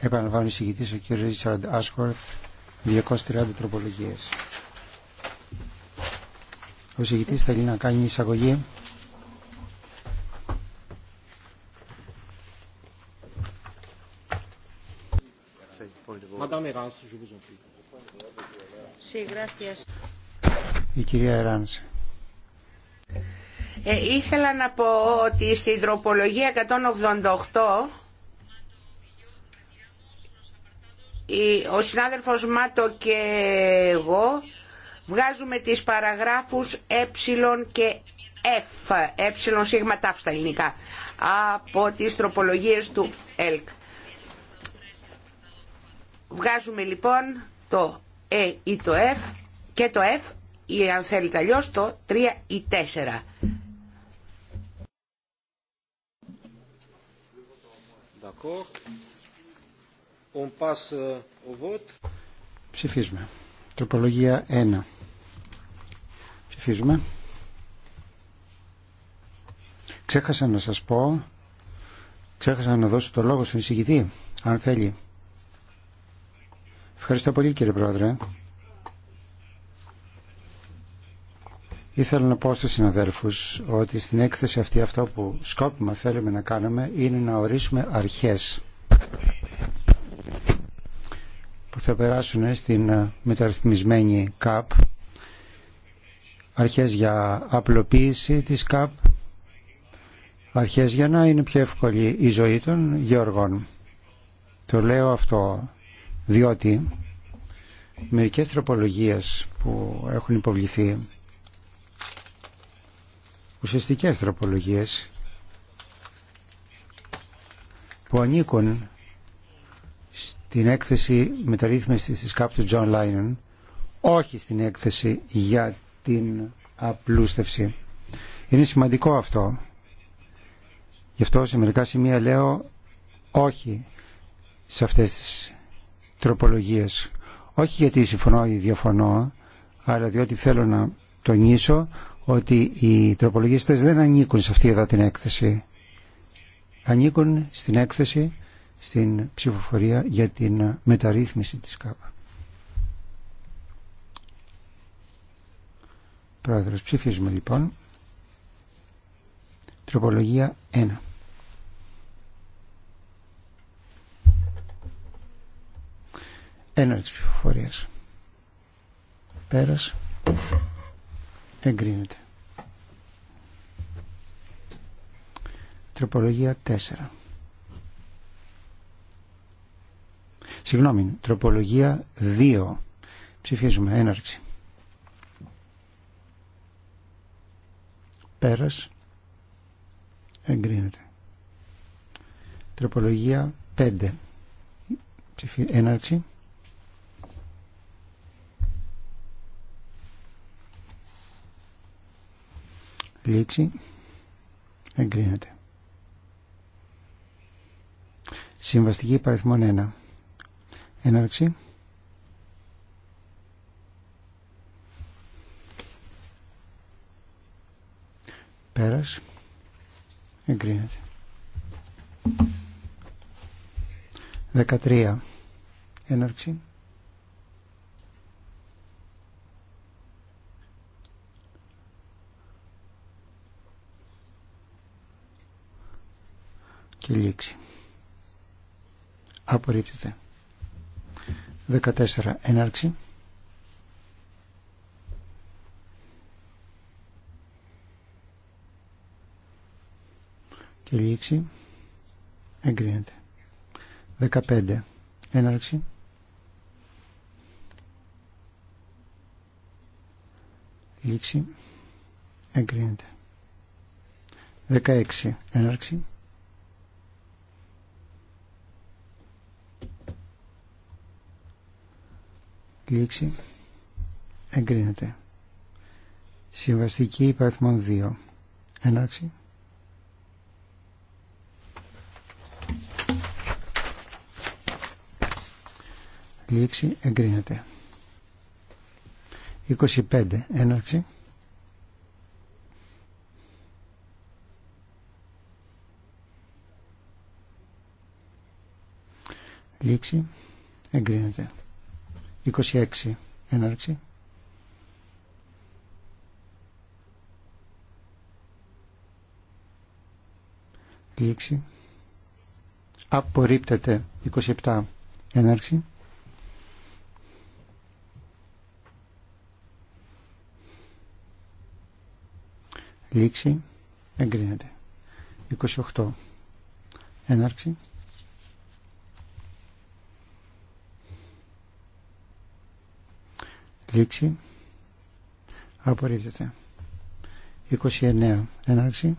Επαναλαμβάνω εισηγητής ο κ. Ρίτσαρντ Άσχορθ, 230 τροπολογίες. Ο ζητητής θέλει να κάνει εισαγωγή. Η κυρία Εράνση. Ε, ήθελα να πω ότι στην τροπολογία 188 ο συνάδελφος Μάτο και εγώ βγάζουμε τις παραγράφους ε και F, ε σίγμα τάφ στα ελληνικά, από τις τροπολογίες του ΕΛΚ. Βγάζουμε λοιπόν το ε ή το F και το F ή αν θέλετε αλλιώ το 3 ή 4. On passe euh, au vote. Ψηφίζουμε. Τροπολογία 1. Ψηφίζουμε. Ξέχασα να σας πω, ξέχασα να δώσω το λόγο στον εισηγητή, αν θέλει. Ευχαριστώ πολύ κύριε Πρόεδρε. Ήθελα να πω στους συναδέλφους ότι στην έκθεση αυτή αυτό που σκόπιμα θέλουμε να κάνουμε είναι να ορίσουμε αρχές που θα περάσουν στην ε, μεταρρυθμισμένη ΚΑΠ, αρχές για απλοποίηση της ΚΑΠ, αρχές για να είναι πιο εύκολη η ζωή των γεωργών. Το λέω αυτό διότι μερικές τροπολογίες που έχουν υποβληθεί, ουσιαστικές τροπολογίες που ανήκουν την έκθεση μεταρρύθμισης της ΚΑΠ του Τζον Λάινον όχι στην έκθεση για την απλούστευση. Είναι σημαντικό αυτό. Γι' αυτό σε μερικά σημεία λέω όχι σε αυτές τις τροπολογίες. Όχι γιατί συμφωνώ ή διαφωνώ, αλλά διότι θέλω να τονίσω ότι οι τροπολογιστές δεν ανήκουν σε αυτή εδώ την έκθεση. Ανήκουν στην έκθεση στην ψηφοφορία για την ε, μεταρρύθμιση της ΚΑΠΑ. Πρόεδρος, ψηφίζουμε λοιπόν. Τροπολογία 1. Έναρξη ψηφοφορίας. Πέρας. Εγκρίνεται. Τροπολογία 4. Συγγνώμη, τροπολογία 2. Ψηφίζουμε, έναρξη. Πέρας. Εγκρίνεται. Τροπολογία 5. Ψηφί, έναρξη. Λήξη. Εγκρίνεται. Συμβαστική παριθμόν 1. Έναρξη. Πέρας. Εγκρίνεται. Δεκατρία. Έναρξη. Και λήξη. Απορρίπτεται. 14 έναρξη και λήξη εγκρίνεται 15 έναρξη λήξη εγκρίνεται 16 έναρξη Λήξη. Εγκρίνεται. Συμβαστική υπαριθμών 2. Έναρξη. Λήξη. Εγκρίνεται. 25. Έναρξη. Λήξη. Εγκρίνεται. 26 έναρξη. Λήξη. Απορρίπτεται 27 έναρξη. Λήξη. Εγκρίνεται. 28 έναρξη. Λήξη. Απορρίπτεται. 29. Έναρξη.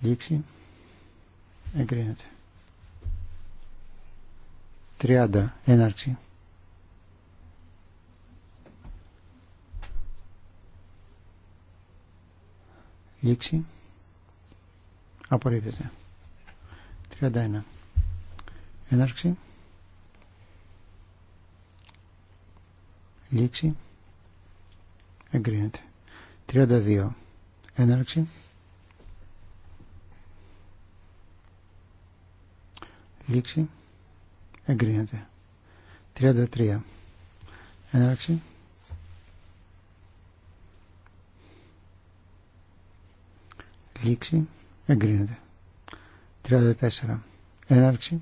Λήξη. Εγκρίνεται. 30. Έναρξη. Λήξη. Απορρίπτεται. 31. Έναρξη. Λήξη. Εγκρίνεται. 32. Έναρξη. Λήξη. Εγκρίνεται. 33. Έναρξη. Λήξη. Εγκρίνεται. 34. Έναρξη.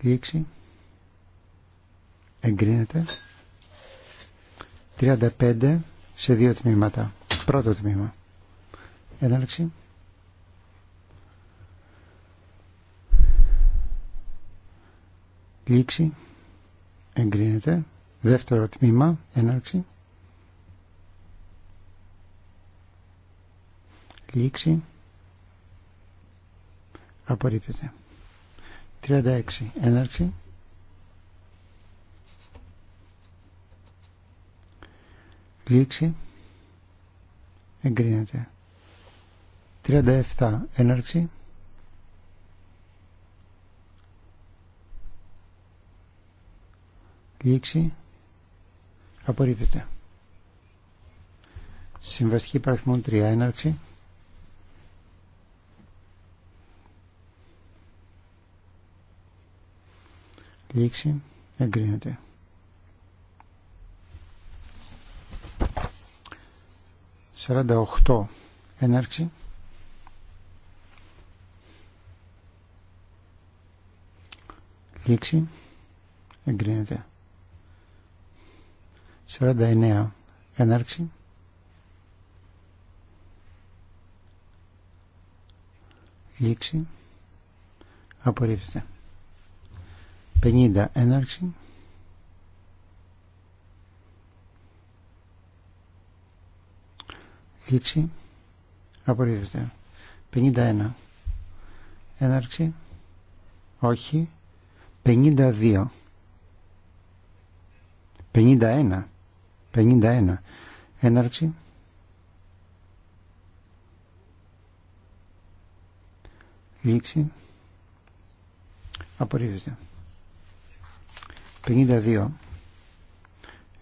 Λήξη. Εγκρίνεται. 35 σε δύο τμήματα. Πρώτο τμήμα. Έναρξη. Λήξη. Εγκρίνεται. Δεύτερο τμήμα. Έναρξη. Λήξη. Απορρίπτεται. 36. Έναρξη. Λήξη. Εγκρίνεται. 37. Έναρξη. Λήξη. Απορρίπτεται. Συμβαστική παραθμόν 3. Έναρξη. Λήξη. Εγκρίνεται. Σαράντα οχτώ. Έναρξη. Λήξη. Εγκρίνεται. Σαράντα εννέα. Έναρξη. Λήξη. Απορρίφθηκε. 50 έναρξη λήξη απορρίβεται 51 έναρξη όχι 52 51 51 έναρξη λήξη απορρίβεται 52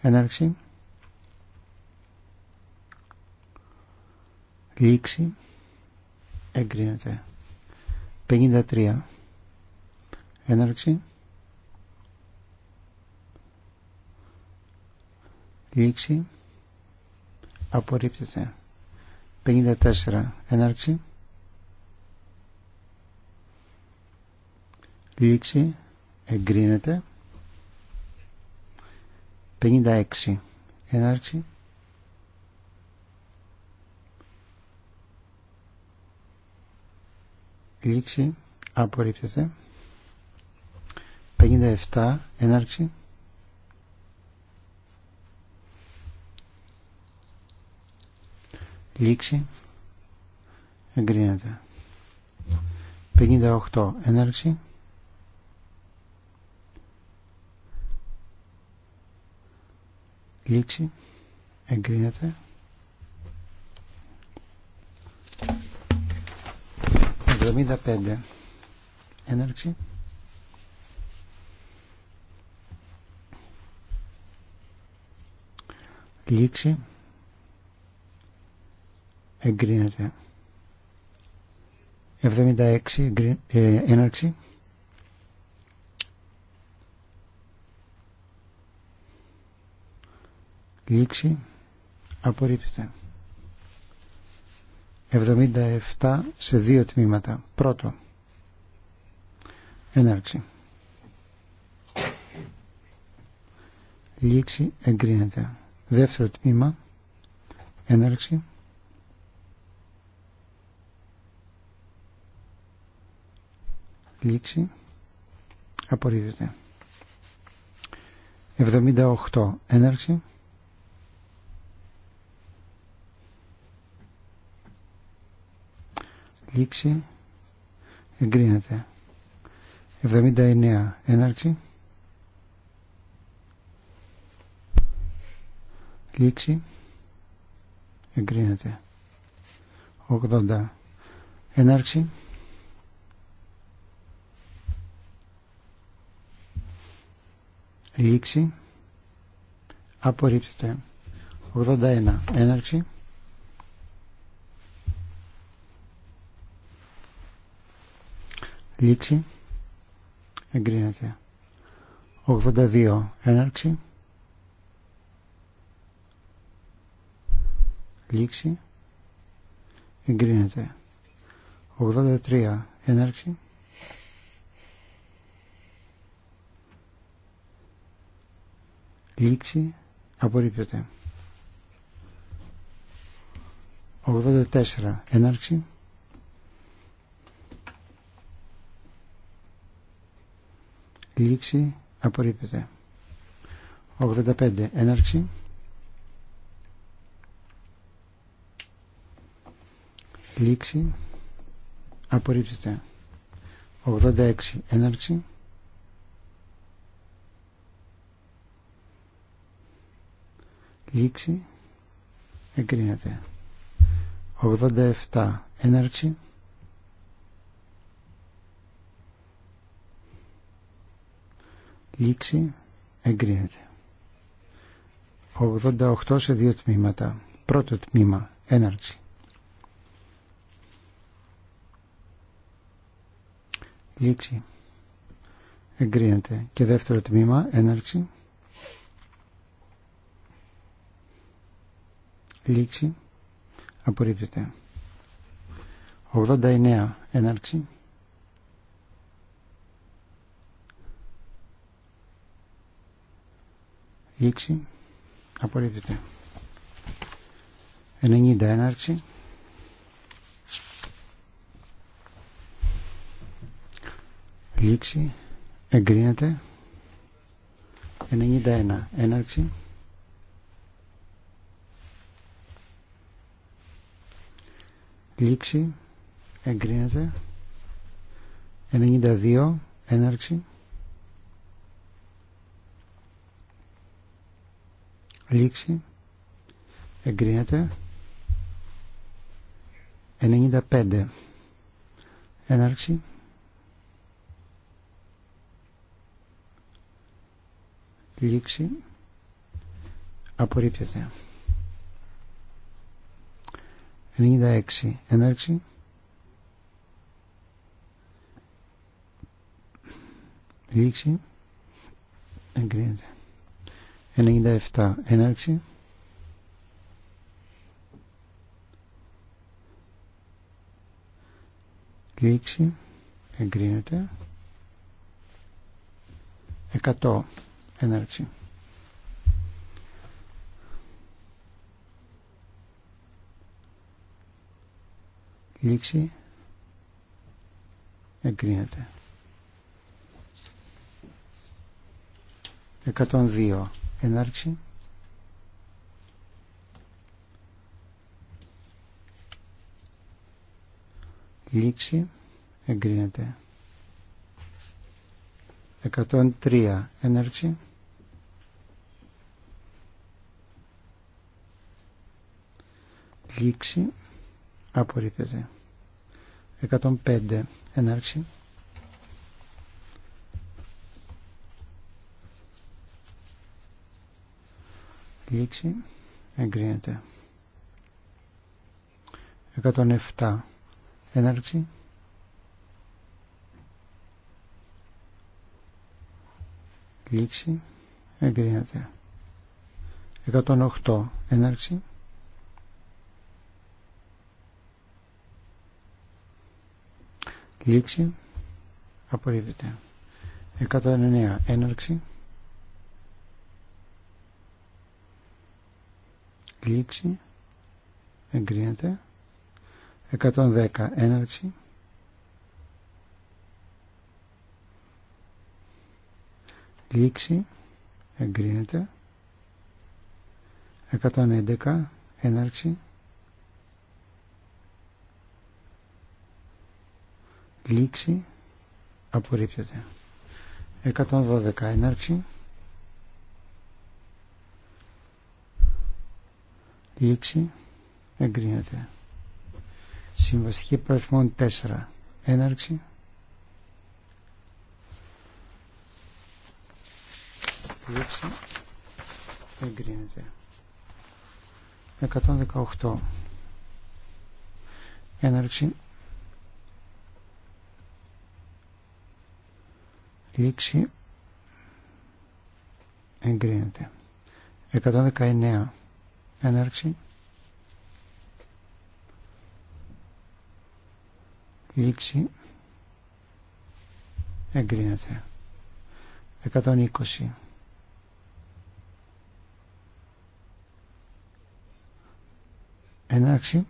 έναρξη λήξη εγκρίνεται 53 έναρξη λήξη απορρίπτεται 54 έναρξη λήξη εγκρίνεται 56. Έναρξη. Λήξη. Απορρίπτεται. 57. Έναρξη. Λήξη. Εγκρίνεται. 58. Έναρξη. Λήξη. Εγκρίνεται. 75. Έναρξη. Λήξη. Εγκρίνεται. 76. Ε, έναρξη. λήξη απορρίπτεται 77 σε δύο τμήματα πρώτο έναρξη λήξη εγκρίνεται δεύτερο τμήμα έναρξη λήξη απορρίπτεται 78 έναρξη λήξη εγκρίνεται 79 έναρξη λήξη εγκρίνεται 80 έναρξη λήξη απορρίπτεται 81 έναρξη Λήξη. Εγκρίνεται. 82. Έναρξη. Λήξη. Εγκρίνεται. 83. Έναρξη. Λήξη. Απορρίπτεται. 84. Έναρξη. λήξη απορρίπτεται 85 έναρξη λήξη απορρίπτεται 86 έναρξη λήξη εγκρίνεται 87 έναρξη λήξη εγκρίνεται 88 σε δύο τμήματα πρώτο τμήμα έναρξη λήξη εγκρίνεται και δεύτερο τμήμα έναρξη λήξη απορρίπτεται 89 έναρξη λήξη απορρίπτεται 90 έναρξη λήξη εγκρίνεται 91 έναρξη λήξη εγκρίνεται 92 έναρξη Λήξη. Εγκρίνεται. 95. Έναρξη. Λήξη. Απορρίπτεται. 96. Έναρξη. Λήξη. Εγκρίνεται. 97 έναρξη κλίξη εγκρίνεται 100 έναρξη κλίξη εγκρίνεται 102 έναρξη λήξη εγκρίνεται 103 έναρξη λήξη απορρίπτεται 105 έναρξη λήξη εγκρίνεται 107 έναρξη λήξη εγκρίνεται 108 έναρξη λήξη απορρίβεται 109 έναρξη λήξη εγκρίνεται 110 έναρξη λήξη εγκρίνεται 111 έναρξη λήξη απορρίπτεται 112 έναρξη Λήξη. εγκρίνεται. Συμβαστική προθυμών 4. Έναρξη. Λήξη. εγκρίνεται. 118. Έναρξη. Λήξη εγκρίνεται. 119 έναρξη λήξη εγκρίνεται 120 έναρξη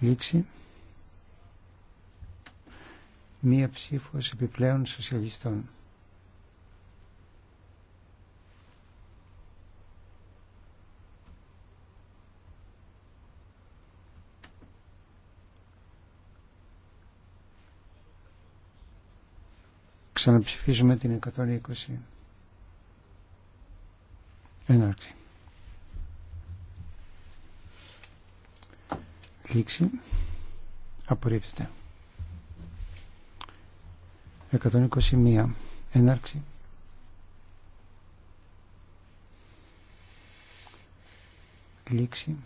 λήξη μία ψήφος επιπλέον σοσιαλιστών. Ξαναψηφίζουμε την 120. Έναρξη. Λήξη. Απορρίπτεται. 121. Έναρξη. Λήξη.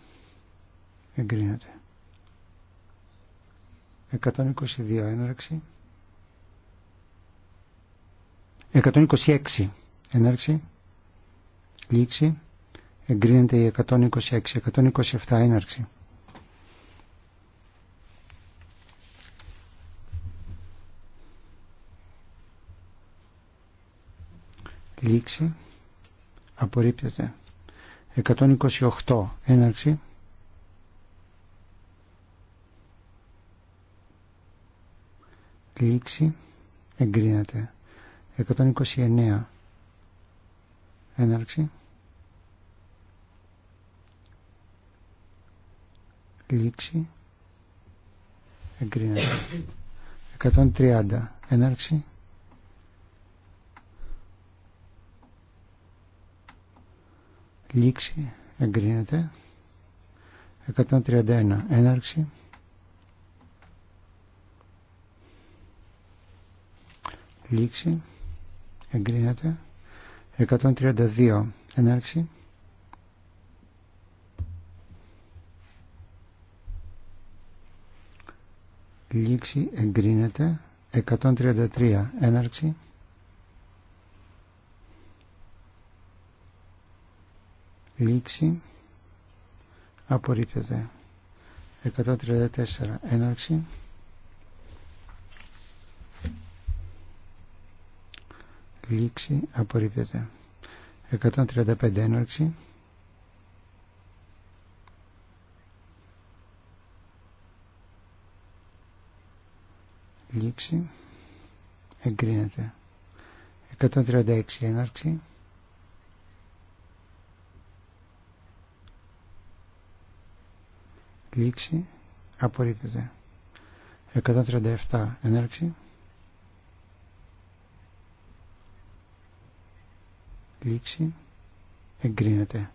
Εγκρίνεται. 122. Έναρξη. 126. Έναρξη. Λήξη. Εγκρίνεται η 126. 127. Έναρξη. λήξη απορρίπτεται 128 έναρξη λήξη εγκρίνεται 129 έναρξη λήξη εγκρίνεται 130 έναρξη λήξη εγκρίνεται 131 έναρξη λήξη εγκρίνεται 132 έναρξη λήξη εγκρίνεται 133 έναρξη λήξη απορρίπτεται 134 έναρξη λήξη απορρίπτεται 135 έναρξη λήξη εγκρίνεται 136 έναρξη λήξη απορρίπτεται 137 έναρξη λήξη εγκρίνεται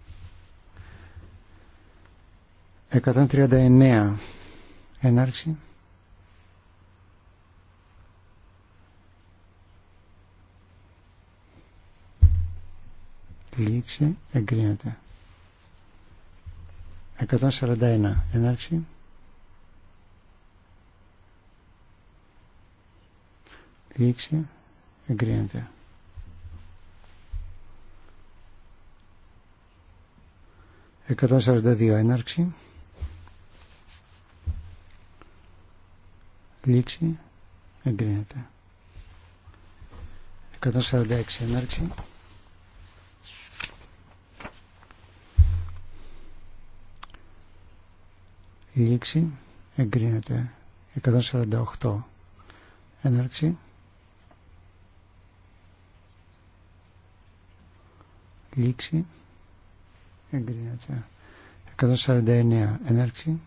139 έναρξη λήξη εγκρίνεται 141 έναρξη λήξη εγκρίνεται 142 έναρξη λήξη εγκρίνεται 146 έναρξη Λήξη. Εγκρίνεται. 148. Έναρξη. Λήξη. Εγκρίνεται. 149. Έναρξη.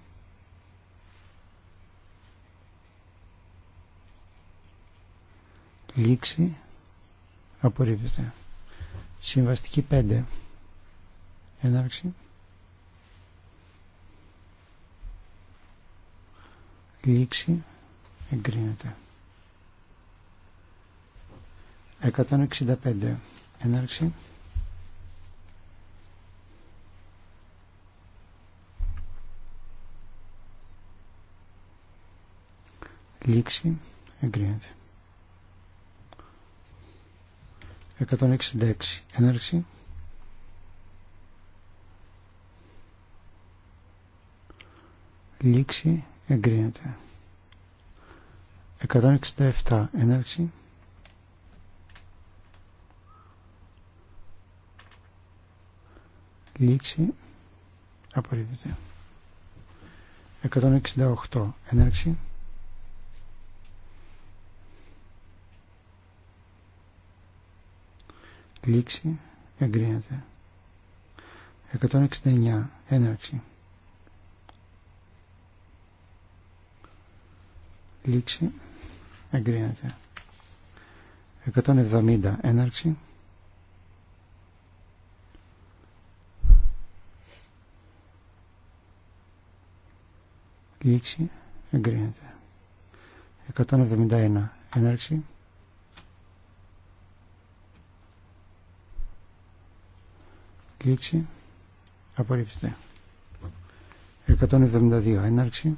Λήξη. Απορρίπτεται. Συμβαστική 5. Έναρξη. λήξη εγκρίνεται 165 έναρξη λήξη εγκρίνεται 166 έναρξη λήξη εγκρίνεται 167 έναρξη λήξη απορρίπτεται 168 έναρξη λήξη εγκρίνεται 169 έναρξη λήξη εγκρίνεται 170 έναρξη λήξη εγκρίνεται 171 έναρξη λήξη απορρίπτεται 172 έναρξη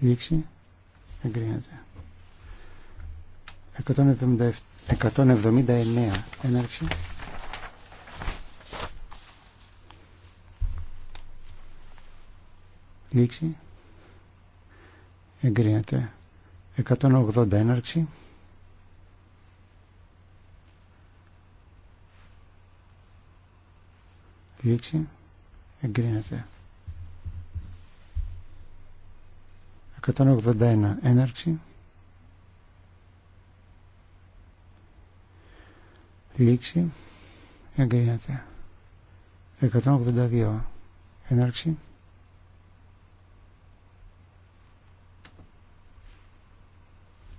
Λήξη. Εγκρίνεται. 179. Έναρξη. Λήξη. Εγκρίνεται. 180. Έναρξη. Λήξη. Εγκρίνεται. 181 έναρξη λήξη εγκρίνεται 182 έναρξη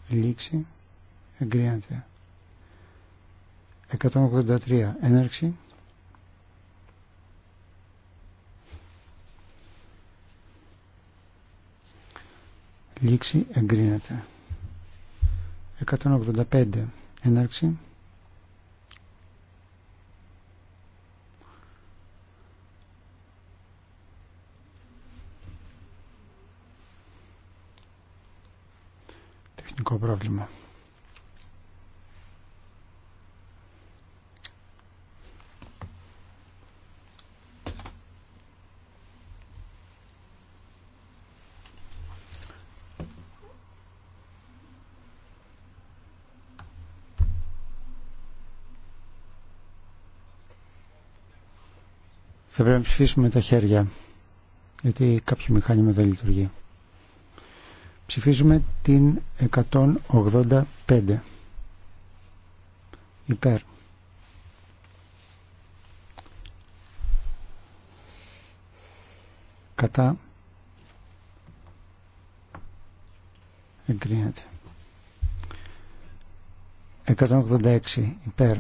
λήξη εγκρίνεται 183 έναρξη Λήξη εγκρίνεται. 185. Έναρξη. Τεχνικό πρόβλημα. θα πρέπει να ψηφίσουμε τα χέρια γιατί κάποιο μηχάνημα δεν λειτουργεί. Ψηφίζουμε την 185 υπέρ. Κατά εγκρίνεται. 186 υπέρ.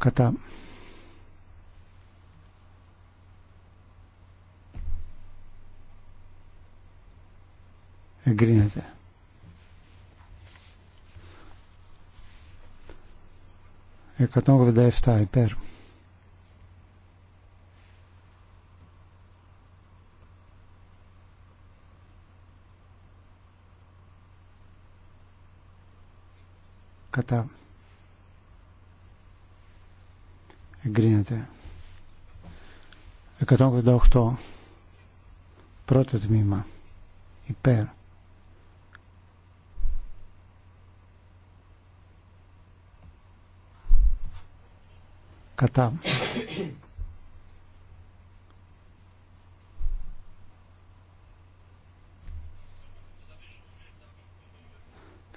κατά εγκρίνεται. Εκατόν υπέρ. Κατά. εγκρίνεται 188 πρώτο τμήμα υπέρ κατά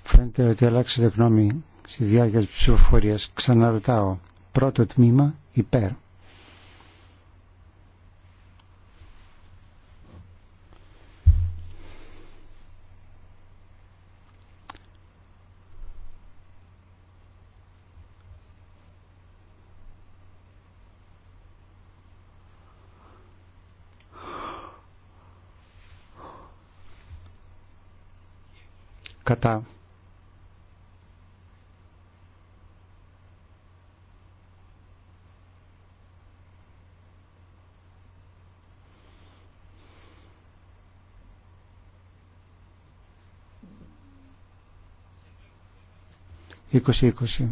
Φαίνεται ότι αλλάξετε γνώμη στη διάρκεια της ψηφοφορίας. Ξαναρωτάω. Πρώτο τμήμα υπέρ. Κατά. 2020.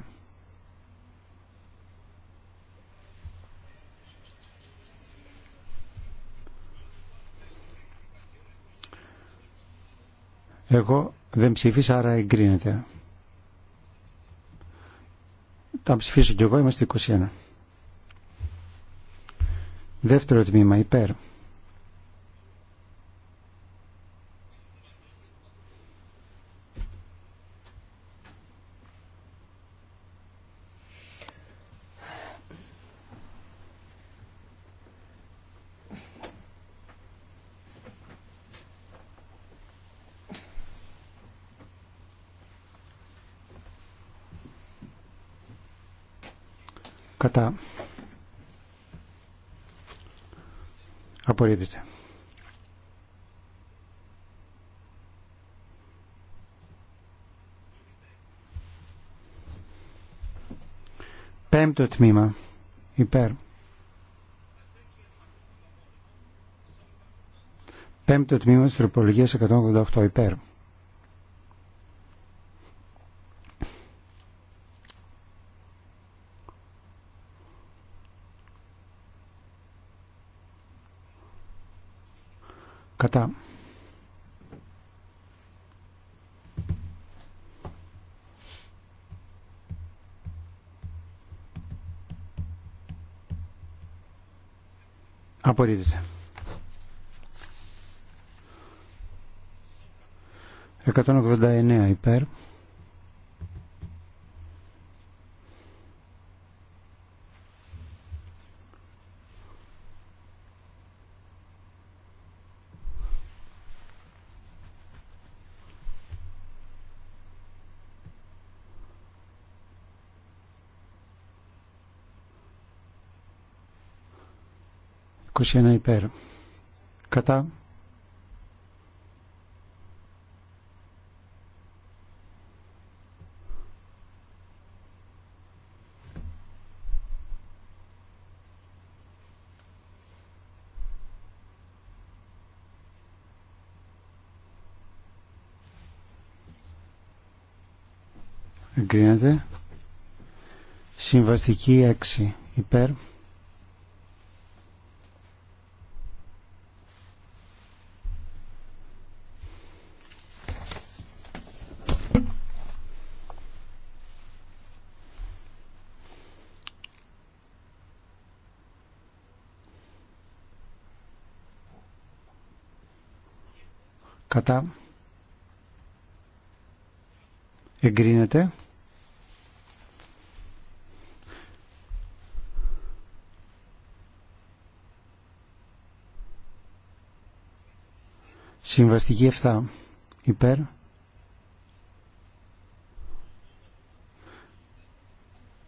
Εγώ δεν ψήφισα, άρα εγκρίνεται. Τα ψηφίσω κι εγώ, είμαστε 21. Δεύτερο τμήμα, υπέρ. Απορρίπτεται. Πέμπτο τμήμα. Υπέρ. Πέμπτο τμήμα της τροπολογίας 188. Υπέρ. Κατά. Απορρίπτεται. 189 υπέρ. 21 υπέρ. Κατά. Εγκρίνεται. Συμβαστική 6 υπέρ. κατά εγκρίνεται Συμβαστική 7 υπέρ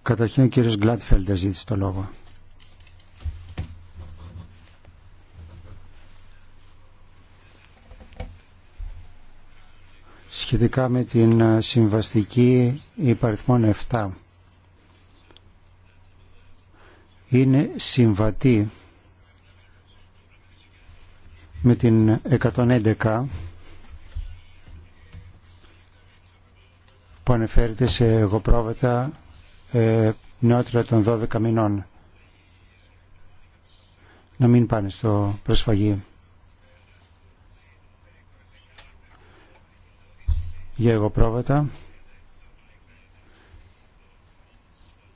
Καταρχήν ο κύριος Γκλάτφελντ ζήτησε το λόγο. σχετικά με την ε, συμβαστική υπαριθμών 7. Είναι συμβατή με την 111 που ανεφέρεται σε εγωπρόβετα ε, νεότερα των 12 μηνών. Να μην πάνε στο προσφαγείο. για εγωπρόβατα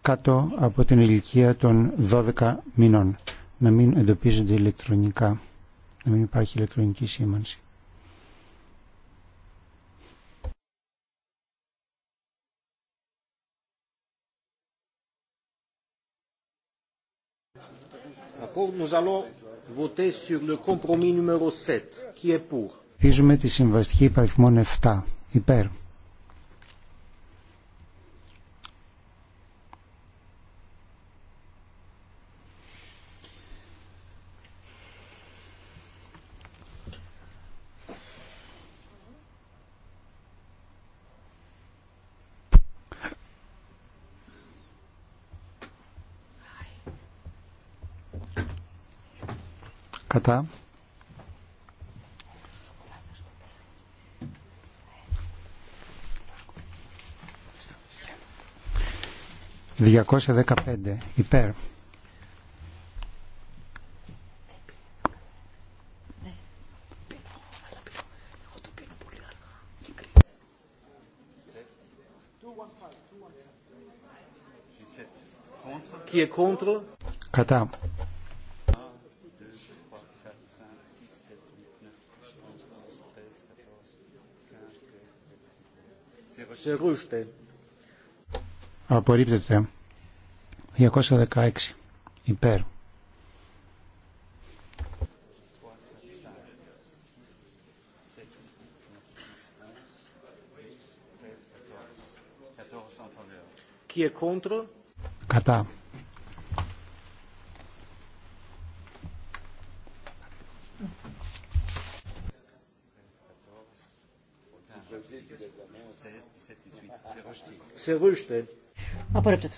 κάτω από την ηλικία των 12 μηνών. Να μην εντοπίζονται ηλεκτρονικά, να μην υπάρχει ηλεκτρονική σήμανση. Nous Ελπίζουμε τη συμβαστική υπαριθμών 7 υπέρ κατά 215 υπέρ. Qui est contre Κατά. Απορρίπτεται. 216 υπέρ. Κατά. Απορρίπτεται.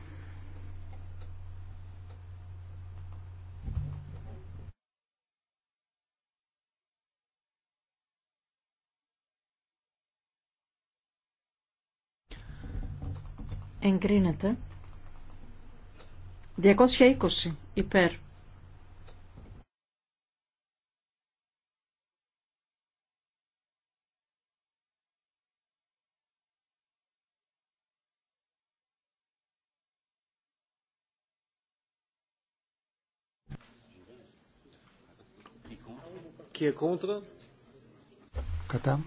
Εγκρίνεται. 220 υπέρ. Qui est contre Κατά.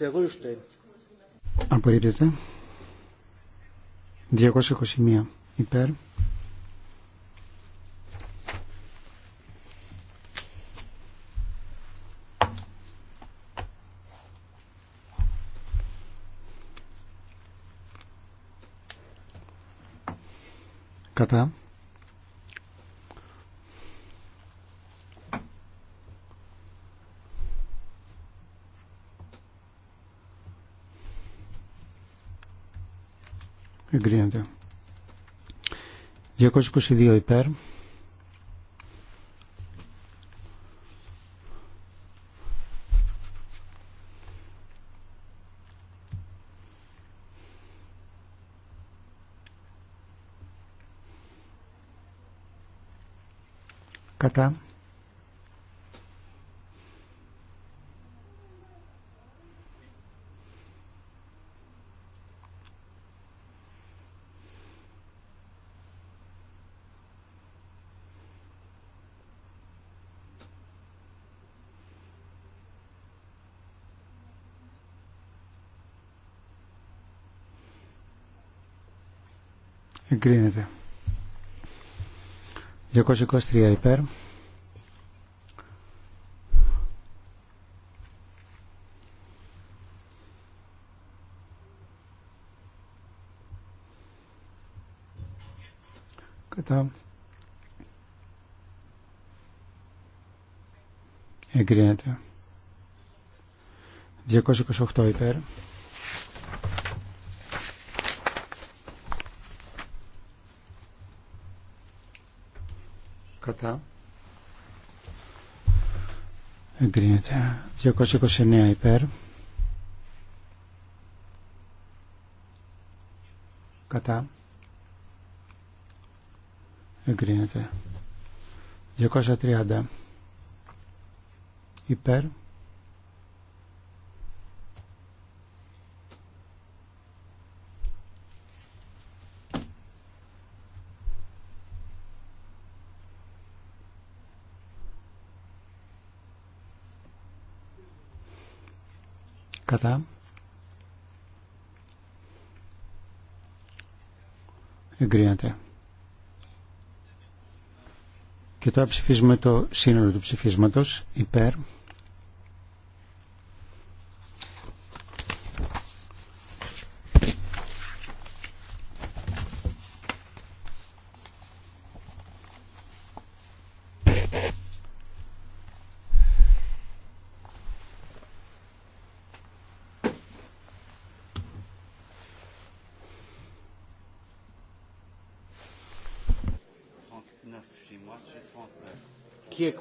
Απορρίπτεται. Απορρίπτεται. 221 υπέρ. Κατά. συγκρίνεται. 222 υπέρ κατά εγκρίνεται 223 υπέρ κατά εγκρίνεται 228 υπέρ κατά εγκρίνεται 229 υπέρ κατά εγκρίνεται 230 υπέρ κατά εγκρίνεται και τώρα ψηφίζουμε το σύνολο του ψηφίσματος υπέρ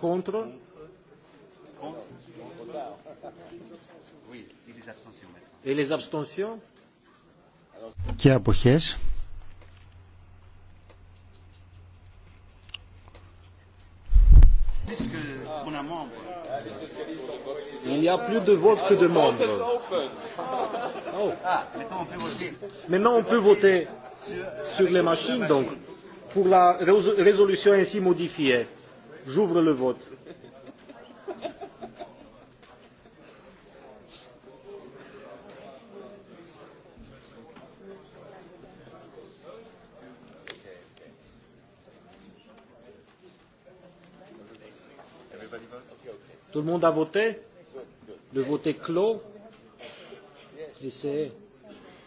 Contre Et les abstentions Και αποχές. Il n'y a plus de vote que de membres. Maintenant, on peut voter sur les machines, donc, pour la résolution ainsi modifiée. J'ouvre le vote. Tout le monde a voté Le vote est clos. Et c'est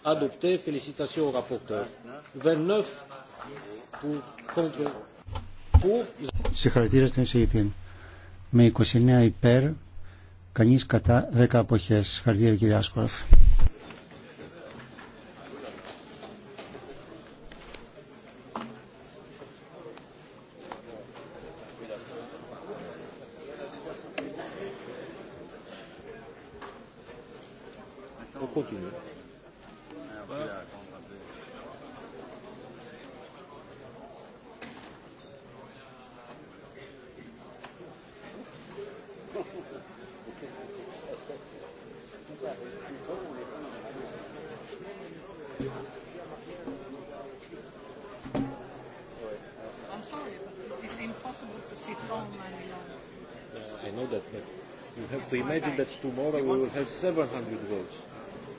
adopté. Félicitations au rapporteur. 29 pour contre. Pour. Συγχαρητήρια στην εισηγητή. Με 29 υπέρ, κανείς κατά 10 αποχές. Συγχαρητήρια κύριε Άσκορφ. 700 votes.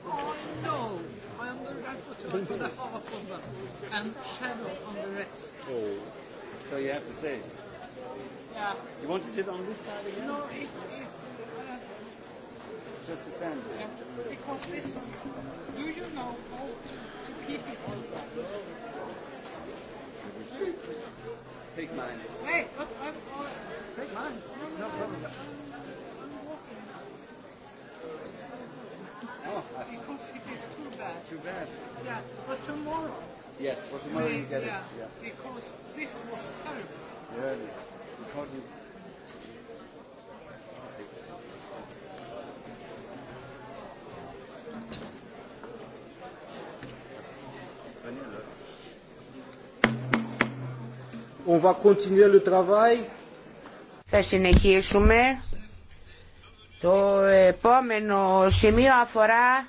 Oh, no. I am the rapporteur for the half of them and shadow on the rest. Oh. So you have to say Yeah. You want to sit on this side again? No, it, just to stand there. Because this, do you know how to keep it on? Take mine. Hey, but I'm. Take mine. no problem. Oh, because it is too bad. Too Yeah, but tomorrow. Yes, for tomorrow we, you get yeah, it. Yeah. Because this was terrible. Really? You can't even Θα το επόμενο σημείο αφορά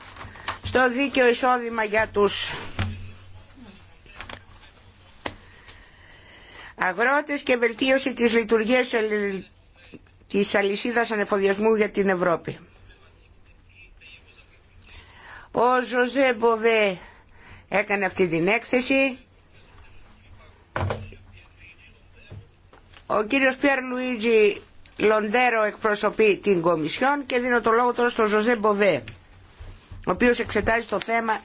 στο δίκαιο εισόδημα για τους αγρότες και βελτίωση της λειτουργίας της αλυσίδας ανεφοδιασμού για την Ευρώπη. Ο Ζωζέ Μποβέ έκανε αυτή την έκθεση. Ο κύριος Πιέρ Λουίτζι Λοντέρο εκπροσωπεί την Κομισιόν και δίνω το λόγο τώρα στον Ζωζέ Μποβέ, ο οποίος εξετάζει το θέμα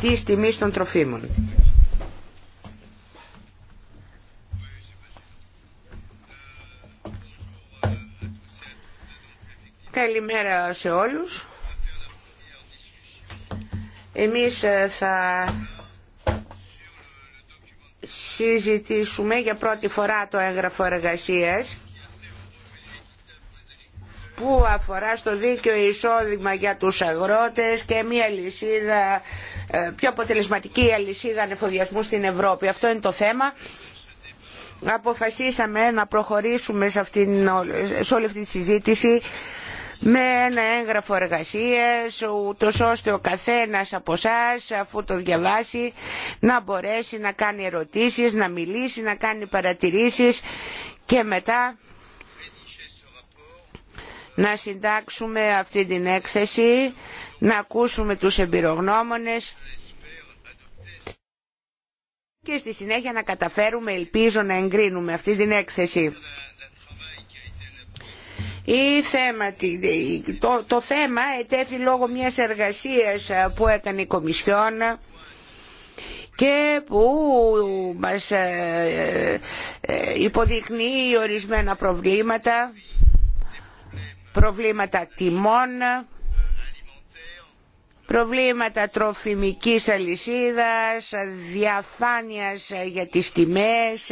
της τιμής των τροφίμων. Καλημέρα σε όλους. Εμείς ε, θα συζητήσουμε για πρώτη φορά το έγγραφο εργασίας που αφορά στο δίκαιο εισόδημα για τους αγρότες και μια λυσίδα, ε, πιο αποτελεσματική αλυσίδα ανεφοδιασμού στην Ευρώπη. Αυτό είναι το θέμα. Αποφασίσαμε να προχωρήσουμε σε, αυτήν, όλη αυτή τη συζήτηση με ένα έγγραφο εργασίες, ούτως ώστε ο καθένας από εσά, αφού το διαβάσει να μπορέσει να κάνει ερωτήσεις, να μιλήσει, να κάνει παρατηρήσεις και μετά να συντάξουμε αυτή την έκθεση, να ακούσουμε τους εμπειρογνώμονες και στη συνέχεια να καταφέρουμε, ελπίζω, να εγκρίνουμε αυτή την έκθεση. Η θέμα, το, θέμα ετέθη λόγω μιας εργασίας που έκανε η Κομισιόν και που μας ε, ε, ε, υποδεικνύει ορισμένα προβλήματα προβλήματα τιμών, προβλήματα τροφιμικής αλυσίδας, διαφάνειας για τις τιμές,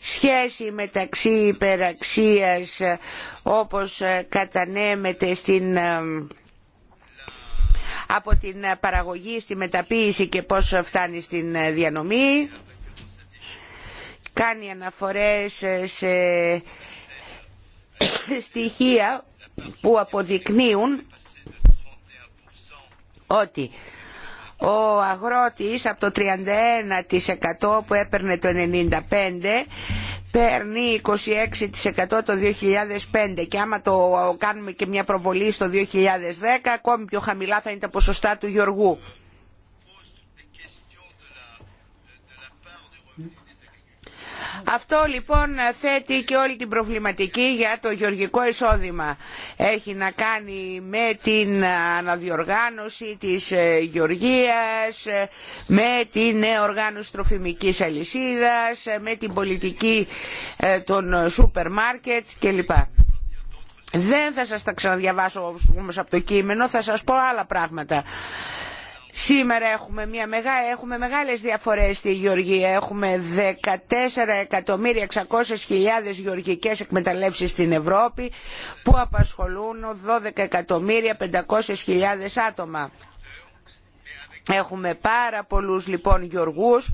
σχέση μεταξύ υπεραξίας όπως κατανέμεται στην από την παραγωγή στη μεταποίηση και πώς φτάνει στην διανομή. Κάνει αναφορές σε στοιχεία που αποδεικνύουν ότι ο αγρότης από το 31% που έπαιρνε το 95% παίρνει 26% το 2005 και άμα το κάνουμε και μια προβολή στο 2010 ακόμη πιο χαμηλά θα είναι τα ποσοστά του Γιωργού. Αυτό λοιπόν θέτει και όλη την προβληματική για το γεωργικό εισόδημα. Έχει να κάνει με την αναδιοργάνωση της ε, γεωργίας, ε, με την οργάνωση τροφιμικής αλυσίδας, ε, με την πολιτική των σούπερ μάρκετ κλπ. Δεν θα σας τα ξαναδιαβάσω όμως από το κείμενο, θα σας πω άλλα πράγματα. Σήμερα έχουμε, μια μεγά, έχουμε μεγάλες διαφορές στη Γεωργία. Έχουμε 14.600.000 εκατομμύρια γεωργικές εκμεταλλεύσεις στην Ευρώπη που απασχολούν 12.500.000 άτομα. Έχουμε πάρα πολλούς λοιπόν γεωργούς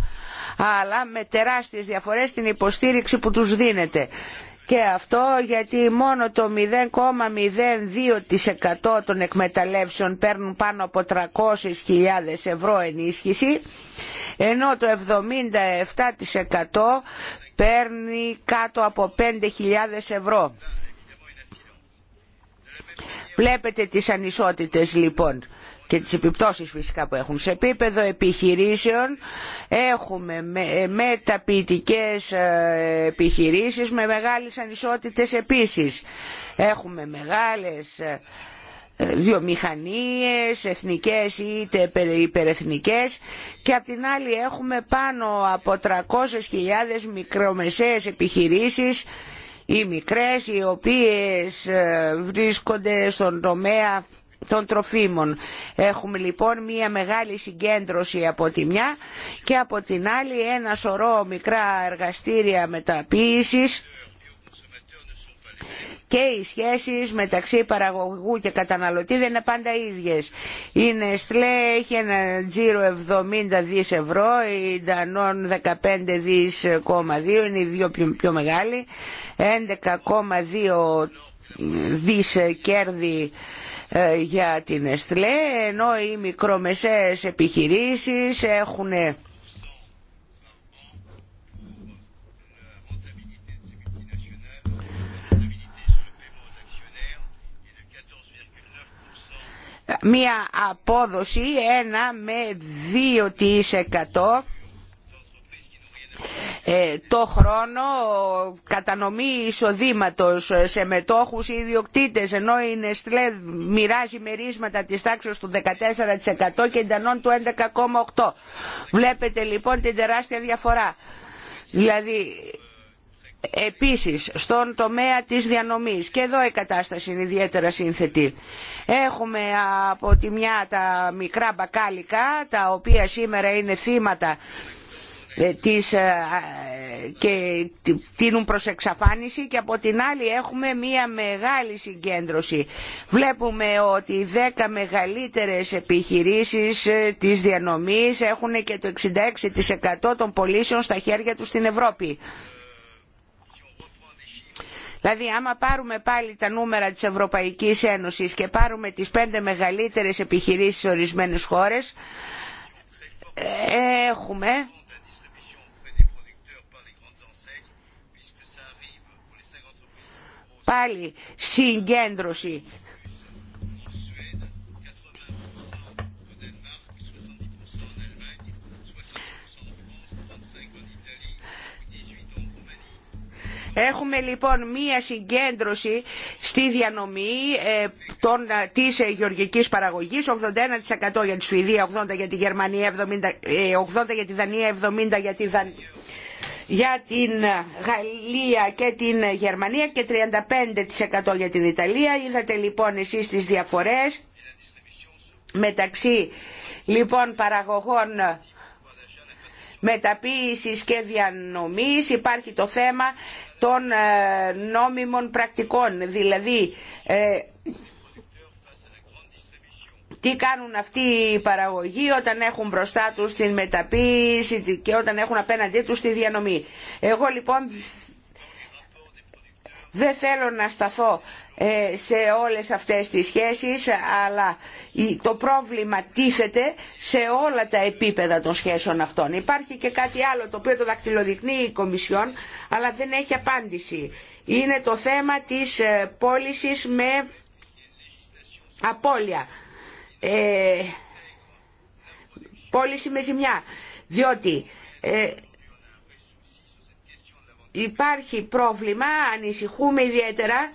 αλλά με τεράστιες διαφορές στην υποστήριξη που τους δίνεται. Και αυτό γιατί μόνο το 0,02% των εκμεταλλεύσεων παίρνουν πάνω από 300.000 ευρώ ενίσχυση, ενώ το 77% παίρνει κάτω από 5.000 ευρώ. Βλέπετε τις ανισότητες λοιπόν και τις επιπτώσεις φυσικά που έχουν. Σε επίπεδο επιχειρήσεων έχουμε ε, μεταποιητικές ε, επιχειρήσεις με μεγάλες ανισότητες επίσης. Έχουμε μεγάλες ε, βιομηχανίες, εθνικές είτε υπερεθνικές και απ' την άλλη έχουμε πάνω από 300.000 μικρομεσαίες επιχειρήσεις ή μικρές οι οποίες βρίσκονται στον τομέα των τροφίμων. Έχουμε λοιπόν μια μεγάλη συγκέντρωση από τη μια και από την άλλη ένα σωρό μικρά εργαστήρια μεταποίησης και οι σχέσεις μεταξύ παραγωγού και καταναλωτή δεν είναι πάντα ίδιες. Η Νεστλέ έχει ένα τζίρο 70 δις ευρώ, η Ντανόν 15 2 είναι οι δύο πιο, πιο μεγάλοι, 11,2 δις ε, κέρδη ε, για την Εστλέ ενώ οι μικρομεσαίες επιχειρήσεις έχουν ε, μία απόδοση 1 με 2% ε, το χρόνο κατανομή εισοδήματος σε μετόχους ή ιδιοκτήτες ενώ η Νεστλέ μοιράζει μερίσματα της τάξης του 14% και εντανών του 11,8%. Βλέπετε λοιπόν την τεράστια διαφορά. Δηλαδή επίσης στον τομέα της διανομής και εδώ η κατάσταση είναι ιδιαίτερα σύνθετη έχουμε από τη μια τα μικρά μπακάλικα τα οποία σήμερα είναι θύματα ε, τις, ε, και τίνουν προς εξαφάνιση και από την άλλη έχουμε μία μεγάλη συγκέντρωση. Βλέπουμε ότι οι 10 μεγαλύτερες επιχειρήσεις ε, της διανομής έχουν και το 66% των πωλήσεων στα χέρια τους στην Ευρώπη. Δηλαδή άμα πάρουμε πάλι τα νούμερα της Ευρωπαϊκής Ένωσης και πάρουμε τις 5 μεγαλύτερες επιχειρήσεις σε ορισμένες χώρες, έχουμε πάλι συγκέντρωση. Έχουμε λοιπόν μία συγκέντρωση στη διανομή ε, των, ε, της ε, γεωργικής παραγωγής, 81% για τη Σουηδία, 80% για τη Γερμανία, 70, 80% ε, για τη Δανία, 70% για τη Δανία για την Γαλλία και την Γερμανία και 35% για την Ιταλία. Είδατε λοιπόν εσείς τις διαφορές μεταξύ λοιπόν παραγωγών μεταποίησης και διανομής. Υπάρχει το θέμα των ε, νόμιμων πρακτικών, δηλαδή ε, τι κάνουν αυτοί οι παραγωγοί όταν έχουν μπροστά τους την μεταποίηση και όταν έχουν απέναντί τους τη διανομή. Εγώ λοιπόν δεν θέλω να σταθώ ε, σε όλες αυτές τις σχέσεις αλλά το πρόβλημα τίθεται σε όλα τα επίπεδα των σχέσεων αυτών. Υπάρχει και κάτι άλλο το οποίο το δακτυλοδεικνύει η Κομισιόν αλλά δεν έχει απάντηση. Είναι το θέμα της ε, πώληση με απώλεια ε, πώληση με ζημιά. Διότι ε, υπάρχει πρόβλημα, ανησυχούμε ιδιαίτερα,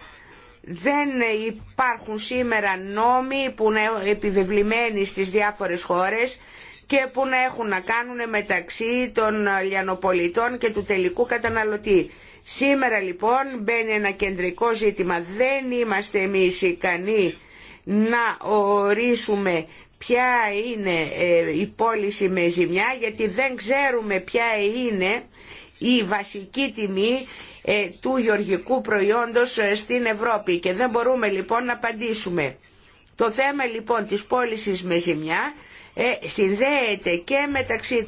δεν υπάρχουν σήμερα νόμοι που είναι επιβεβλημένοι στις διάφορες χώρες και που να έχουν να κάνουν μεταξύ των λιανοπολιτών και του τελικού καταναλωτή. Σήμερα λοιπόν μπαίνει ένα κεντρικό ζήτημα. Δεν είμαστε εμείς ικανοί να ορίσουμε ποια είναι ε, η πώληση με ζημιά γιατί δεν ξέρουμε ποια είναι η βασική τιμή ε, του γεωργικού προϊόντος ε, στην Ευρώπη και δεν μπορούμε λοιπόν να απαντήσουμε. Το θέμα λοιπόν της πώληση με ζημιά συνδέεται και μεταξύ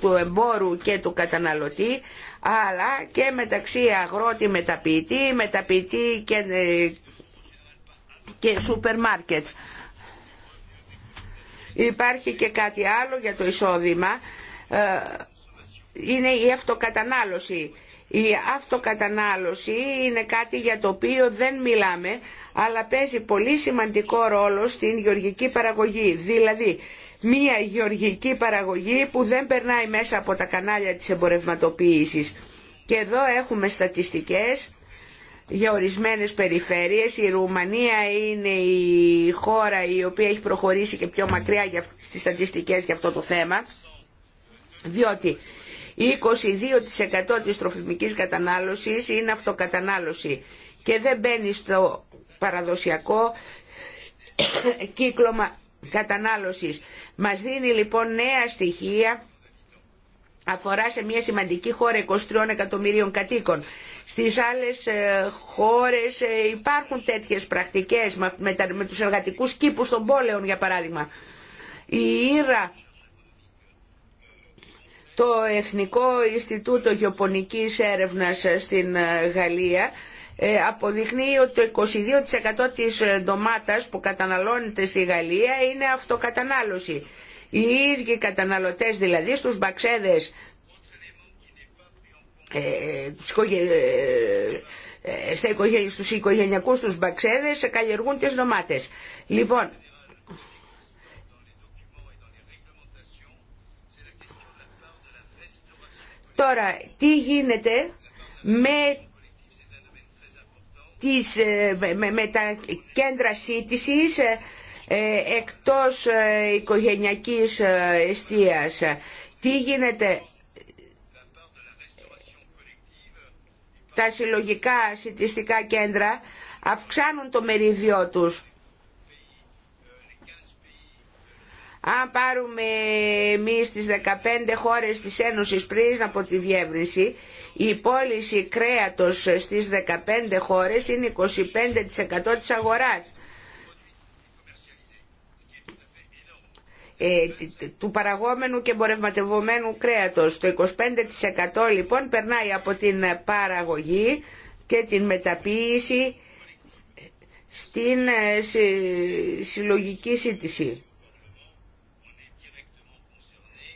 του εμπόρου και του καταναλωτή αλλά και μεταξύ αγρότη μεταποιητή, μεταποιητή και και σούπερ μάρκετ. Υπάρχει και κάτι άλλο για το εισόδημα, ε, είναι η αυτοκατανάλωση. Η αυτοκατανάλωση είναι κάτι για το οποίο δεν μιλάμε, αλλά παίζει πολύ σημαντικό ρόλο στην γεωργική παραγωγή. Δηλαδή, μία γεωργική παραγωγή που δεν περνάει μέσα από τα κανάλια της εμπορευματοποίησης. Και εδώ έχουμε στατιστικές για ορισμένες περιφέρειες. Η Ρουμανία είναι η χώρα η οποία έχει προχωρήσει και πιο μακριά για, στις στατιστικές για αυτό το θέμα, διότι 22% της τροφιμικής κατανάλωσης είναι αυτοκατανάλωση και δεν μπαίνει στο παραδοσιακό κύκλωμα κατανάλωσης. Μας δίνει λοιπόν νέα στοιχεία αφορά σε μια σημαντική χώρα 23 εκατομμυρίων κατοίκων. Στις άλλες ε, χώρες ε, υπάρχουν τέτοιες πρακτικές με τους εργατικούς κήπους των πόλεων για παράδειγμα. Η Ήρα, το Εθνικό Ινστιτούτο Γεωπονικής Έρευνας ε, στην Γαλλία, αποδεικνύει ότι το 22% της ντομάτας που καταναλώνεται στη Γαλλία είναι αυτοκατανάλωση οι ίδιοι καταναλωτές δηλαδή στους μπαξέδες ε, ε, στους οικογενειακούς τους μπαξέδες καλλιεργούν τις νομάτες. Λοιπόν, τώρα τι γίνεται με, τις, ε, με, τα κέντρα σύντησης ε, εκτός ε, οικογενειακής εστίας. Τι γίνεται τα συλλογικά συντηστικά κέντρα αυξάνουν το μερίδιό τους. Αν πάρουμε εμεί τις 15 χώρες της Ένωσης πριν από τη διεύρυνση, η πώληση κρέατος στις 15 χώρες είναι 25% της αγοράς. Ε, του παραγόμενου και εμπορευματευομένου κρέατος. Το 25% λοιπόν περνάει από την παραγωγή και την μεταποίηση στην ε, συλλογική σύντηση.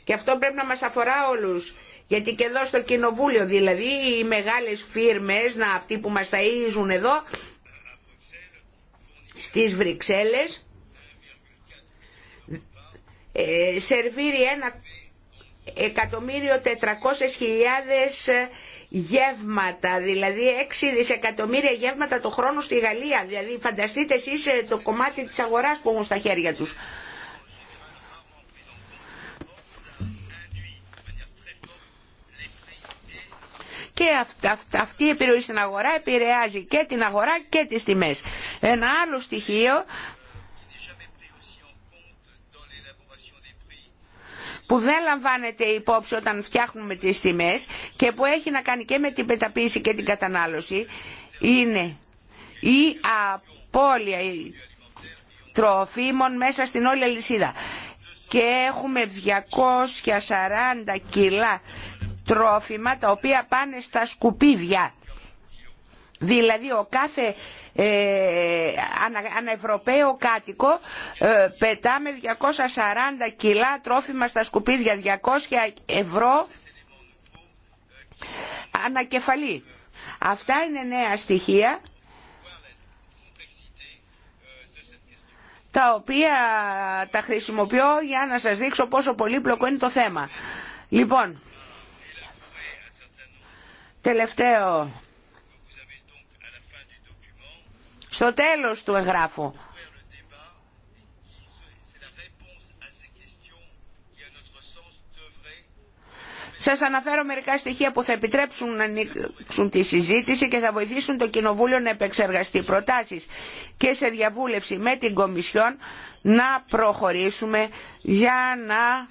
Και αυτό πρέπει να μας αφορά όλους. Γιατί και εδώ στο κοινοβούλιο δηλαδή οι μεγάλες φίρμες, να αυτοί που μας ταΐζουν εδώ, στις Βρυξέλλες, ε, σερβίρει ένα εκατομμύριο τετρακόσες χιλιάδες γεύματα, δηλαδή 6 δισεκατομμύρια γεύματα το χρόνο στη Γαλλία. Δηλαδή φανταστείτε εσείς ε, το κομμάτι της αγοράς που έχουν στα χέρια τους. Και αυτή η επιρροή στην αγορά επηρεάζει και την αγορά και τις τιμές. Ένα άλλο στοιχείο που δεν λαμβάνεται υπόψη όταν φτιάχνουμε τις τιμές και που έχει να κάνει και με την πεταποίηση και την κατανάλωση είναι η απώλεια τροφίμων μέσα στην όλη αλυσίδα. Και έχουμε 240 κιλά τρόφιμα τα οποία πάνε στα σκουπίδια. Δηλαδή ο κάθε ε, αναευρωπαίο κάτοικο ε, πετάμε 240 κιλά τρόφιμα στα σκουπίδια, 200 ευρώ ανακεφαλή. Αυτά είναι νέα στοιχεία τα οποία τα χρησιμοποιώ για να σας δείξω πόσο πολύπλοκο είναι το θέμα. Λοιπόν, τελευταίο στο τέλος του εγγράφου. Σας αναφέρω μερικά στοιχεία που θα επιτρέψουν να ανοίξουν τη συζήτηση και θα βοηθήσουν το Κοινοβούλιο να επεξεργαστεί προτάσεις και σε διαβούλευση με την Κομισιόν να προχωρήσουμε για να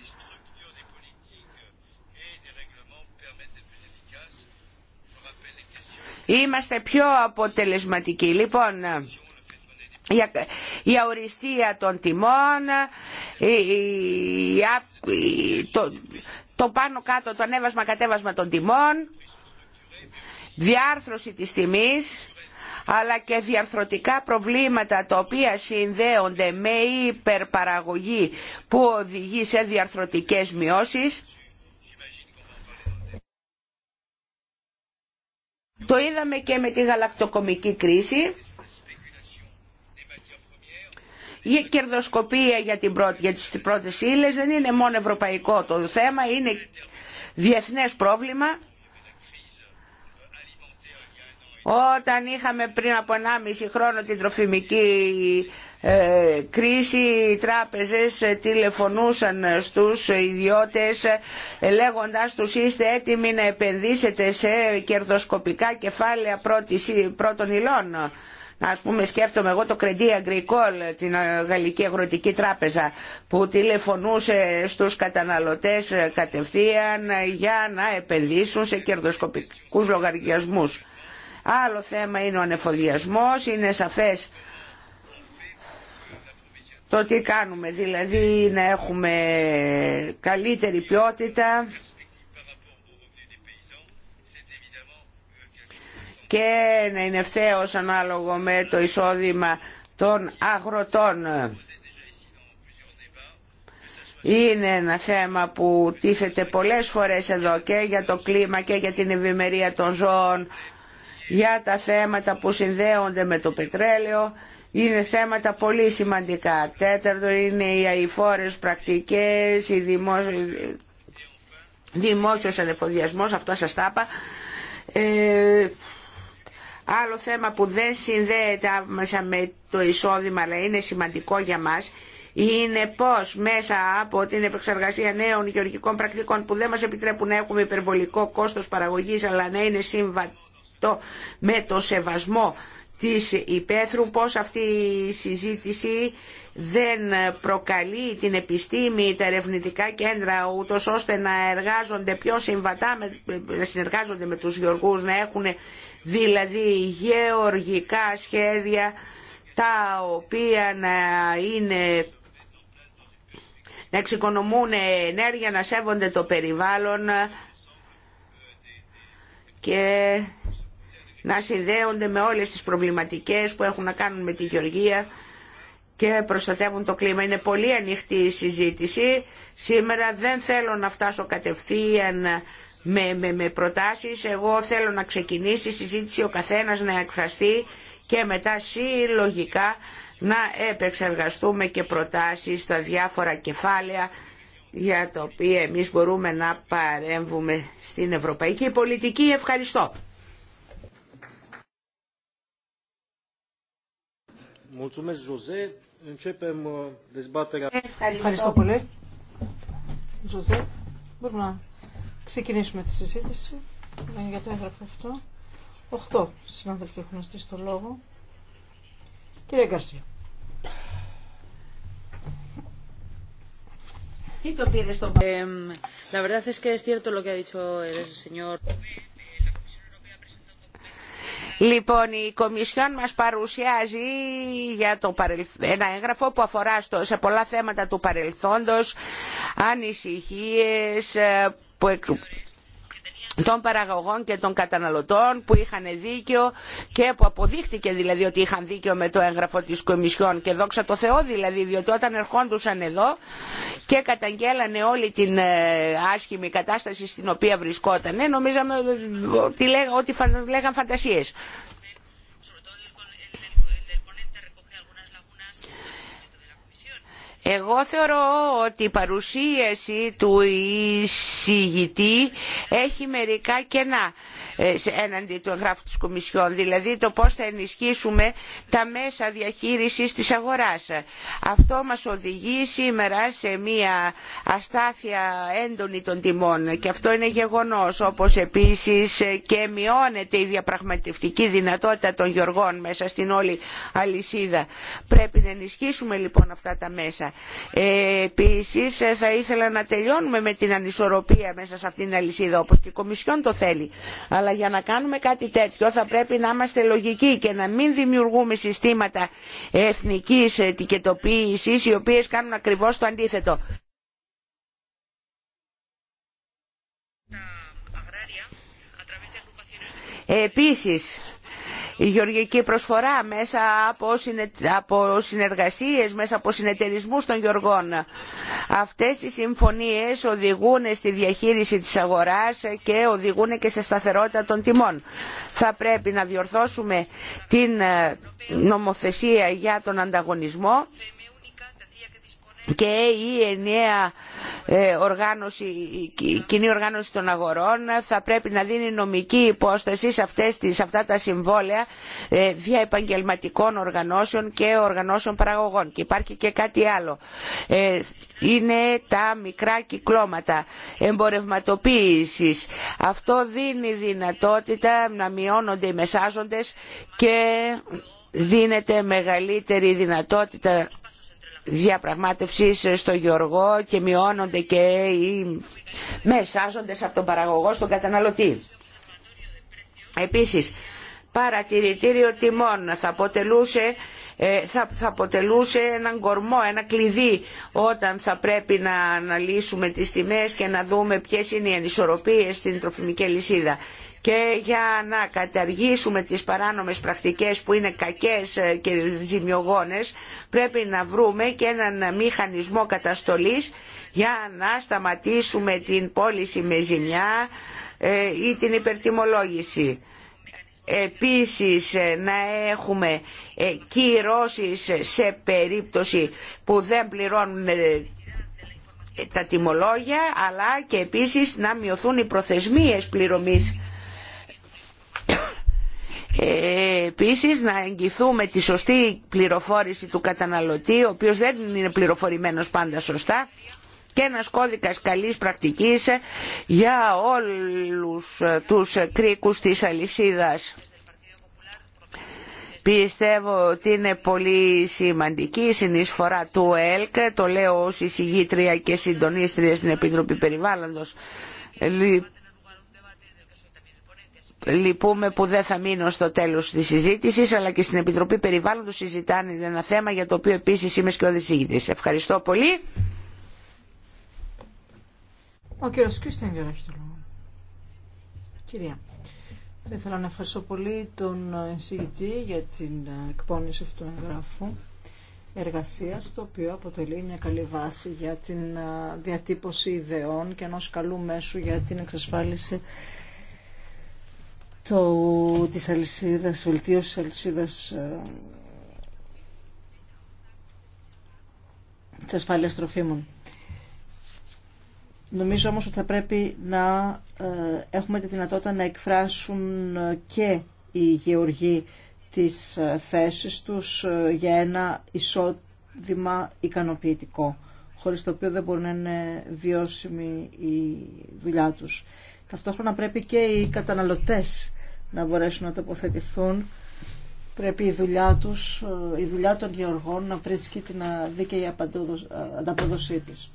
Είμαστε πιο αποτελεσματικοί. Λοιπόν, η αοριστία των τιμών, το, το πάνω κάτω, το ανέβασμα-κατέβασμα των τιμών, διάρθρωση της τιμής, αλλά και διαρθρωτικά προβλήματα τα οποία συνδέονται με υπερπαραγωγή που οδηγεί σε διαρθρωτικές μειώσεις Το είδαμε και με τη γαλακτοκομική κρίση. Η κερδοσκοπία για, την πρώτη, για τις πρώτες ύλες δεν είναι μόνο ευρωπαϊκό το θέμα, είναι διεθνές πρόβλημα. Όταν είχαμε πριν από 1,5 χρόνο την τροφιμική ε, κρίση οι τράπεζες τηλεφωνούσαν στους ιδιώτες ε, λέγοντας τους είστε έτοιμοι να επενδύσετε σε κερδοσκοπικά κεφάλαια πρώτων υλών. Ας πούμε σκέφτομαι εγώ το Credit Agricole, την ε, Γαλλική Αγροτική Τράπεζα που τηλεφωνούσε στους καταναλωτές κατευθείαν για να επενδύσουν σε κερδοσκοπικούς λογαριασμούς. Άλλο θέμα είναι ο ανεφοδιασμός, είναι σαφές το τι κάνουμε, δηλαδή να έχουμε καλύτερη ποιότητα και να είναι ευθέως ανάλογο με το εισόδημα των αγροτών. Είναι ένα θέμα που τίθεται πολλές φορές εδώ και για το κλίμα και για την ευημερία των ζώων, για τα θέματα που συνδέονται με το πετρέλαιο είναι θέματα πολύ σημαντικά. Τέταρτο είναι οι αηφόρες πρακτικές, οι δημόσιο, δημόσιος ανεφοδιασμός, αυτό σας τα είπα. Ε, άλλο θέμα που δεν συνδέεται άμεσα με το εισόδημα αλλά είναι σημαντικό για μας είναι πως μέσα από την επεξεργασία νέων γεωργικών πρακτικών που δεν μας επιτρέπουν να έχουμε υπερβολικό κόστος παραγωγής αλλά να είναι συμβατό με το σεβασμό της υπαίθρου, πώς αυτή η συζήτηση δεν προκαλεί την επιστήμη, τα ερευνητικά κέντρα, ούτω ώστε να εργάζονται πιο συμβατά, να συνεργάζονται με τους γεωργούς, να έχουν δηλαδή γεωργικά σχέδια τα οποία να είναι να εξοικονομούν ενέργεια, να σέβονται το περιβάλλον και να συνδέονται με όλες τις προβληματικές που έχουν να κάνουν με τη γεωργία και προστατεύουν το κλίμα. Είναι πολύ ανοιχτή η συζήτηση. Σήμερα δεν θέλω να φτάσω κατευθείαν με, με, προτάσεις. Εγώ θέλω να ξεκινήσει η συζήτηση, ο καθένας να εκφραστεί και μετά συλλογικά να επεξεργαστούμε και προτάσεις στα διάφορα κεφάλαια για τα οποία εμείς μπορούμε να παρέμβουμε στην ευρωπαϊκή πολιτική. Ευχαριστώ. Uh, Ευχαριστώ πολύ. Ζωζέ, μπορούμε να ξεκινήσουμε τη συζήτηση ναι, για το έγγραφο αυτό. Οχτώ συνάδελφοι έχουν στήσει το λόγο. Κύριε Γκαρσία. Τι το πήρε στο... la ε, verdad es que es cierto lo que ha dicho el señor. Λοιπόν, η Κομισιόν μας παρουσιάζει για το ένα έγγραφο που αφορά στο... σε πολλά θέματα του παρελθόντος, ανησυχίες ε, που των παραγωγών και των καταναλωτών που είχαν δίκιο και που αποδείχτηκε δηλαδή ότι είχαν δίκιο με το έγγραφο της Κομισιόν και δόξα το Θεό δηλαδή διότι όταν ερχόντουσαν εδώ και καταγγέλανε όλη την ε, άσχημη κατάσταση στην οποία βρισκόταν νομίζαμε ότι λέγαν φαντασίες. Εγώ θεωρώ ότι η παρουσίαση του εισηγητή έχει μερικά κενά ε, έναντι του εγγράφου της Κομισιόν, δηλαδή το πώς θα ενισχύσουμε τα μέσα διαχείρισης της αγοράς. Αυτό μας οδηγεί σήμερα σε μια αστάθεια έντονη των τιμών και αυτό είναι γεγονός, όπως επίσης ε, και μειώνεται η διαπραγματευτική δυνατότητα των γεωργών μέσα στην όλη αλυσίδα. Πρέπει να ενισχύσουμε λοιπόν αυτά τα μέσα Επίσης ε, θα ήθελα να τελειώνουμε με την ανισορροπία μέσα σε αυτήν την αλυσίδα όπως και η Κομισιόν το θέλει. Αλλά για να κάνουμε κάτι τέτοιο θα πρέπει να είμαστε λογικοί και να μην δημιουργούμε συστήματα εθνικής ετικετοποίησης οι οποίες κάνουν ακριβώς το αντίθετο. Επίσης, η γεωργική προσφορά μέσα από, συνεργασίες, μέσα από συνεταιρισμούς των γεωργών. Αυτές οι συμφωνίες οδηγούν στη διαχείριση της αγοράς και οδηγούν και σε σταθερότητα των τιμών. Θα πρέπει να διορθώσουμε την ε, νομοθεσία για τον ανταγωνισμό και η ενιαία ε, οργάνωση, η κοινή οργάνωση των αγορών θα πρέπει να δίνει νομική υπόσταση σε, αυτές, σε αυτά τα συμβόλαια δια ε, επαγγελματικών οργανώσεων και οργανώσεων παραγωγών. Και υπάρχει και κάτι άλλο. Ε, είναι τα μικρά κυκλώματα εμπορευματοποίησης. Αυτό δίνει δυνατότητα να μειώνονται οι μεσάζοντες και δίνεται μεγαλύτερη δυνατότητα διαπραγμάτευσης στο γεωργό και μειώνονται και οι μεσάζοντες από τον παραγωγό στον καταναλωτή. Επίσης, παρατηρητήριο τιμών θα αποτελούσε ε, θα, θα αποτελούσε έναν κορμό, ένα κλειδί όταν θα πρέπει να αναλύσουμε τις τιμές και να δούμε ποιες είναι οι ανισορροπίες στην τροφιμική λυσίδα. Και για να καταργήσουμε τις παράνομες πρακτικές που είναι κακές ε, και ζημιογόνες πρέπει να βρούμε και έναν μηχανισμό καταστολής για να σταματήσουμε την πώληση με ζημιά ε, ή την υπερτιμολόγηση. Επίσης ε, να έχουμε ε, κυρώσεις σε περίπτωση που δεν πληρώνουν ε, τα τιμολόγια αλλά και επίσης να μειωθούν οι προθεσμίες πληρωμής. Επίσης να εγγυθούμε τη σωστή πληροφόρηση του καταναλωτή ο οποίος δεν είναι πληροφορημένος πάντα σωστά και ένας κώδικας καλής πρακτικής για όλους τους κρίκους της αλυσίδας. Πιστεύω ότι είναι πολύ σημαντική η συνεισφορά του ΕΛΚ, το λέω ως εισηγήτρια και συντονίστρια στην Επιτροπή Περιβάλλοντος. Λυπούμε που δεν θα μείνω στο τέλος της συζήτησης, αλλά και στην Επιτροπή Περιβάλλοντος συζητάνε ένα θέμα για το οποίο επίσης είμαι και ο Ευχαριστώ πολύ. Ο κύριος έχει λόγο. Κυρία, θα ήθελα να ευχαριστώ πολύ τον εισηγητή για την εκπόνηση αυτού του εγγράφου εργασία, το οποίο αποτελεί μια καλή βάση για την ε, διατύπωση ιδεών και ενό καλού μέσου για την εξασφάλιση το, της αλυσίδας, τη αλυσίδας ε, της ασφάλειας τροφίμων. Νομίζω όμως ότι θα πρέπει να ε, έχουμε τη δυνατότητα να εκφράσουν και οι γεωργοί τις ε, θέσεις τους ε, για ένα εισόδημα ικανοποιητικό, χωρίς το οποίο δεν μπορεί να είναι βιώσιμη η δουλειά τους. Ταυτόχρονα πρέπει και οι καταναλωτές να μπορέσουν να τοποθετηθούν. Πρέπει η δουλειά, τους, η δουλειά των γεωργών να βρίσκει την δίκαιη ανταπόδοσή της.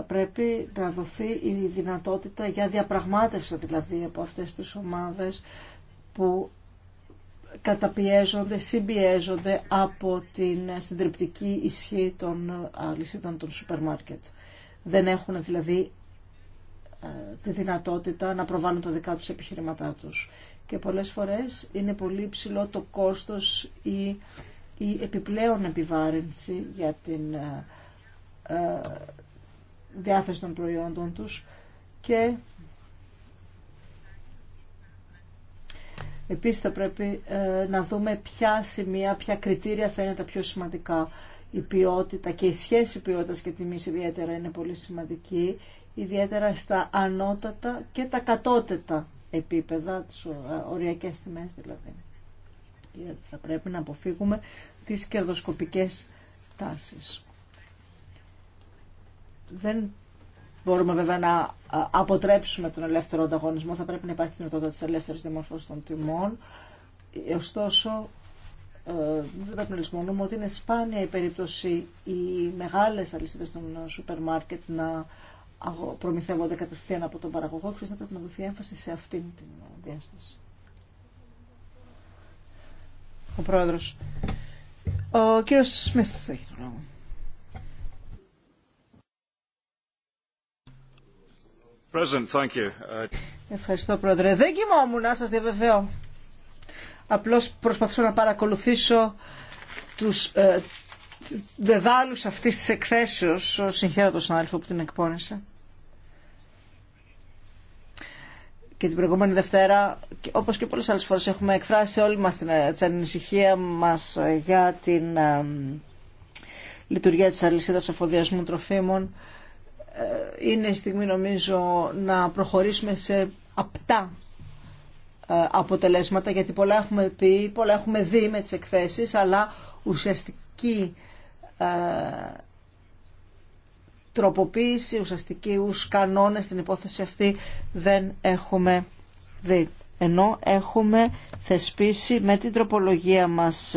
θα πρέπει να δοθεί η δυνατότητα για διαπραγμάτευση δηλαδή από αυτές τις ομάδες που καταπιέζονται, συμπιέζονται από την συντριπτική ισχύ των αλυσίδων των σούπερ μάρκετ. Δεν έχουν δηλαδή ε, τη δυνατότητα να προβάλλουν τα δικά τους επιχειρηματά τους. Και πολλές φορές είναι πολύ ψηλό το κόστος ή η επιπλέον επιβάρυνση για την ε, ε, διάθεση των προϊόντων τους και Επίσης θα πρέπει ε, να δούμε ποια σημεία, ποια κριτήρια θα είναι τα πιο σημαντικά. Η ποιότητα και η σχέση ποιότητας και τιμής ιδιαίτερα είναι πολύ σημαντική, ιδιαίτερα στα ανώτατα και τα κατώτατα επίπεδα, τις ε, οριακές τιμές δηλαδή. Γιατί θα πρέπει να αποφύγουμε τις κερδοσκοπικές τάσεις. Δεν μπορούμε βέβαια να ε, αποτρέψουμε τον ελεύθερο ανταγωνισμό, θα πρέπει να υπάρχει δυνατότητα τη ελεύθερη διαμορφώση των τιμών. Ε, ωστόσο, ε, δεν πρέπει να λησμονούμε ότι είναι σπάνια η περίπτωση οι μεγάλε αλυσίδε των σούπερ μάρκετ να προμηθεύονται κατευθείαν από τον παραγωγό και θα πρέπει να δοθεί έμφαση σε αυτήν την διάσταση. Ο πρόεδρος. Ο κύριος Σμιθ έχει το λόγο. Ευχαριστώ, Πρόεδρε. Δεν κοιμόμουν, να σας διαβεβαιώ. Απλώς προσπαθούσα να παρακολουθήσω τους ε, δεδάλους αυτής της εκθέσεως. Συγχαίρω τον συνάδελφο που την εκπώνησε. και την προηγούμενη Δευτέρα, όπως και πολλές άλλες φορές, έχουμε εκφράσει όλη μας την, ε, ανησυχία μας ε, για την ε, λειτουργία της αλυσίδας αφοδιασμού τροφίμων ε, είναι στιγμή νομίζω να προχωρήσουμε σε απτά ε, αποτελέσματα γιατί πολλά έχουμε πει, πολλά έχουμε δει με τις εκθέσεις αλλά ουσιαστική ε, τροποποίηση, ουσιαστικούς κανόνες στην υπόθεση αυτή δεν έχουμε δει. Ενώ έχουμε θεσπίσει με την τροπολογία μας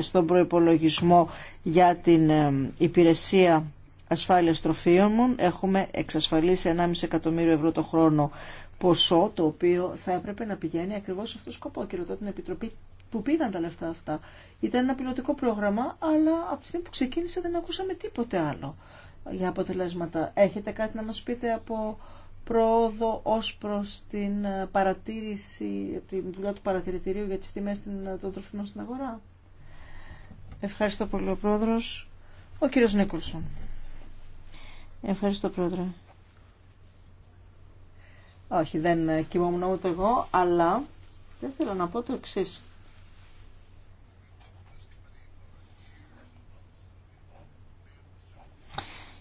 στον προϋπολογισμό για την υπηρεσία Ασφάλεια τροφίων έχουμε εξασφαλίσει 1,5 εκατομμύριο ευρώ το χρόνο ποσό το οποίο θα έπρεπε να πηγαίνει ακριβώς σε αυτόν τον σκοπό και ρωτώ την Επιτροπή που πήγαν τα λεφτά αυτά. Ήταν ένα πιλωτικό πρόγραμμα αλλά από τη στιγμή που ξεκίνησε δεν ακούσαμε τίποτε άλλο για αποτελέσματα. Έχετε κάτι να μας πείτε από πρόοδο ως προς την ε, παρατήρηση, την δουλειά του παρατηρητηρίου για τις τιμές ε, των τροφίμων στην αγορά. Ευχαριστώ πολύ ο Πρόεδρος. Ο κύριος Νίκολσον. Ευχαριστώ, Πρόεδρε. Όχι, δεν κοιμόμουν ούτε εγώ, αλλά δεν θέλω να πω το εξή.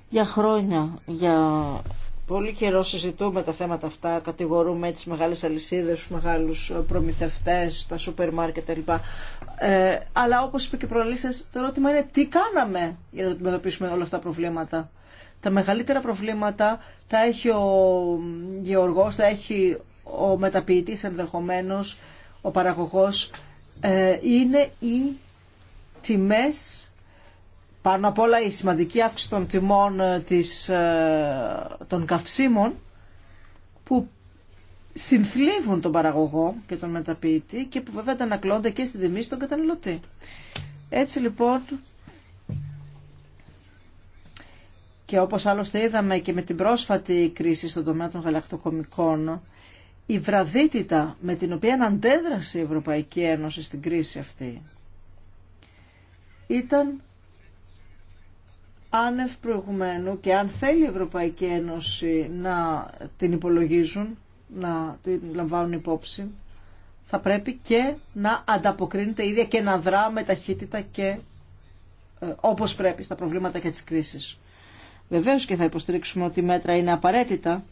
Για χρόνια, για πολύ καιρό συζητούμε τα θέματα αυτά, κατηγορούμε τις μεγάλες αλυσίδες, τους μεγάλους προμηθευτές, τα σούπερ μάρκετ κλπ. Ε, αλλά όπως είπε και προλύσεις, το ερώτημα είναι τι κάναμε για να αντιμετωπίσουμε όλα αυτά τα προβλήματα. Τα μεγαλύτερα προβλήματα τα έχει ο γεωργός, τα έχει ο μεταποιητής ενδεχομένως, ο παραγωγός. Ε, είναι οι τιμές, πάνω απ' όλα η σημαντική αύξηση των τιμών ε, της, ε, των καυσίμων, που συνθλίβουν τον παραγωγό και τον μεταποιητή και που βέβαια τα ανακλώνται και στη τιμή στον καταναλωτή. Έτσι λοιπόν Και όπως άλλωστε είδαμε και με την πρόσφατη κρίση στον τομέα των γαλακτοκομικών, η βραδύτητα με την οποία αντέδρασε η Ευρωπαϊκή Ένωση στην κρίση αυτή ήταν άνευ προηγουμένου και αν θέλει η Ευρωπαϊκή Ένωση να την υπολογίζουν, να την λαμβάνουν υπόψη, θα πρέπει και να ανταποκρίνεται ίδια και να δρά με ταχύτητα και ε, όπως πρέπει στα προβλήματα και τις κρίσεις. Βεβαίω και θα υποστηρίξουμε ότι μέτρα είναι απαραίτητα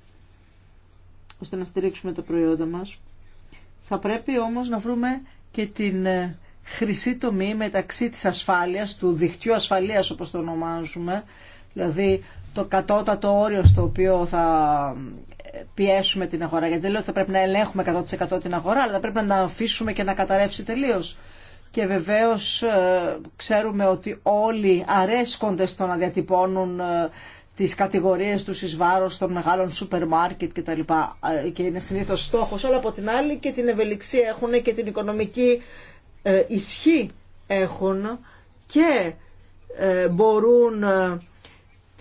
ώστε να στηρίξουμε τα προϊόντα μας. Θα πρέπει όμως να βρούμε και την ε, χρυσή τομή μεταξύ της ασφάλειας, του δικτύου ασφαλείας όπως το ονομάζουμε, δηλαδή το κατώτατο όριο στο οποίο θα ε, πιέσουμε την αγορά. Γιατί δεν λέω ότι θα πρέπει να ελέγχουμε 100% την αγορά, αλλά θα πρέπει να την αφήσουμε και να καταρρεύσει τελείως και βεβαίως ε, ξέρουμε ότι όλοι αρέσκονται στο να διατυπώνουν ε, τις κατηγορίες τους εις βάρος των μεγάλων σούπερ μάρκετ και τα λοιπά ε, και είναι συνήθως στόχος αλλά από την άλλη και την ευελιξία έχουν και την οικονομική ισχύ έχουν και μπορούν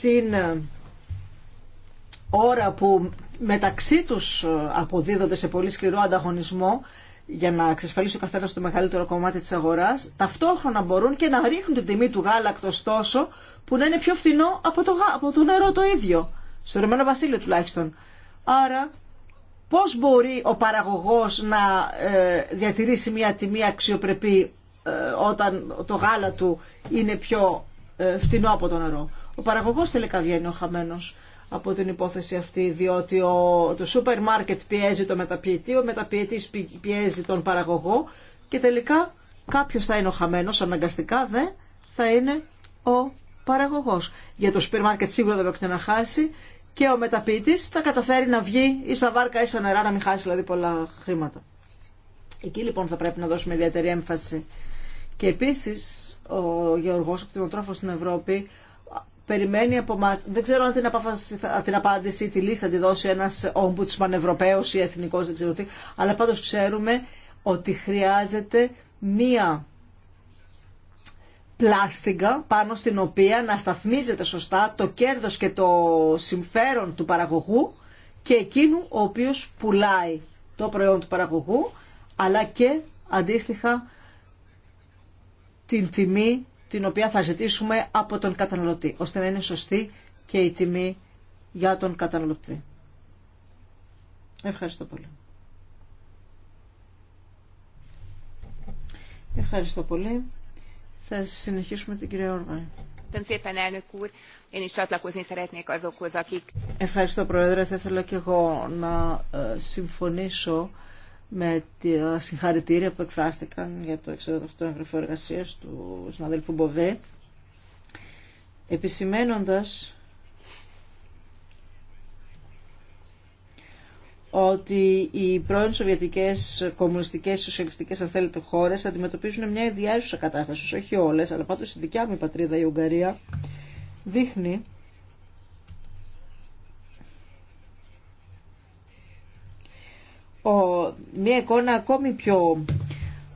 την ώρα που μεταξύ τους αποδίδονται σε πολύ σκληρό ανταγωνισμό για να εξασφαλίσει ο καθένα το μεγαλύτερο κομμάτι τη αγορά, ταυτόχρονα μπορούν και να ρίχνουν την τιμή του γάλακτο τόσο που να είναι πιο φθηνό από το, από νερό το ίδιο. Στο Ηνωμένο Βασίλειο τουλάχιστον. Άρα, πώ μπορεί ο παραγωγό να ε, διατηρήσει μια τιμή αξιοπρεπή ε, όταν το γάλα του είναι πιο ε, φτηνό από το νερό. Ο παραγωγό τελικά βγαίνει ο χαμένο από την υπόθεση αυτή, διότι ο, το σούπερ μάρκετ πιέζει το μεταποιητή, ο μεταποιητής πιέζει τον παραγωγό και τελικά κάποιος θα είναι ο χαμένος, αναγκαστικά δε, θα είναι ο παραγωγός. Για το σούπερ μάρκετ σίγουρα δεν πρόκειται να χάσει και ο μεταποιητής θα καταφέρει να βγει ίσα βάρκα, ίσα νερά, να μην χάσει δηλαδή πολλά χρήματα. Εκεί λοιπόν θα πρέπει να δώσουμε ιδιαίτερη έμφαση. Και επίσης ο γεωργός, ο κτηνοτρόφος στην Ευρώπη, περιμένει από εμά. Δεν ξέρω αν την, απόφαση, την απάντηση, τη λίστα τη δώσει ένα ομπούτσμαν Ευρωπαίο ή εθνικό, δεν ξέρω τι. Αλλά πάντω ξέρουμε ότι χρειάζεται μία πλάστιγκα πάνω στην οποία να σταθμίζεται σωστά το κέρδος και το συμφέρον του παραγωγού και εκείνου ο οποίος πουλάει το προϊόν του παραγωγού αλλά και αντίστοιχα την τιμή την οποία θα ζητήσουμε από τον καταναλωτή, ώστε να είναι σωστή και η τιμή για τον καταναλωτή. Ευχαριστώ πολύ. Ευχαριστώ πολύ. Θα συνεχίσουμε την κυρία Όρβαη. Ευχαριστώ Πρόεδρε. Θα ήθελα και εγώ να ε, συμφωνήσω με τα συγχαρητήρια που εκφράστηκαν για το εξαιρετικό εγγραφό εργασία του συναδέλφου Μποβέ, επισημένοντας ότι οι πρώην σοβιετικές, κομμουνιστικές, σοσιαλιστικές αν θέλετε χώρες αντιμετωπίζουν μια ιδιάζουσα κατάσταση, όχι όλες, αλλά πάντως η δικιά μου πατρίδα η Ουγγαρία δείχνει ο μια εικόνα ακόμη πιο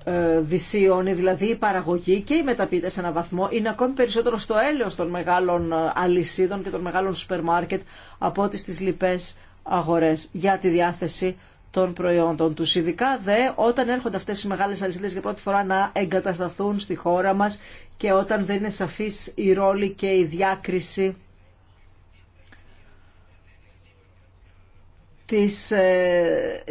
ε, δυσίωνη, δηλαδή η παραγωγή και η μεταπίτες σε έναν βαθμό είναι ακόμη περισσότερο στο έλεος των μεγάλων ε, αλυσίδων και των μεγάλων σούπερ μάρκετ από ό,τι στις λοιπές αγορές για τη διάθεση των προϊόντων τους. Ειδικά δε όταν έρχονται αυτές οι μεγάλες αλυσίδες για πρώτη φορά να εγκατασταθούν στη χώρα μας και όταν δεν είναι σαφής η ρόλη και η διάκριση τις ε,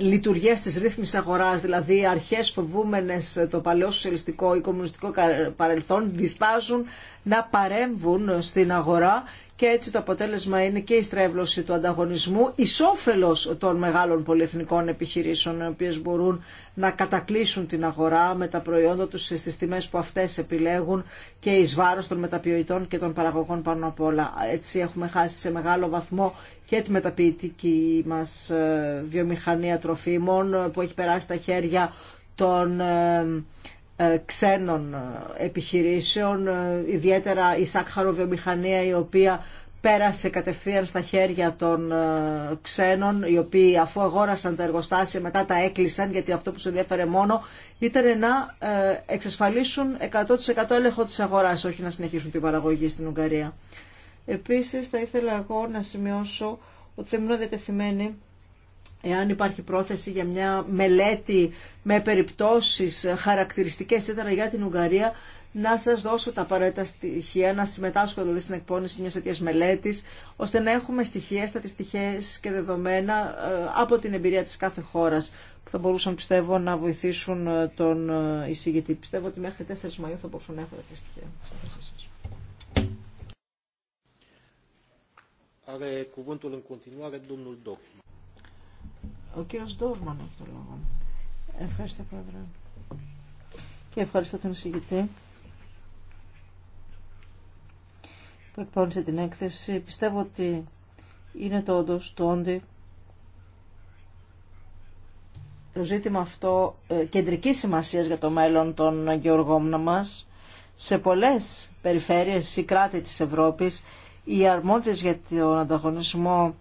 της ρύθμισης αγοράς, δηλαδή αρχές φοβούμενες ε, το παλαιό σοσιαλιστικό ή κομμουνιστικό παρελθόν διστάζουν να παρέμβουν στην αγορά και έτσι το αποτέλεσμα είναι και η στρέβλωση του ανταγωνισμού ισόφελος των μεγάλων πολυεθνικών επιχειρήσεων οι οποίες μπορούν να κατακλείσουν την αγορά με τα προϊόντα τους στις τιμές που αυτές επιλέγουν και εις βάρος των μεταποιητών και των παραγωγών πάνω απ' όλα. Έτσι έχουμε χάσει σε μεγάλο βαθμό και τη μεταποιητική μας ε, βιομηχανία τροφίμων ε, που έχει περάσει στα χέρια των ε, ε, ξένων ε, επιχειρήσεων, ε, ιδιαίτερα η σακχαροβιομηχανία η οποία πέρασε κατευθείαν στα χέρια των ξένων, οι οποίοι αφού αγόρασαν τα εργοστάσια μετά τα έκλεισαν, γιατί αυτό που σου ενδιαφέρε μόνο ήταν να εξασφαλίσουν 100% έλεγχο της αγοράς, όχι να συνεχίσουν την παραγωγή στην Ουγγαρία. Επίσης θα ήθελα εγώ να σημειώσω ότι θα ήμουν διατεθειμένη εάν υπάρχει πρόθεση για μια μελέτη με περιπτώσεις χαρακτηριστικές για την Ουγγαρία, να σας δώσω τα απαραίτητα στοιχεία, να συμμετάσχω δηλαδή στην εκπόνηση μιας τέτοιας μελέτης, ώστε να έχουμε στοιχεία, στατιστικές και δεδομένα ε, από την εμπειρία της κάθε χώρας, που θα μπορούσαν πιστεύω να βοηθήσουν ε, τον ε, εισηγητή. Πιστεύω ότι μέχρι 4 Μαΐου θα μπορούσαν να έχω τέτοια στοιχεία. Are cuvântul în continuare domnul ο κύριο Ντόρμαν έχει το λόγο. Ευχαριστώ, Πρόεδρε. Και ευχαριστώ τον συγγητή που εκπώνησε την έκθεση. Πιστεύω ότι είναι το όντως, το όντι, το ζήτημα αυτό ε, κεντρική σημασία για το μέλλον των γεωργών μα Σε πολλές περιφέρειες ή κράτη της Ευρώπης οι αρμόδιες για τον ανταγωνισμό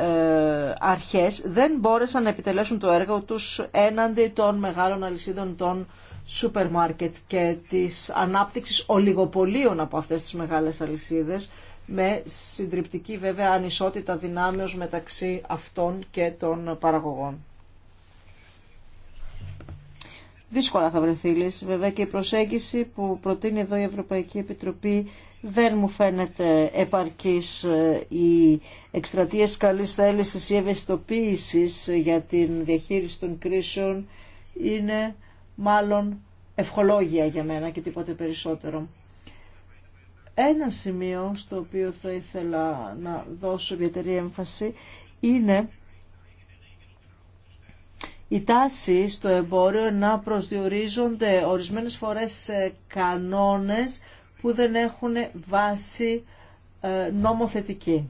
ε, αρχές δεν μπόρεσαν να επιτελέσουν το έργο τους έναντι των μεγάλων αλυσίδων των σούπερ μάρκετ και της ανάπτυξης ολιγοπολίων από αυτές τις μεγάλες αλυσίδες με συντριπτική βέβαια ανισότητα δυνάμεως μεταξύ αυτών και των παραγωγών. Δύσκολα θα βρεθεί λύση βέβαια και η προσέγγιση που προτείνει εδώ η Ευρωπαϊκή Επιτροπή δεν μου φαίνεται επαρκής ε, οι εκστρατείες καλής θέλησης ή ευαισθητοποίηση ε, για την διαχείριση των κρίσεων είναι μάλλον ευχολόγια για μένα και τίποτε περισσότερο. Ένα σημείο στο οποίο θα ήθελα να δώσω ιδιαίτερη έμφαση είναι η τάση στο εμπόριο να προσδιορίζονται ορισμένες φορές κανόνες που δεν έχουν βάση ε, νομοθετική.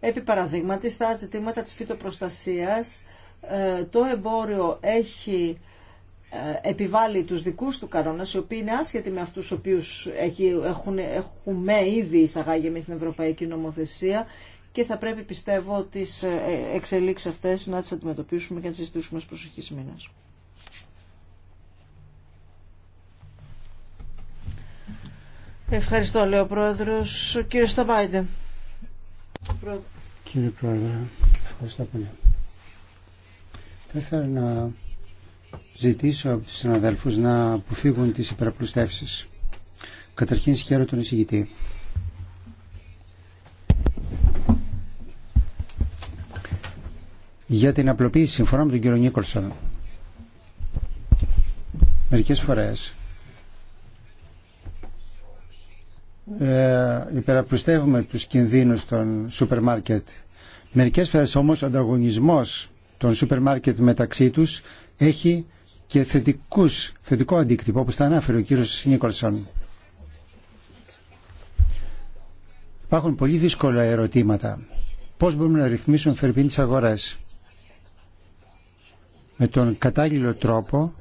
Επί παραδείγματι, στα ζητήματα της φυτοπροστασίας, ε, το εμπόριο έχει ε, επιβάλλει τους δικούς του κανόνες, οι οποίοι είναι άσχετοι με αυτούς οι οποίους έχουν, έχουμε ήδη εισαγάγει εμείς στην Ευρωπαϊκή Νομοθεσία και θα πρέπει πιστεύω τις εξελίξεις αυτές να τις αντιμετωπίσουμε και να τις συστήσουμε στις προσοχής Ευχαριστώ, λέει ο Πρόεδρος. Κύριε Σταμπάιντε. Κύριε Πρόεδρε, ευχαριστώ πολύ. Θα ήθελα να ζητήσω από τους συναδέλφους να αποφύγουν τις υπεραπλουστεύσεις. Καταρχήν συγχαίρω τον εισηγητή. Για την απλοποίηση, συμφωνώ με τον κύριο Νίκολσον. Μερικές φορές ε, υπεραπλουστεύουμε τους κινδύνους των σούπερ μάρκετ. Μερικές φορές όμως ο ανταγωνισμός των σούπερ μάρκετ μεταξύ τους έχει και θετικούς, θετικό αντίκτυπο όπως τα ανάφερε ο κύριος Νίκολσον. Υπάρχουν πολύ δύσκολα ερωτήματα. Πώς μπορούμε να ρυθμίσουν φερπίν τις αγορές με τον κατάλληλο τρόπο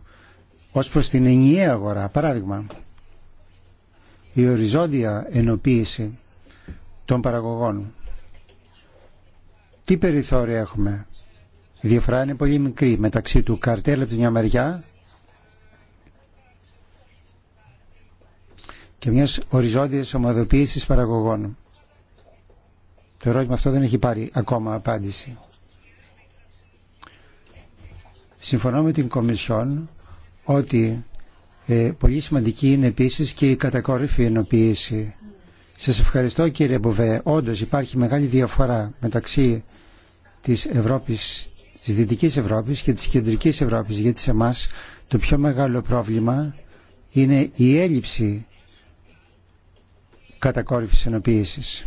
ως προς την ενιαία αγορά. Παράδειγμα, η οριζόντια ενοποίηση των παραγωγών. Τι περιθώρια έχουμε. Η διαφορά είναι πολύ μικρή μεταξύ του καρτέλ από τη μια μεριά και μιας οριζόντιας ομαδοποίησης παραγωγών. Το ερώτημα αυτό δεν έχει πάρει ακόμα απάντηση. Συμφωνώ με την Κομισιόν ότι ε, πολύ σημαντική είναι επίσης και η κατακόρυφη ενοποίηση. Σας ευχαριστώ κύριε Μποβέ. Όντως υπάρχει μεγάλη διαφορά μεταξύ της Ευρώπης, της Δυτικής Ευρώπης και της Κεντρικής Ευρώπης, γιατί σε εμά το πιο μεγάλο πρόβλημα είναι η έλλειψη κατακόρυφης ενοποίησης.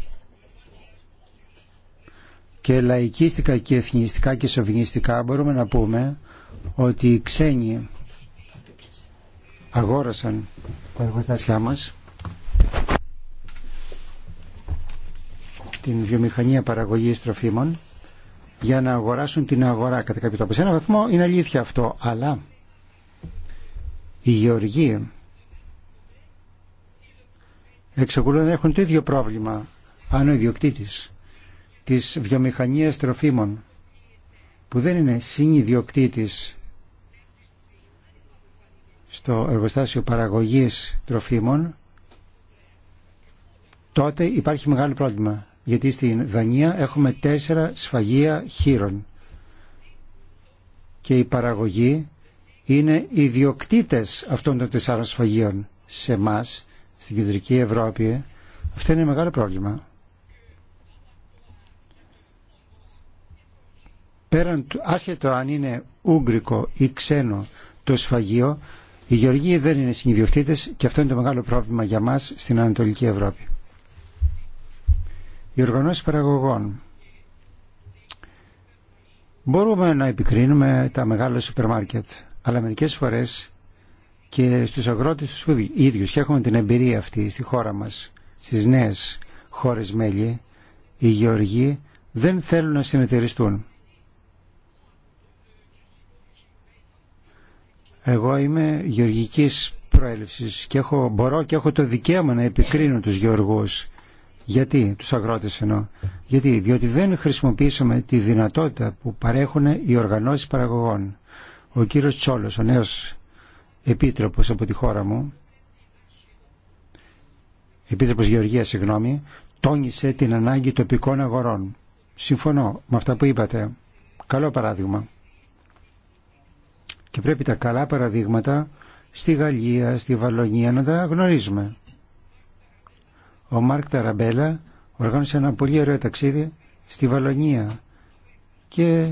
Και λαϊκίστικα και εθνιστικά και σοβινιστικά μπορούμε να πούμε ότι οι ξένοι αγόρασαν τα εργοστάσια την βιομηχανία παραγωγής τροφίμων για να αγοράσουν την αγορά κατά κάποιο τρόπο. Σε έναν βαθμό είναι αλήθεια αυτό, αλλά οι γεωργοί εξακολουθούν να έχουν το ίδιο πρόβλημα αν ο ιδιοκτήτης της βιομηχανίας τροφίμων που δεν είναι συνειδιοκτήτης στο εργοστάσιο παραγωγής τροφίμων, τότε υπάρχει μεγάλο πρόβλημα. Γιατί στην Δανία έχουμε τέσσερα σφαγεία χείρων. Και η παραγωγή είναι ιδιοκτήτες αυτών των τεσσάρων σφαγείων σε εμά, στην κεντρική Ευρώπη. Αυτό είναι μεγάλο πρόβλημα. Πέραν, άσχετο αν είναι ούγκρικο ή ξένο το σφαγείο, οι Γεωργοί δεν είναι συνειδιοκτήτες και αυτό είναι το μεγάλο πρόβλημα για μας στην Ανατολική Ευρώπη. Οι οργανώσεις παραγωγών. Μπορούμε να επικρίνουμε τα μεγάλα σούπερ μάρκετ, αλλά μερικέ φορές και στους αγρότες τους ίδιους και έχουμε την εμπειρία αυτή στη χώρα μας, στις νέες χώρες μέλη, οι γεωργοί δεν θέλουν να συνεταιριστούν. Εγώ είμαι γεωργικής προέλευσης και έχω, μπορώ και έχω το δικαίωμα να επικρίνω τους γεωργούς. Γιατί, τους αγρότες εννοώ. Γιατί, διότι δεν χρησιμοποιήσαμε τη δυνατότητα που παρέχουν οι οργανώσεις παραγωγών. Ο κύριος Τσόλος, ο νέος επίτροπος από τη χώρα μου, επίτροπος Γεωργίας, συγγνώμη, τόνισε την ανάγκη τοπικών αγορών. Συμφωνώ με αυτά που είπατε. Καλό παράδειγμα. Και πρέπει τα καλά παραδείγματα στη Γαλλία, στη Βαλονία να τα γνωρίζουμε. Ο Μάρκ Ταραμπέλα οργάνωσε ένα πολύ ωραίο ταξίδι στη Βαλονία και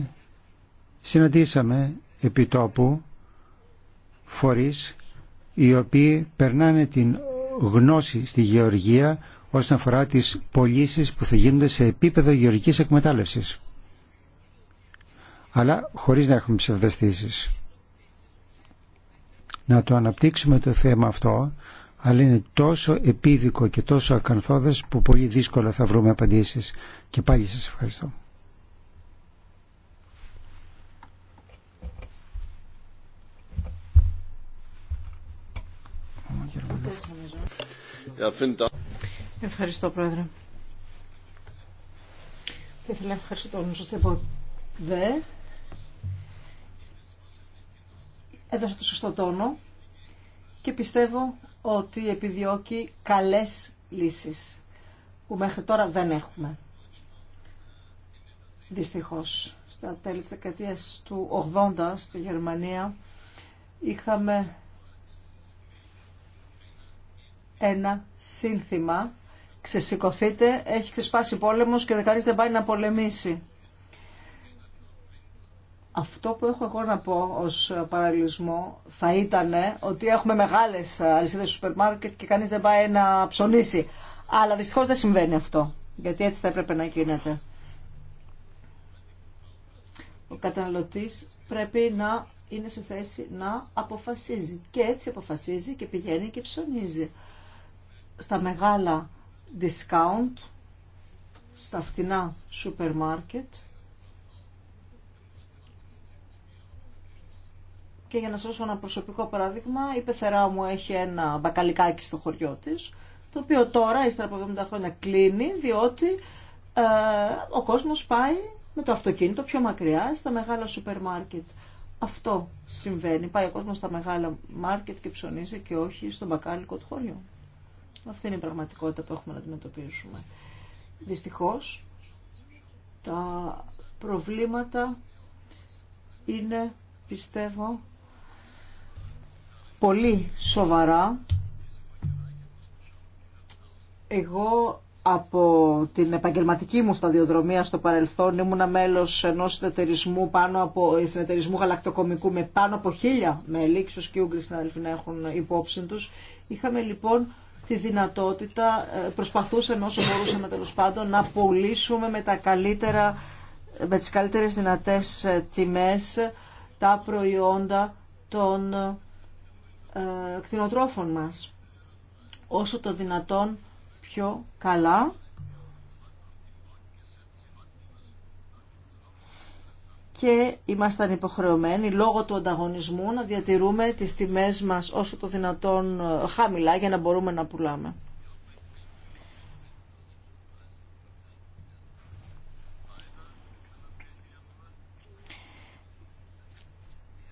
συναντήσαμε επιτόπου τόπου φορείς οι οποίοι περνάνε την γνώση στη γεωργία όσον αφορά τις πωλήσει που θα γίνονται σε επίπεδο γεωργικής εκμετάλλευσης. Αλλά χωρίς να έχουμε ψευδεστήσεις να το αναπτύξουμε το θέμα αυτό, αλλά είναι τόσο επίδικο και τόσο ακανθώδες που πολύ δύσκολα θα βρούμε απαντήσεις. Και πάλι σας ευχαριστώ. Ευχαριστώ, Πρόεδρε. Θα ήθελα να ευχαριστώ τον Έδωσα το σωστό τόνο και πιστεύω ότι επιδιώκει καλές λύσεις που μέχρι τώρα δεν έχουμε. Δυστυχώς, στα τέλη της δεκαετίας του 80 στη Γερμανία είχαμε ένα σύνθημα «Ξεσηκωθείτε, έχει ξεσπάσει πόλεμος και δεν κανείς δεν πάει να πολεμήσει». Αυτό που έχω εγώ να πω ως παραλληλισμό θα ήταν ότι έχουμε μεγάλες αλυσίδες σούπερ μάρκετ και κανείς δεν πάει να ψωνίσει. Αλλά δυστυχώς δεν συμβαίνει αυτό, γιατί έτσι θα έπρεπε να γίνεται. Ο καταναλωτής πρέπει να είναι σε θέση να αποφασίζει. Και έτσι αποφασίζει και πηγαίνει και ψωνίζει. Στα μεγάλα discount, στα φτηνά σούπερ μάρκετ, Και για να σας δώσω ένα προσωπικό παράδειγμα, η πεθερά μου έχει ένα μπακαλικάκι στο χωριό της, το οποίο τώρα, ύστερα από 70 χρόνια, κλείνει, διότι ε, ο κόσμος πάει με το αυτοκίνητο πιο μακριά στα μεγάλα σούπερ μάρκετ. Αυτό συμβαίνει. Πάει ο κόσμος στα μεγάλα μάρκετ και ψωνίζει και όχι στο μπακάλικο του χωριού. Αυτή είναι η πραγματικότητα που έχουμε να αντιμετωπίσουμε. Δυστυχώ, τα προβλήματα είναι, πιστεύω, πολύ σοβαρά. Εγώ από την επαγγελματική μου σταδιοδρομία στο παρελθόν ήμουνα μέλος ενός συνεταιρισμού, πάνω από, συνεταιρισμού γαλακτοκομικού με πάνω από χίλια μέλη, ίσως και οι συνάδελφοι να έχουν υπόψη τους. Είχαμε λοιπόν τη δυνατότητα, ε, προσπαθούσαμε όσο μπορούσαμε τέλο πάντων να πουλήσουμε με, τα καλύτερα, με τις καλύτερες δυνατές ε, τιμές τα προϊόντα των ε, κτηνοτρόφων μας όσο το δυνατόν πιο καλά και ήμασταν υποχρεωμένοι λόγω του ανταγωνισμού να διατηρούμε τις τιμές μας όσο το δυνατόν ε, χαμηλά για να μπορούμε να πουλάμε.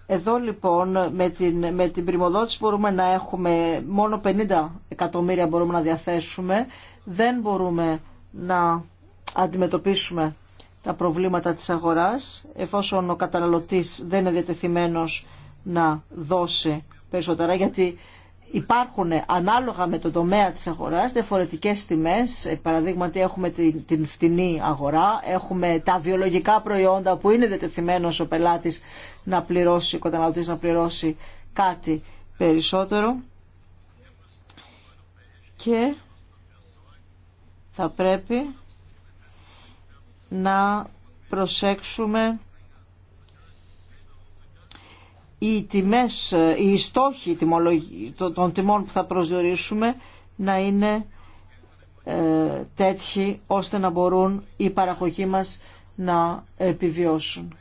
Εδώ λοιπόν με την, με την πρημοδότηση μπορούμε να έχουμε μόνο 50 εκατομμύρια μπορούμε να διαθέσουμε. Δεν μπορούμε να αντιμετωπίσουμε τα προβλήματα της αγοράς εφόσον ο καταναλωτής δεν είναι διατεθειμένος να δώσει περισσότερα γιατί υπάρχουν ανάλογα με το τομέα της αγοράς διαφορετικές τιμές. Ε, παραδείγματι έχουμε την, φτηνή αγορά, έχουμε τα βιολογικά προϊόντα που είναι δετεθειμένος ο πελάτης να πληρώσει, ο να πληρώσει κάτι περισσότερο. Και θα πρέπει να προσέξουμε οι τιμές, οι στόχοι των τιμών που θα προσδιορίσουμε να είναι τέτοιοι ώστε να μπορούν οι παραγωγοί μας να επιβιώσουν.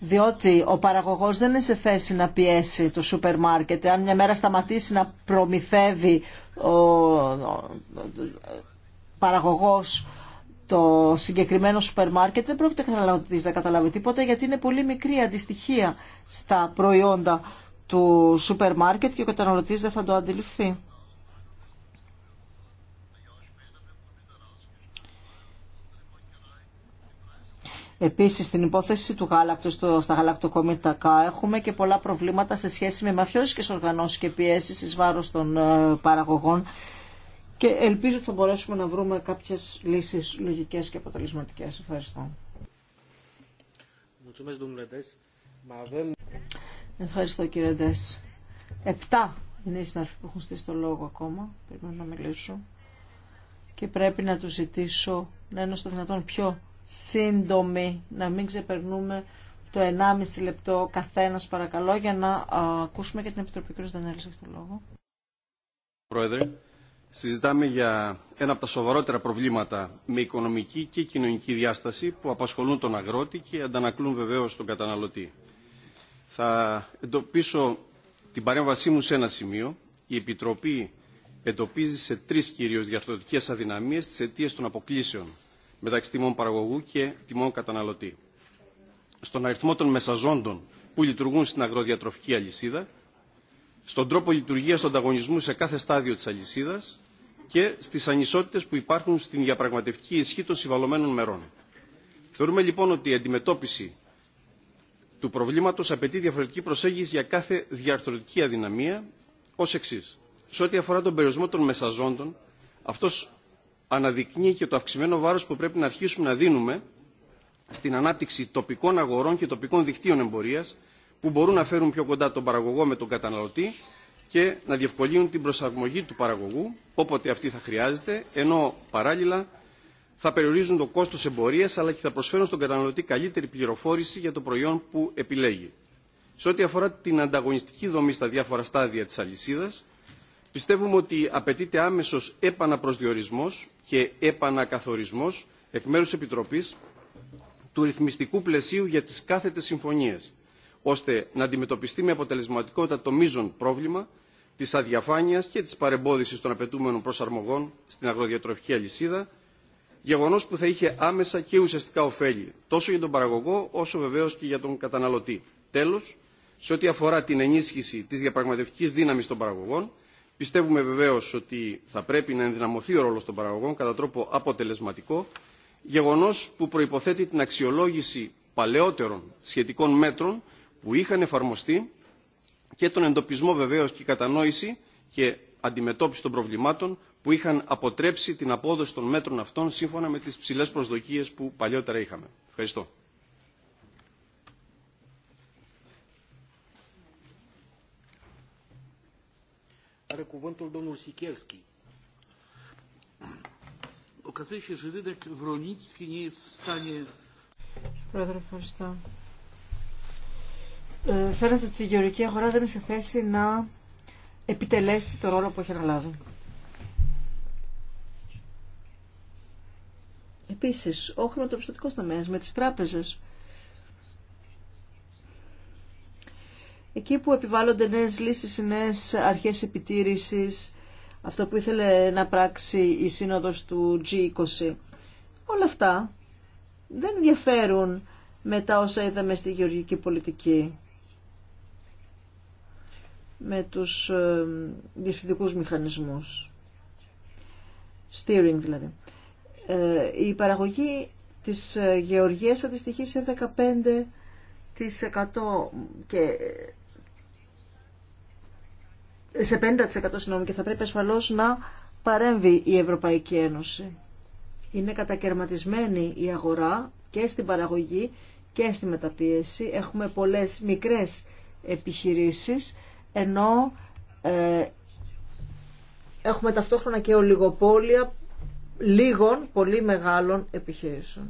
Διότι ο παραγωγός δεν είναι σε θέση να πιέσει το σούπερ μάρκετ. Αν μια μέρα σταματήσει να προμηθεύει ο παραγωγός το συγκεκριμένο σούπερ μάρκετ δεν πρόκειται καταναλωτής να καταλάβει τίποτα γιατί είναι πολύ μικρή αντιστοιχεία στα προϊόντα του σούπερ μάρκετ και ο καταναλωτής δεν θα το αντιληφθεί. Επίσης στην υπόθεση του γάλακτος στα γαλακτοκομιτακά έχουμε και πολλά προβλήματα σε σχέση με μαφιώσεις και οργανώσεις και πιέσεις εις βάρος των ε, παραγωγών και ελπίζω ότι θα μπορέσουμε να βρούμε κάποιες λύσεις λογικές και αποτελεσματικές. Ευχαριστώ. Ευχαριστώ κύριε Ντές. Επτά είναι οι συναρφοί που έχουν στήσει το λόγο ακόμα. Πρέπει να μιλήσω. Και πρέπει να τους ζητήσω να είναι στο δυνατόν πιο σύντομοι, να μην ξεπερνούμε το 1,5 λεπτό καθένας παρακαλώ για να ακούσουμε και την Επιτροπή. Κύριος Δανέλης έχει το λόγο. Πρόεδρε, συζητάμε για ένα από τα σοβαρότερα προβλήματα με οικονομική και κοινωνική διάσταση που απασχολούν τον αγρότη και αντανακλούν βεβαίως τον καταναλωτή. Θα εντοπίσω την παρέμβασή μου σε ένα σημείο. Η Επιτροπή εντοπίζει σε τρεις κυρίως διαρθρωτικές αδυναμίες τις αιτίες των αποκλήσεων μεταξύ τιμών παραγωγού και τιμών καταναλωτή. Στον αριθμό των μεσαζόντων που λειτουργούν στην αγροδιατροφική αλυσίδα στον τρόπο λειτουργίας του ανταγωνισμού σε κάθε στάδιο της αλυσίδας και στις ανισότητες που υπάρχουν στην διαπραγματευτική ισχύ των συμβαλωμένων μερών. Θεωρούμε λοιπόν ότι η αντιμετώπιση του προβλήματος απαιτεί διαφορετική προσέγγιση για κάθε διαρθρωτική αδυναμία ως εξή. Σε ό,τι αφορά τον περιορισμό των μεσαζόντων, αυτός αναδεικνύει και το αυξημένο βάρος που πρέπει να αρχίσουμε να δίνουμε στην ανάπτυξη τοπικών αγορών και τοπικών δικτύων εμπορίας που μπορούν να φέρουν πιο κοντά τον παραγωγό με τον καταναλωτή και να διευκολύνουν την προσαρμογή του παραγωγού όποτε αυτή θα χρειάζεται, ενώ παράλληλα θα περιορίζουν το κόστος εμπορίας αλλά και θα προσφέρουν στον καταναλωτή καλύτερη πληροφόρηση για το προϊόν που επιλέγει. Σε ό,τι αφορά την ανταγωνιστική δομή στα διάφορα στάδια της αλυσίδας, πιστεύουμε ότι απαιτείται άμεσος επαναπροσδιορισμός και επανακαθορισμός εκ μέρους Επιτροπής του ρυθμιστικού πλαισίου για τις κάθετες συμφωνίες ώστε να αντιμετωπιστεί με αποτελεσματικότητα το μείζον πρόβλημα τη αδιαφάνεια και τη παρεμπόδιση των απαιτούμενων προσαρμογών στην αγροδιατροφική αλυσίδα, γεγονό που θα είχε άμεσα και ουσιαστικά ωφέλη τόσο για τον παραγωγό όσο βεβαίω και για τον καταναλωτή. Τέλο, σε ό,τι αφορά την ενίσχυση τη διαπραγματευτική δύναμη των παραγωγών, πιστεύουμε βεβαίω ότι θα πρέπει να ενδυναμωθεί ο ρόλο των παραγωγών κατά τρόπο αποτελεσματικό, γεγονό που προποθέτει την αξιολόγηση παλαιότερων σχετικών μέτρων που είχαν εφαρμοστεί και τον εντοπισμό βεβαίως και κατανόηση και αντιμετώπιση των προβλημάτων που είχαν αποτρέψει την απόδοση των μέτρων αυτών σύμφωνα με τις ψηλές προσδοκίες που παλιότερα είχαμε. Ευχαριστώ. Πρόεδρε, ευχαριστώ. Ε, φαίνεται ότι η γεωργική αγορά δεν είναι σε θέση να επιτελέσει το ρόλο που έχει αναλάβει. Επίσης, ο χρηματοπιστωτικός τομέας με τις τράπεζες εκεί που επιβάλλονται νέες λύσεις ή νέες αρχές επιτήρησης, αυτό που ήθελε να πράξει σύνοδος του G20. Όλα αυτά δεν ενδιαφέρουν μετά όσα είδαμε στη γεωργική πολιτική με τους ε, διευθυντικούς μηχανισμούς. Steering δηλαδή. Ε, η παραγωγή της ε, γεωργίας αντιστοιχεί σε 15% και σε 50% και θα πρέπει ασφαλώς να παρέμβει η Ευρωπαϊκή Ένωση. Είναι κατακαιρματισμένη η αγορά και στην παραγωγή και στη μεταπίεση. Έχουμε πολλές μικρές επιχειρήσεις ενώ ε, έχουμε ταυτόχρονα και ολιγοπόλια λίγων πολύ μεγάλων επιχειρήσεων.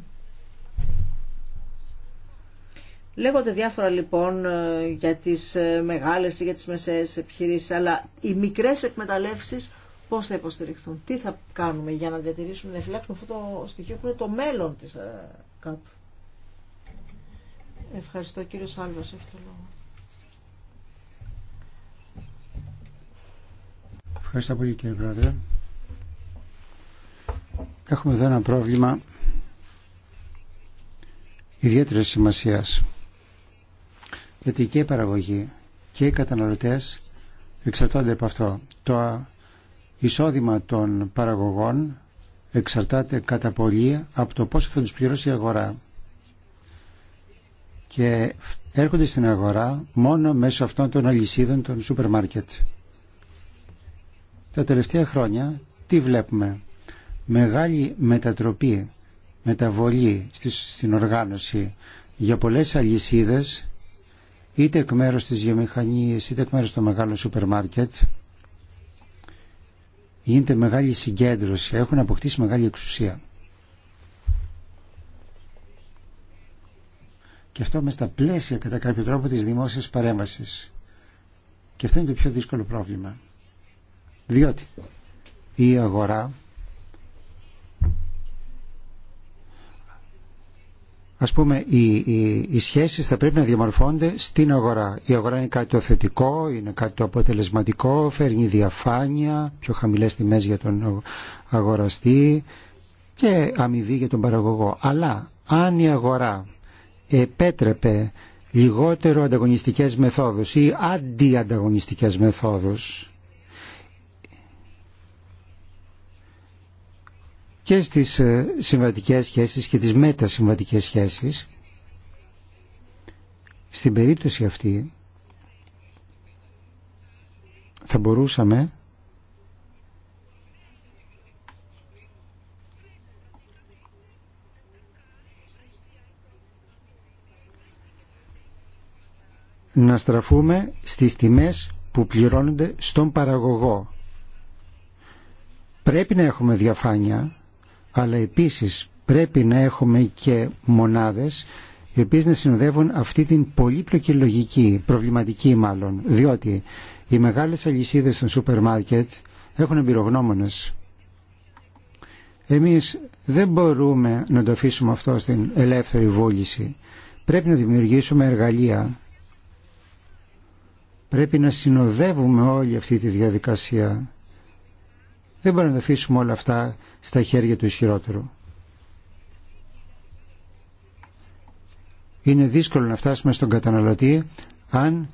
Λέγονται διάφορα λοιπόν ε, για τις ε, μεγάλες ή για τις μεσαίες επιχειρήσεις, αλλά οι μικρές εκμεταλλεύσεις πώς θα υποστηριχθούν, τι θα κάνουμε για να διατηρήσουμε, να φυλάξουμε αυτό το στοιχείο που είναι το μέλλον της ε, ΚΑΠ. Ευχαριστώ κύριο Σάλβας, έχει το λόγο. Ευχαριστώ πολύ κύριε Πρόεδρε. Έχουμε εδώ ένα πρόβλημα ιδιαίτερη σημασία. Γιατί και η παραγωγή και οι καταναλωτέ εξαρτώνται από αυτό. Το εισόδημα των παραγωγών εξαρτάται κατά πολύ από το πόσο θα του πληρώσει η αγορά. Και έρχονται στην αγορά μόνο μέσω αυτών των αλυσίδων των σούπερ μάρκετ. Τα τελευταία χρόνια τι βλέπουμε. Μεγάλη μετατροπή, μεταβολή στην οργάνωση για πολλές αλυσίδες είτε εκ μέρους της βιομηχανίας είτε εκ μέρους των μεγάλων σούπερ μάρκετ γίνεται μεγάλη συγκέντρωση, έχουν αποκτήσει μεγάλη εξουσία. Και αυτό με στα πλαίσια κατά κάποιο τρόπο της δημόσιας παρέμβασης. Και αυτό είναι το πιο δύσκολο πρόβλημα διότι η αγορά ας πούμε οι, οι, οι σχέσεις θα πρέπει να διαμορφώνονται στην αγορά. Η αγορά είναι κάτι το θετικό, είναι κάτι το αποτελεσματικό, φέρνει διαφάνεια, πιο χαμηλές τιμές για τον αγοραστή και αμοιβή για τον παραγωγό. Αλλά αν η αγορά επέτρεπε λιγότερο ανταγωνιστικές μεθόδους ή αντιανταγωνιστικές μεθόδους και στις ε, συμβατικές σχέσεις και τις μετασυμβατικές σχέσεις. Στην περίπτωση αυτή θα μπορούσαμε να στραφούμε στις τιμές που πληρώνονται στον παραγωγό. Πρέπει να έχουμε διαφάνεια αλλά επίσης πρέπει να έχουμε και μονάδες οι οποίες να συνοδεύουν αυτή την πολύπλοκη λογική, προβληματική μάλλον, διότι οι μεγάλες αλυσίδες των σούπερ μάρκετ έχουν εμπειρογνώμονες. Εμείς δεν μπορούμε να το αφήσουμε αυτό στην ελεύθερη βούληση. Πρέπει να δημιουργήσουμε εργαλεία. Πρέπει να συνοδεύουμε όλη αυτή τη διαδικασία. Δεν μπορούμε να αφήσουμε όλα αυτά στα χέρια του ισχυρότερου. Είναι δύσκολο να φτάσουμε στον καταναλωτή αν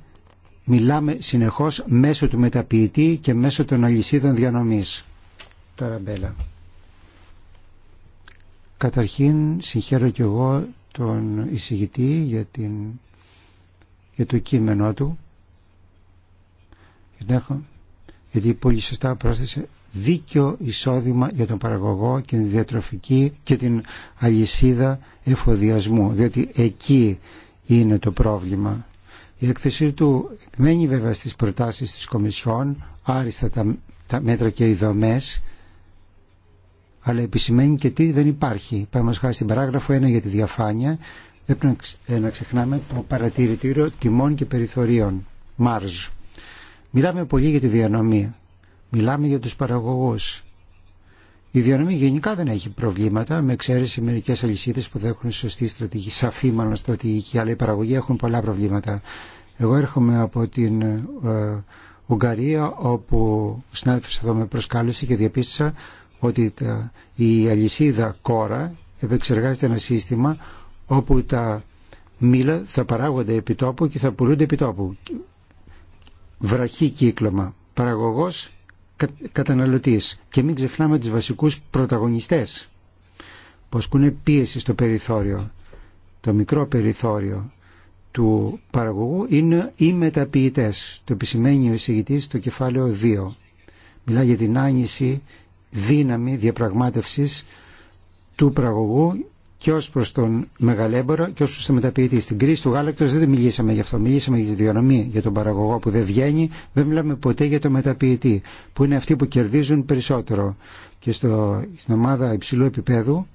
μιλάμε συνεχώς μέσω του μεταποιητή και μέσω των αλυσίδων διανομής. Ταραμπέλα. Καταρχήν συγχαίρω και εγώ τον εισηγητή για, την, για το κείμενό του. Γιατί, γιατί πολύ σωστά πρόσθεσε δίκαιο εισόδημα για τον παραγωγό και την διατροφική και την αλυσίδα εφοδιασμού, διότι εκεί είναι το πρόβλημα. Η έκθεσή του μένει βέβαια στις προτάσεις της Κομισιόν, άριστα τα, μέτρα και οι δομές, αλλά επισημαίνει και τι δεν υπάρχει. Πάμε χάρη στην παράγραφο 1 για τη διαφάνεια, πρέπει ε, να ξεχνάμε το παρατηρητήριο τιμών και περιθωρίων, ΜΑΡΖ. Μιλάμε πολύ για τη διανομή, Μιλάμε για τους παραγωγούς. Η διανομή γενικά δεν έχει προβλήματα, με εξαίρεση μερικές αλυσίδες που δεν έχουν σωστή στρατηγική, σαφή μάλλον στρατηγική, αλλά οι παραγωγοί έχουν πολλά προβλήματα. Εγώ έρχομαι από την ε, Ουγγαρία, όπου ο συνάδελφος εδώ με προσκάλεσε και διαπίστωσα ότι η αλυσίδα κόρα επεξεργάζεται ένα σύστημα όπου τα μήλα θα παράγονται επί τόπου και θα πουλούνται επί τόπου. Βραχή κύκλωμα. Παραγωγός καταναλωτής και μην ξεχνάμε τους βασικούς πρωταγωνιστές που ασκούν πίεση στο περιθώριο. Το μικρό περιθώριο του παραγωγού είναι οι μεταποιητές. Το επισημαίνει ο εισηγητής στο κεφάλαιο 2. Μιλά για την άνηση δύναμη διαπραγμάτευσης του παραγωγού και ω προ τον μεγαλέμπορο και ω προ τον μεταποιητή. Στην κρίση του γάλακτο δεν μιλήσαμε γι' αυτό. Μιλήσαμε για τη διανομή, για τον παραγωγό που δεν βγαίνει. Δεν μιλάμε ποτέ για τον μεταποιητή, που είναι αυτοί που κερδίζουν περισσότερο. Και στο, στην ομάδα υψηλού επίπεδου,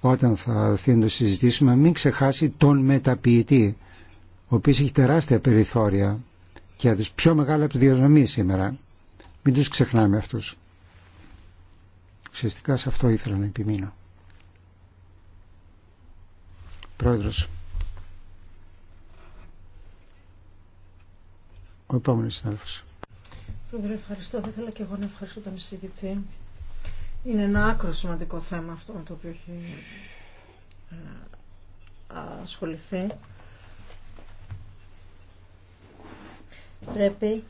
όταν θα έρθει το συζητήσουμε, μην ξεχάσει τον μεταποιητή, ο οποίο έχει τεράστια περιθώρια και του πιο μεγάλα από τη διανομή σήμερα. Μην του ξεχνάμε αυτού. Ουσιαστικά σε αυτό ήθελα να επιμείνω. Πρόεδρος. Ο επόμενος συνάδελφος. Πρόεδρε, ευχαριστώ. Θα ήθελα και εγώ να ευχαριστώ τον εισηγητή. Είναι ένα άκρο σημαντικό θέμα αυτό με το οποίο έχει ε, ασχοληθεί. Πρέπει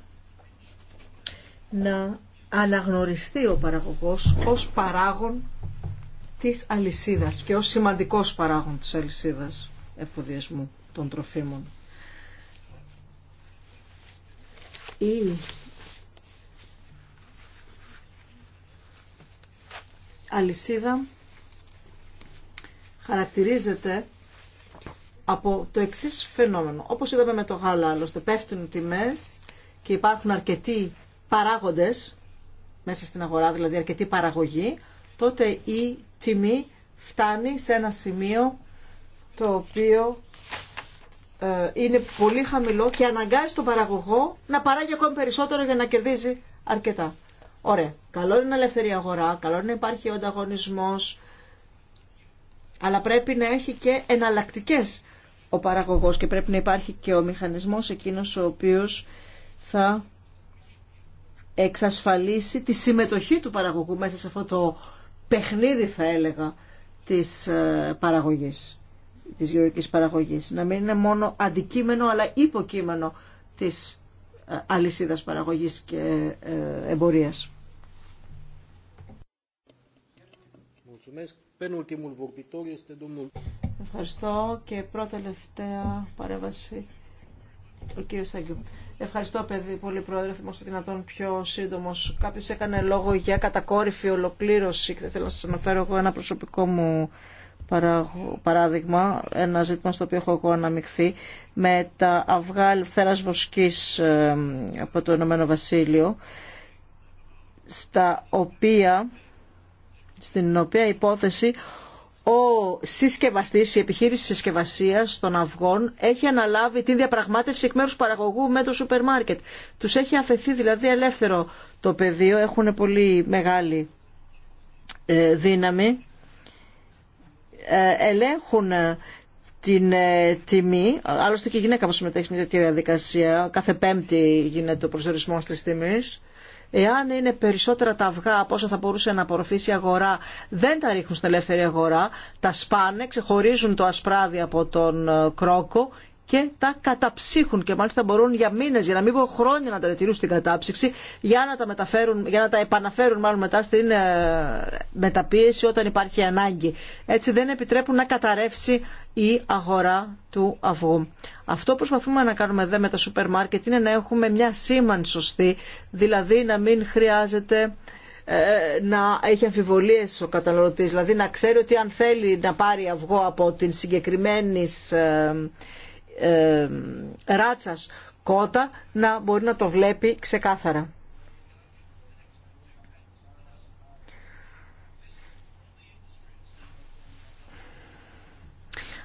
να αναγνωριστεί ο παραγωγός ως παράγον της αλυσίδας και ως σημαντικός παράγον της αλυσίδας εφοδιασμού των τροφίμων. Η αλυσίδα χαρακτηρίζεται από το εξής φαινόμενο. Όπως είδαμε με το γάλα, άλλωστε πέφτουν οι τιμές και υπάρχουν αρκετοί παράγοντες μέσα στην αγορά, δηλαδή αρκετή παραγωγή, τότε η τιμή φτάνει σε ένα σημείο το οποίο ε, είναι πολύ χαμηλό και αναγκάζει τον παραγωγό να παράγει ακόμη περισσότερο για να κερδίζει αρκετά. Ωραία. Καλό είναι η ελεύθερη αγορά, καλό είναι να υπάρχει ο ανταγωνισμός, αλλά πρέπει να έχει και εναλλακτικέ ο παραγωγός και πρέπει να υπάρχει και ο μηχανισμό εκείνος ο οποίος θα εξασφαλίσει τη συμμετοχή του παραγωγού μέσα σε αυτό το παιχνίδι θα έλεγα της ε, παραγωγής, της γεωργικής παραγωγής. Να μην είναι μόνο αντικείμενο αλλά υποκείμενο της ε, αλυσίδας παραγωγής και ε, εμπορίας. Ευχαριστώ και πρώτα τελευταία παρέμβαση ο κύριος Σάγκη. Ευχαριστώ παιδί, πολύ πρόεδρε, θα δυνατόν πιο σύντομο. Κάποιο έκανε λόγο για κατακόρυφη ολοκλήρωση και θέλω να σα αναφέρω εγώ ένα προσωπικό μου παράδειγμα, ένα ζήτημα στο οποίο έχω εγώ αναμειχθεί, με τα αυγά ελευθέρα βοσκή από το Ηνωμένο Βασίλειο, στα οποία, στην οποία υπόθεση ο συσκευαστής, η επιχείρηση συσκευασίας των αυγών έχει αναλάβει την διαπραγμάτευση εκ μέρους παραγωγού με το σούπερ μάρκετ. Τους έχει αφαιθεί δηλαδή ελεύθερο το πεδίο, έχουν πολύ μεγάλη ε, δύναμη. Ε, ελέγχουν ε, την τιμή, άλλωστε και η γυναίκα που συμμετέχει με τέτοια διαδικασία, κάθε πέμπτη γίνεται ο προσορισμός της τιμής Εάν είναι περισσότερα τα αυγά από όσα θα μπορούσε να απορροφήσει η αγορά, δεν τα ρίχνουν στην ελεύθερη αγορά, τα σπάνε, ξεχωρίζουν το ασπράδι από τον ε, κρόκο και τα καταψύχουν και μάλιστα μπορούν για μήνες, για να μην πω χρόνια να τα διατηρούν στην κατάψυξη για να τα, μεταφέρουν, για να τα επαναφέρουν μάλλον μετά στην ε, μεταπίεση όταν υπάρχει ανάγκη. Έτσι δεν επιτρέπουν να καταρρεύσει η αγορά του αυγού. Αυτό που προσπαθούμε να κάνουμε εδώ με τα σούπερ μάρκετ είναι να έχουμε μια σήμαν σωστή, δηλαδή να μην χρειάζεται ε, να έχει αμφιβολίες ο καταναλωτής, δηλαδή να ξέρει ότι αν θέλει να πάρει αυγό από την συγκεκριμένη ε, ε, ράτσας κότα να μπορεί να το βλέπει ξεκάθαρα.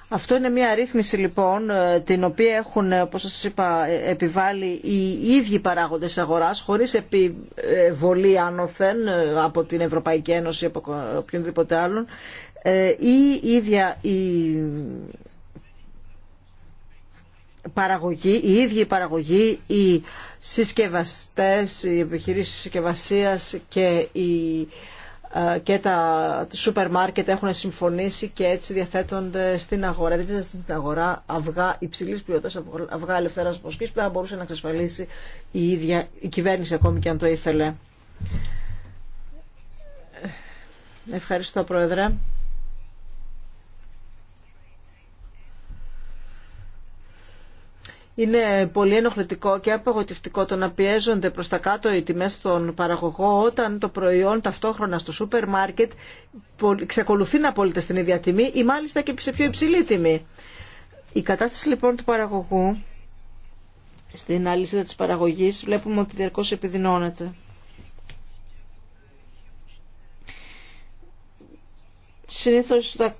Αυτό είναι μια αρρύθμιση λοιπόν ε, την οποία έχουν ε, όπως σας είπα ε, επιβάλει οι ίδιοι παράγοντες αγοράς χωρίς επιβολή άνωθεν από την Ευρωπαϊκή Ένωση ή από οποιονδήποτε άλλον ή ίδια η παραγωγή, η ίδια η παραγωγή, οι συσκευαστές, οι επιχειρήσεις συσκευασίας και οι ε, και τα σούπερ μάρκετ έχουν συμφωνήσει και έτσι διαθέτονται στην αγορά. Δεν δηλαδή, στην αγορά αυγά υψηλή ποιότητας αυγά ελευθερά βοσκή που θα μπορούσε να εξασφαλίσει η ίδια η κυβέρνηση ακόμη και αν το ήθελε. Ευχαριστώ, Πρόεδρε. Είναι πολύ ενοχλητικό και απογοητευτικό το να πιέζονται προς τα κάτω οι τιμές στον παραγωγό όταν το προϊόν ταυτόχρονα στο σούπερ μάρκετ ξεκολουθεί να απόλυτε στην ίδια τιμή ή μάλιστα και σε πιο υψηλή τιμή. Η κατάσταση λοιπόν του παραγωγού στην αλυσίδα της παραγωγής βλέπουμε ότι διαρκώς επιδεινώνεται. Συνήθως τα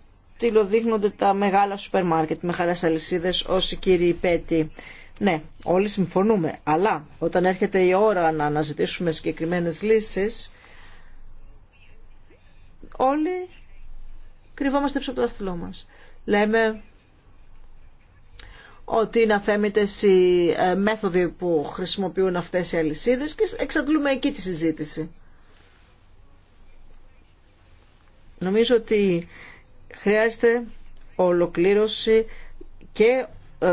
στήλο δείχνονται τα μεγάλα σούπερ μάρκετ, μεγάλες αλυσίδες ως οι κύριοι Πέτη. Ναι, όλοι συμφωνούμε, αλλά όταν έρχεται η ώρα να αναζητήσουμε συγκεκριμένες λύσεις, όλοι κρυβόμαστε πίσω από το δάχτυλό μας. Λέμε ότι είναι αφέμητες οι ε, μέθοδοι που χρησιμοποιούν αυτές οι αλυσίδες και εξαντλούμε εκεί τη συζήτηση. Νομίζω ότι χρειάζεται ολοκλήρωση και ε,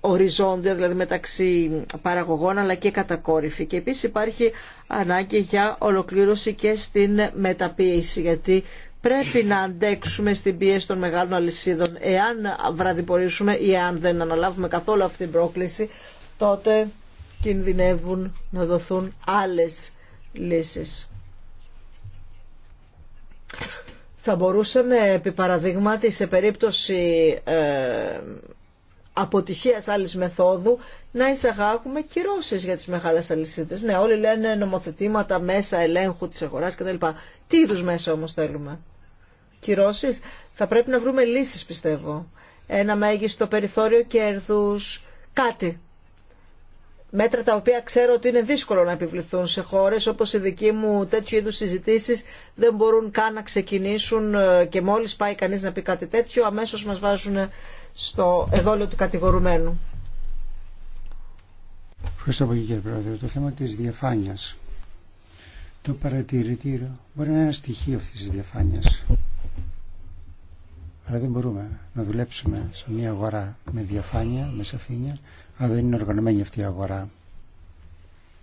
οριζόντια, δηλαδή μεταξύ παραγωγών αλλά και κατακόρυφη. Και επίσης υπάρχει ανάγκη για ολοκλήρωση και στην μεταποίηση, γιατί πρέπει να αντέξουμε στην πίεση των μεγάλων αλυσίδων. Εάν βραδιπορήσουμε ή εάν δεν αναλάβουμε καθόλου αυτή την πρόκληση, τότε κινδυνεύουν να δοθούν άλλες λύσεις. Θα μπορούσαμε, επί παραδείγματι, σε περίπτωση ε, αποτυχίας άλλης μεθόδου, να εισαγάγουμε κυρώσεις για τις μεγάλες αλυσίδες. Ναι, όλοι λένε νομοθετήματα, μέσα ελέγχου της αγοράς κτλ. Τι είδους μέσα όμως θέλουμε. Κυρώσεις. Θα πρέπει να βρούμε λύσεις, πιστεύω. Ένα μέγιστο περιθώριο κέρδους. Κάτι μέτρα τα οποία ξέρω ότι είναι δύσκολο να επιβληθούν σε χώρες όπως η δική μου τέτοιου είδους συζητήσεις δεν μπορούν καν να ξεκινήσουν ε, και μόλις πάει κανείς να πει κάτι τέτοιο αμέσως μας βάζουν στο εδόλιο του κατηγορουμένου. Ευχαριστώ πολύ κύριε Πρόεδρε. Το θέμα της διαφάνειας. Το παρατηρητήριο μπορεί να είναι ένα στοιχείο αυτής της διαφάνειας. Αλλά δεν μπορούμε να δουλέψουμε σε μια αγορά με διαφάνεια, με σαφήνεια, αλλά δεν είναι οργανωμένη αυτή η αγορά.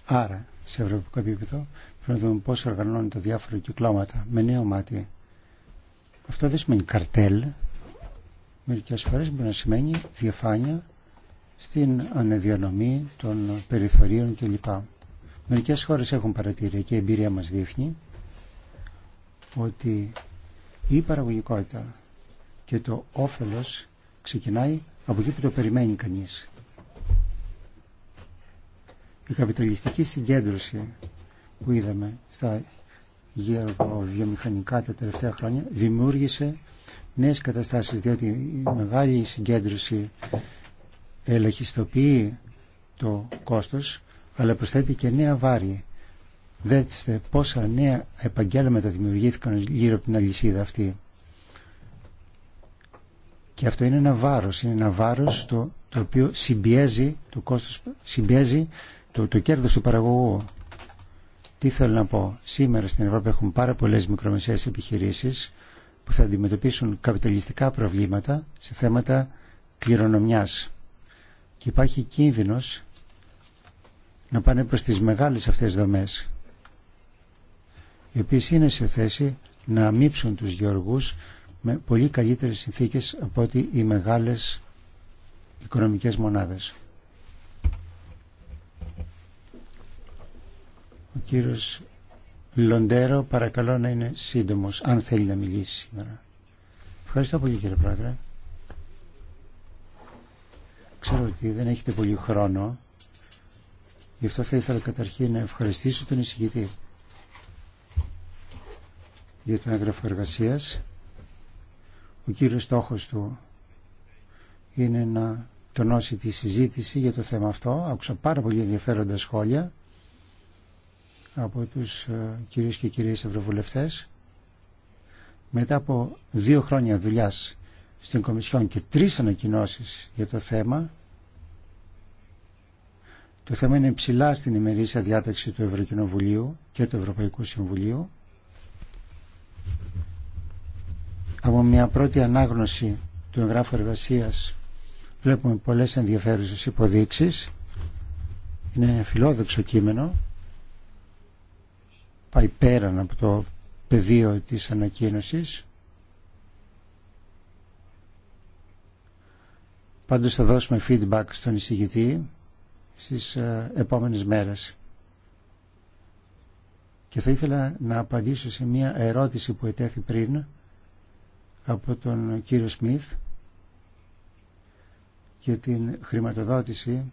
Άρα, σε ευρωπαϊκό επίπεδο, πρέπει να δούμε πώ οργανώνουν τα διάφορα κυκλώματα με νέο μάτι. Αυτό δεν σημαίνει καρτέλ. μερικέ φορέ μπορεί να σημαίνει διαφάνεια στην ανεδιανομή των περιθωρίων κλπ. Μερικέ χώρε έχουν παρατηρήσει και η εμπειρία μα δείχνει ότι η παραγωγικότητα και το όφελος ξεκινάει από εκεί που το περιμένει κανείς η καπιταλιστική συγκέντρωση που είδαμε στα βιομηχανικά τα τελευταία χρόνια δημιούργησε νέες καταστάσεις διότι η μεγάλη συγκέντρωση ελαχιστοποιεί το κόστος αλλά προσθέτει και νέα βάρη. Δέστε πόσα νέα επαγγέλματα δημιουργήθηκαν γύρω από την αλυσίδα αυτή. Και αυτό είναι ένα βάρος, είναι ένα βάρος το, το οποίο συμπιέζει το κόστος, συμπιέζει το, το κέρδος του παραγωγού. Τι θέλω να πω. Σήμερα στην Ευρώπη έχουν πάρα πολλές μικρομεσαίες επιχειρήσεις που θα αντιμετωπίσουν καπιταλιστικά προβλήματα σε θέματα κληρονομιά Και υπάρχει κίνδυνος να πάνε προς τις μεγάλες αυτές δομές οι οποίε είναι σε θέση να αμύψουν τους γεωργούς με πολύ καλύτερες συνθήκες από ότι οι μεγάλες οικονομικές μονάδες. Ο κύριος Λοντέρο παρακαλώ να είναι σύντομος αν θέλει να μιλήσει σήμερα. Ευχαριστώ πολύ κύριε Πρόεδρε. Ξέρω ότι δεν έχετε πολύ χρόνο. Γι' αυτό θα ήθελα καταρχήν να ευχαριστήσω τον εισηγητή για το έγγραφο εργασία. Ο κύριος στόχο του είναι να τονώσει τη συζήτηση για το θέμα αυτό. Άκουσα πάρα πολύ ενδιαφέροντα σχόλια από τους ε, κυρίους και κυρίες ευρωβουλευτές μετά από δύο χρόνια δουλειάς στην Κομισιόν και τρεις ανακοινώσεις για το θέμα το θέμα είναι ψηλά στην ημερήσια διάταξη του Ευρωκοινοβουλίου και του Ευρωπαϊκού Συμβουλίου από μια πρώτη ανάγνωση του εγγράφου εργασίας βλέπουμε πολλές ενδιαφέρουσες υποδείξεις είναι φιλόδοξο κείμενο πάει πέραν από το πεδίο της ανακοίνωσης. Πάντως θα δώσουμε feedback στον εισηγητή στις ε, επόμενες μέρες. Και θα ήθελα να απαντήσω σε μια ερώτηση που ετέθη πριν από τον κύριο Σμιθ για την χρηματοδότηση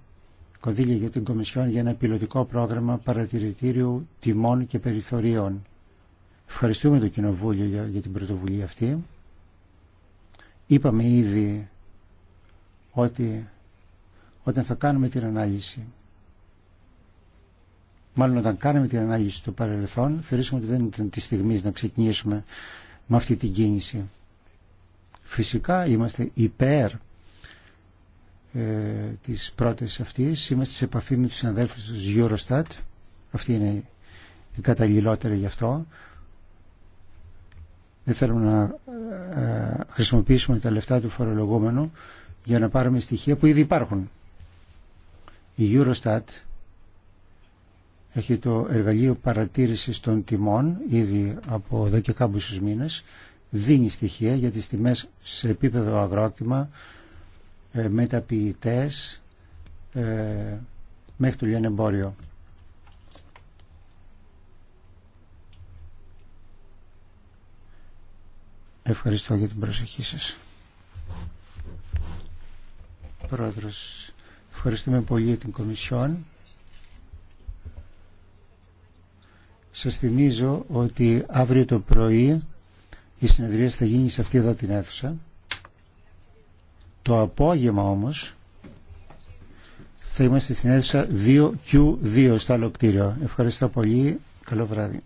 κονδύλια για την Κομισιόν για ένα πιλωτικό πρόγραμμα παρατηρητήριου τιμών και περιθωρίων. Ευχαριστούμε το Κοινοβούλιο για, για την πρωτοβουλία αυτή. Είπαμε ήδη ότι όταν θα κάνουμε την ανάλυση μάλλον όταν κάνουμε την ανάλυση του παρελθόν, θεωρήσουμε ότι δεν ήταν τη στιγμή να ξεκινήσουμε με αυτή την κίνηση. Φυσικά είμαστε υπέρ ε, της πρότασης αυτής. Είμαστε σε επαφή με τους συναδέλφους της Eurostat. Αυτή είναι η καταλληλότερη γι' αυτό. Δεν θέλουμε να ε, χρησιμοποιήσουμε τα λεφτά του φορολογούμενου για να πάρουμε στοιχεία που ήδη υπάρχουν. Η Eurostat έχει το εργαλείο παρατήρησης των τιμών ήδη από εδώ και κάμπους μήνες δίνει στοιχεία για τις τιμές σε επίπεδο αγρόκτημα ε, μεταποιητές ε, μέχρι το εμπόριο. Ευχαριστώ για την προσοχή σας. Πρόεδρος, ευχαριστούμε πολύ την Κομισιόν. Σας θυμίζω ότι αύριο το πρωί η συνεδρία θα γίνει σε αυτή εδώ την αίθουσα. Το απόγευμα όμως θα είμαστε στην αίθουσα 2Q2 στο άλλο κτίριο. Ευχαριστώ πολύ. Καλό βράδυ.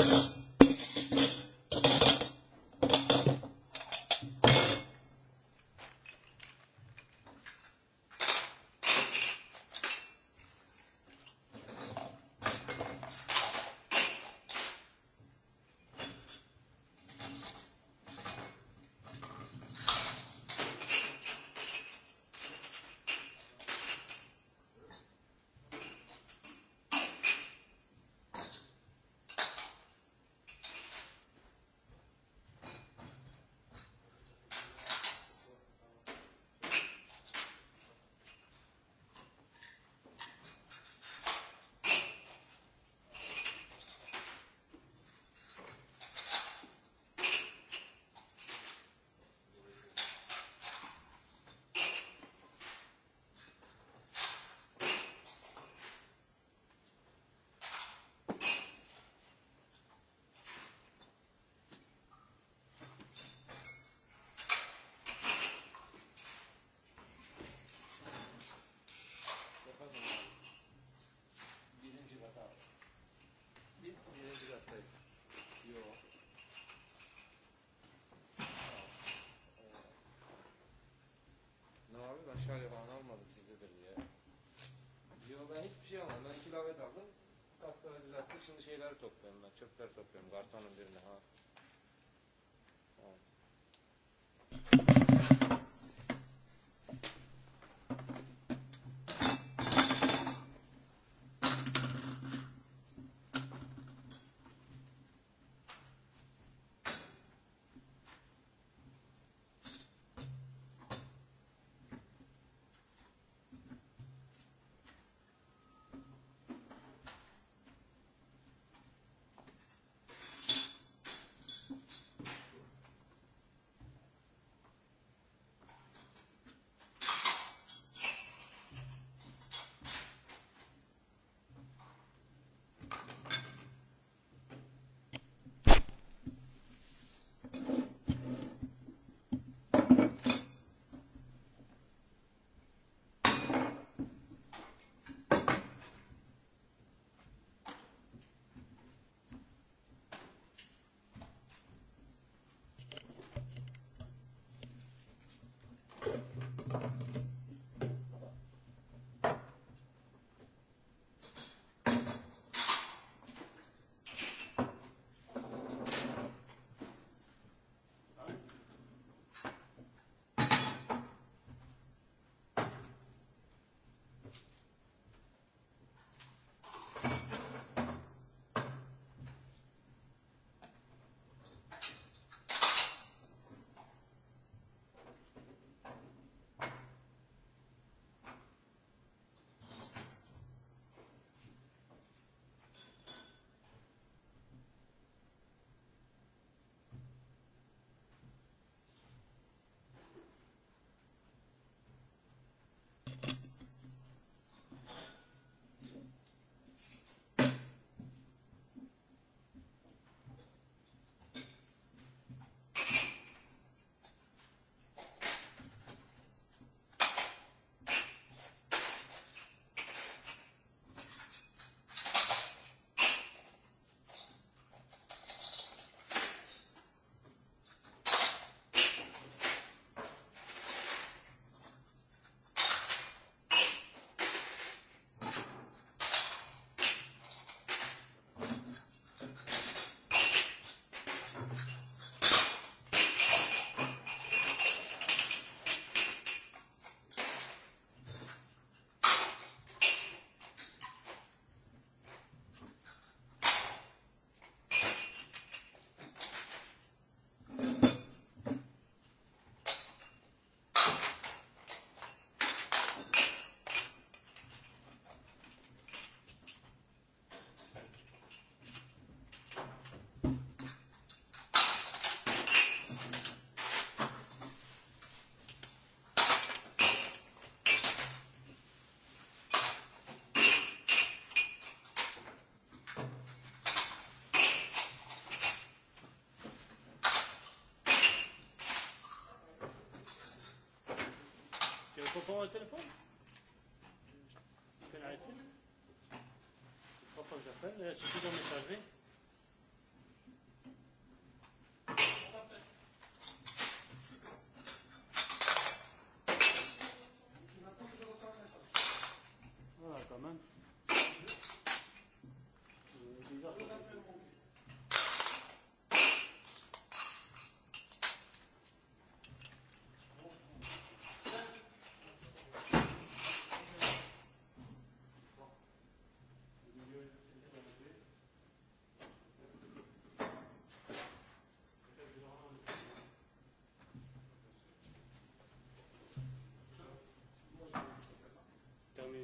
Υπότιτλοι AUTHORWAVE şale falan almadım size dedi ya. Diyor ben hiçbir şey almadım. Ben iki aldım. Kaskara düzelttik. Şimdi şeyleri topluyorum ben. Çöpler topluyorum. Kartonun birini ha. faut prendre le téléphone Je fais la l'arrêter. Trois fois que j'appelle, c'est toujours messagerie.